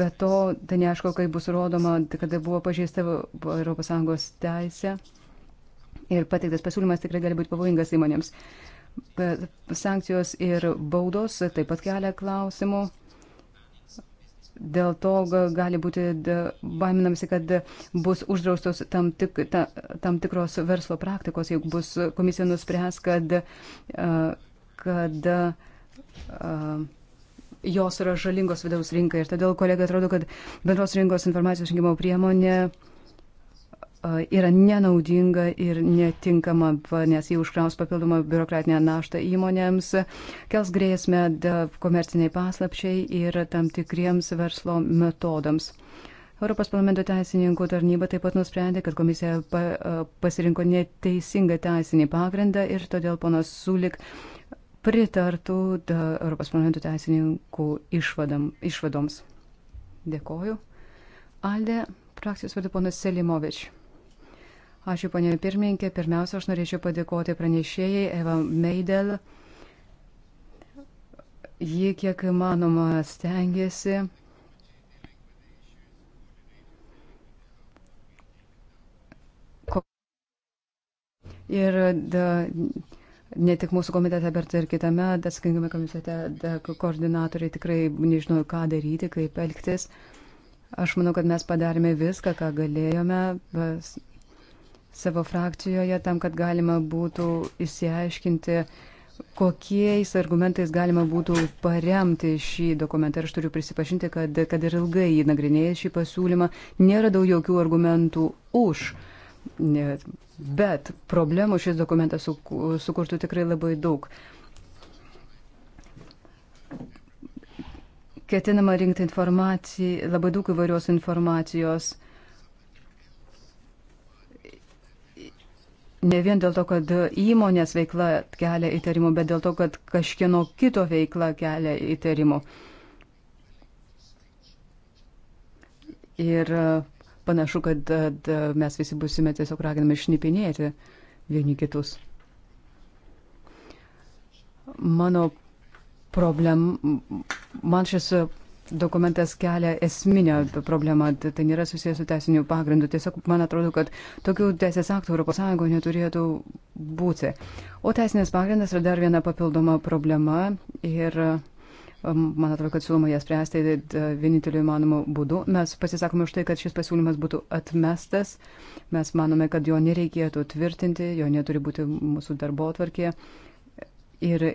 Be to, tai neaišku, kai bus rodoma, tai kada buvo pažįsta ES teisė ir pateiktas pasiūlymas tikrai gali būti pavojingas įmonėms. Sankcijos ir baudos taip pat kelia klausimų. Dėl to gali būti baiminamasi, kad bus uždraustos tam, tik, ta, tam tikros verslo praktikos, jeigu bus komisija nuspręs, kad, kad jos yra žalingos vidaus rinkai. Ir todėl, kolega, atrodo, kad bendros rinkos informacijos rinkimo priemonė. Uh, yra nenaudinga ir netinkama, nes jie užkraus papildomą biurokratinę naštą įmonėms, kels grėsmę komerciniai paslapčiai ir tam tikriems verslo metodams. Europos parlamento teisininkų tarnyba taip pat nusprendė, kad komisija pasirinko neteisingą teisinį pagrindą ir todėl ponas Sulik pritartų Europos parlamento teisininkų išvadam, išvadoms. Dėkoju. Alde, frakcijos vadu ponas Selimovičius. Ačiū, ponė pirmininkė. Pirmiausia, aš norėčiau padėkoti pranešėjai Eva Meidel. Ji kiek įmanoma stengiasi. Ir da, ne tik mūsų komitete, bet ir kitame atsakingame komitete da, koordinatoriai tikrai nežinojo, ką daryti, kaip elgtis. Aš manau, kad mes padarėme viską, ką galėjome. Bas, savo frakcijoje tam, kad galima būtų įsiaiškinti, kokiais argumentais galima būtų paremti šį dokumentą. Ir aš turiu prisipažinti, kad, kad ir ilgai jį nagrinėjęs šį pasiūlymą, neradau jokių argumentų už. Bet problemų šis dokumentas sukurtų tikrai labai daug. Ketinama rinkti informaciją, labai daug įvairios informacijos. ne vien dėl to, kad įmonės veikla kelia įtarimų, bet dėl to, kad kažkieno kito veikla kelia įtarimų. Ir e, panašu, kad e, mes visi busime tiesiog raginami šnipinėti vieni kitus. Mano problem, man šis dokumentas kelia esminę problemą, tai, tai nėra susijęs su teisiniu pagrindu. Tiesiog man atrodo, kad tokių teisės aktų ES neturėtų būti. O teisinės pagrindas yra dar viena papildoma problema ir um, man atrodo, kad siūloma ją spręsti tai, vieninteliu įmanomu būdu. Mes pasisakome už tai, kad šis pasiūlymas būtų atmestas. Mes manome, kad jo nereikėtų tvirtinti, jo neturi būti mūsų darbo atvarkėje. Ir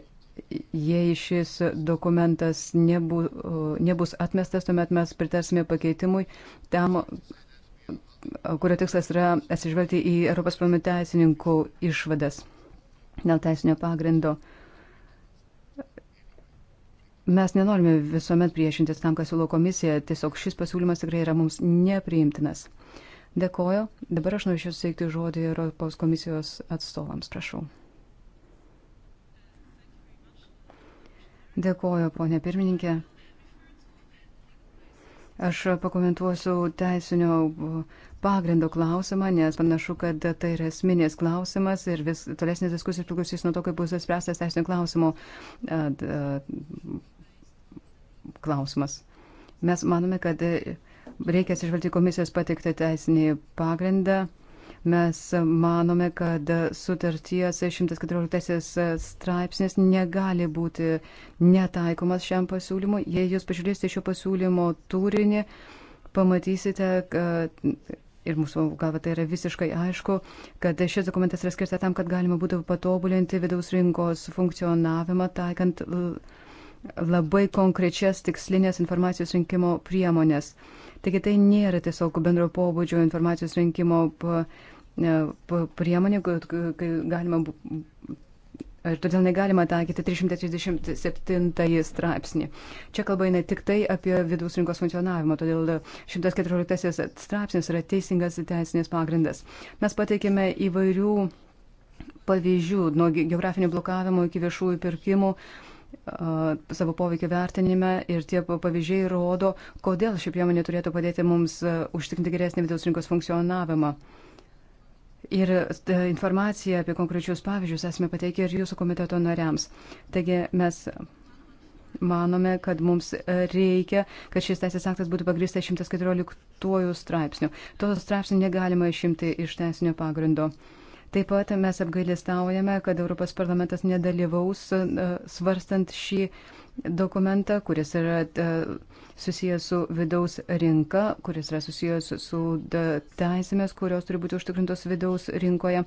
jei šis dokumentas nebu, nebus atmestas, tuomet mes pritarsime pakeitimui tam, kurio tikslas yra atsižvelgti į Europos parlamento teisininkų išvadas dėl teisinio pagrindo. Mes nenorime visuomet priešintis tam, kas siūlo komisija, tiesiog šis pasiūlymas tikrai yra mums nepriimtinas. Dėkoju. Dabar aš norėčiau suteikti žodį Europos komisijos atstovams. Prašau. Dėkoju, ponė pirmininkė. Aš pakomentuosiu teisinio pagrindo klausimą, nes panašu, kad tai yra esminės klausimas ir vis tolesnės diskusijos priklausys nuo to, kaip bus spręstas teisinio klausimo klausimas. Mes manome, kad reikia atsižvelgti komisijos pateiktą teisinį pagrindą. Mes manome, kad sutarties 114 straipsnis negali būti netaikomas šiam pasiūlymui. Jei jūs pažiūrėsite šio pasiūlymo turinį, pamatysite, kad ir mūsų galva tai yra visiškai aišku, kad šis dokumentas yra skirtas tam, kad galima būtų patobulinti vidaus rinkos funkcionavimą, taikant labai konkrečias tikslinės informacijos rinkimo priemonės. Taigi tai nėra tiesiog bendro pobūdžio informacijos rinkimo priemonės E, priemonė, kai galima. Ir todėl negalima taikyti 337 straipsnį. Čia kalba eina tik tai apie vidaus rinkos funkcionavimą, todėl 114 straipsnis yra teisingas teisinės pagrindas. Mes pateikėme įvairių pavyzdžių, nuo geografinių blokavimų iki viešųjų pirkimų savo poveikio vertinime ir tie pavyzdžiai rodo, kodėl ši priemonė turėtų padėti mums užtikrinti geresnį vidaus rinkos funkcionavimą. Ir e, informaciją apie konkrečius pavyzdžius esame pateikę ir jūsų komiteto nariams. Taigi mes manome, kad mums reikia, kad šis teisės aktas būtų pagristas 114 straipsnių. To straipsnio negalima išimti iš teisinio pagrindo. Taip pat mes apgailestaujame, kad Europos parlamentas nedalyvaus e, svarstant šį dokumentą, kuris yra. Uh, susijęs su vidaus rinka, kuris yra susijęs su teisėmis, kurios turi būti užtikrintos vidaus rinkoje.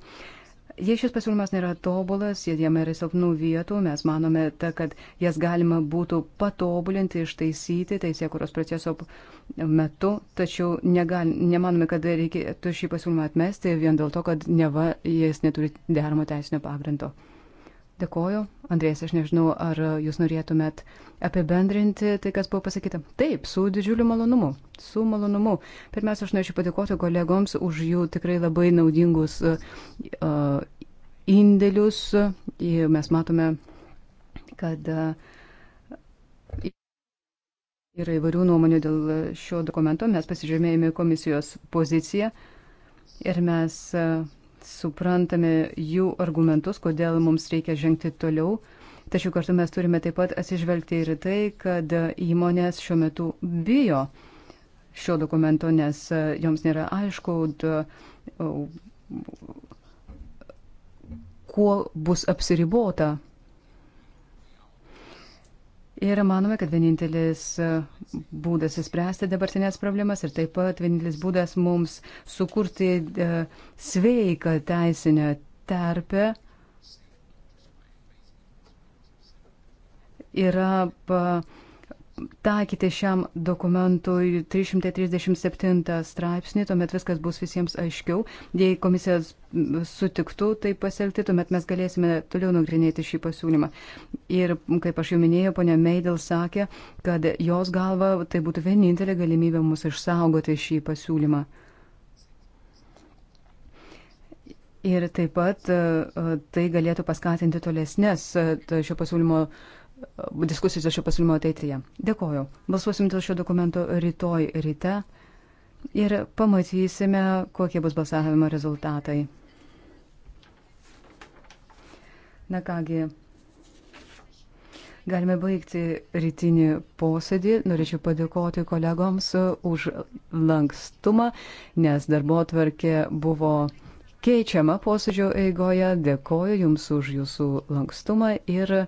Jei šis pasiūlymas nėra tobulas, jei jame yra silpnų vietų, mes manome, ta, kad jas galima būtų patobulinti, ištaisyti teisėkuros proceso metu, tačiau negal, nemanome, kad reikėtų šį pasiūlymą atmesti vien dėl to, kad neva jis neturi deramo teisinio pagrindo. Dėkoju. Andrės, aš nežinau, ar jūs norėtumėt apibendrinti tai, kas buvo pasakyta. Taip, su didžiuliu malonumu. Su malonumu. Pirmiausia, aš norėčiau padėkoti kolegoms už jų tikrai labai naudingus uh, indėlius. Mes matome, kad. Uh, Yra įvairių nuomonių dėl šio dokumento, mes pasižymėjome komisijos poziciją ir mes uh, suprantame jų argumentus, kodėl mums reikia žengti toliau. Tačiau kartu mes turime taip pat atsižvelgti ir tai, kad įmonės šiuo metu bijo šio dokumento, nes e, joms nėra aišku, e, kuo bus apsiribota Ir manome, kad vienintelis e, būdas įspręsti dabartinės problemas ir taip pat vienintelis būdas mums sukurti e, sveiką teisinę terpę yra. Pa, taikyti šiam dokumentui 337 straipsnį, tuomet viskas bus visiems aiškiau. Jei komisija sutiktų tai pasielgti, tuomet mes galėsime toliau nagrinėti šį pasiūlymą. Ir kaip aš jau minėjau, ponia Meidel sakė, kad jos galva tai būtų vienintelė galimybė mus išsaugoti šį pasiūlymą. Ir taip pat e, tai galėtų paskatinti tolesnės e, šio pasiūlymo uh, diskusijos dėl šio pasiūlymo ateityje. Dėkoju. Balsuosim dėl šio dokumento rytoj ryte ir pamatysime, kokie bus balsavimo rezultatai. Na kągi, galime baigti rytinį posėdį. Norėčiau padėkoti kolegoms už lankstumą, nes darbo atvarkė buvo keičiama posėdžio eigoje. Dėkoju Jums už Jūsų lankstumą ir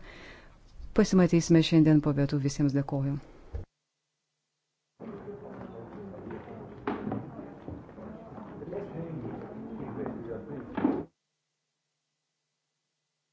Pasimatysime šiandien po pietų. Visiems dėkoju.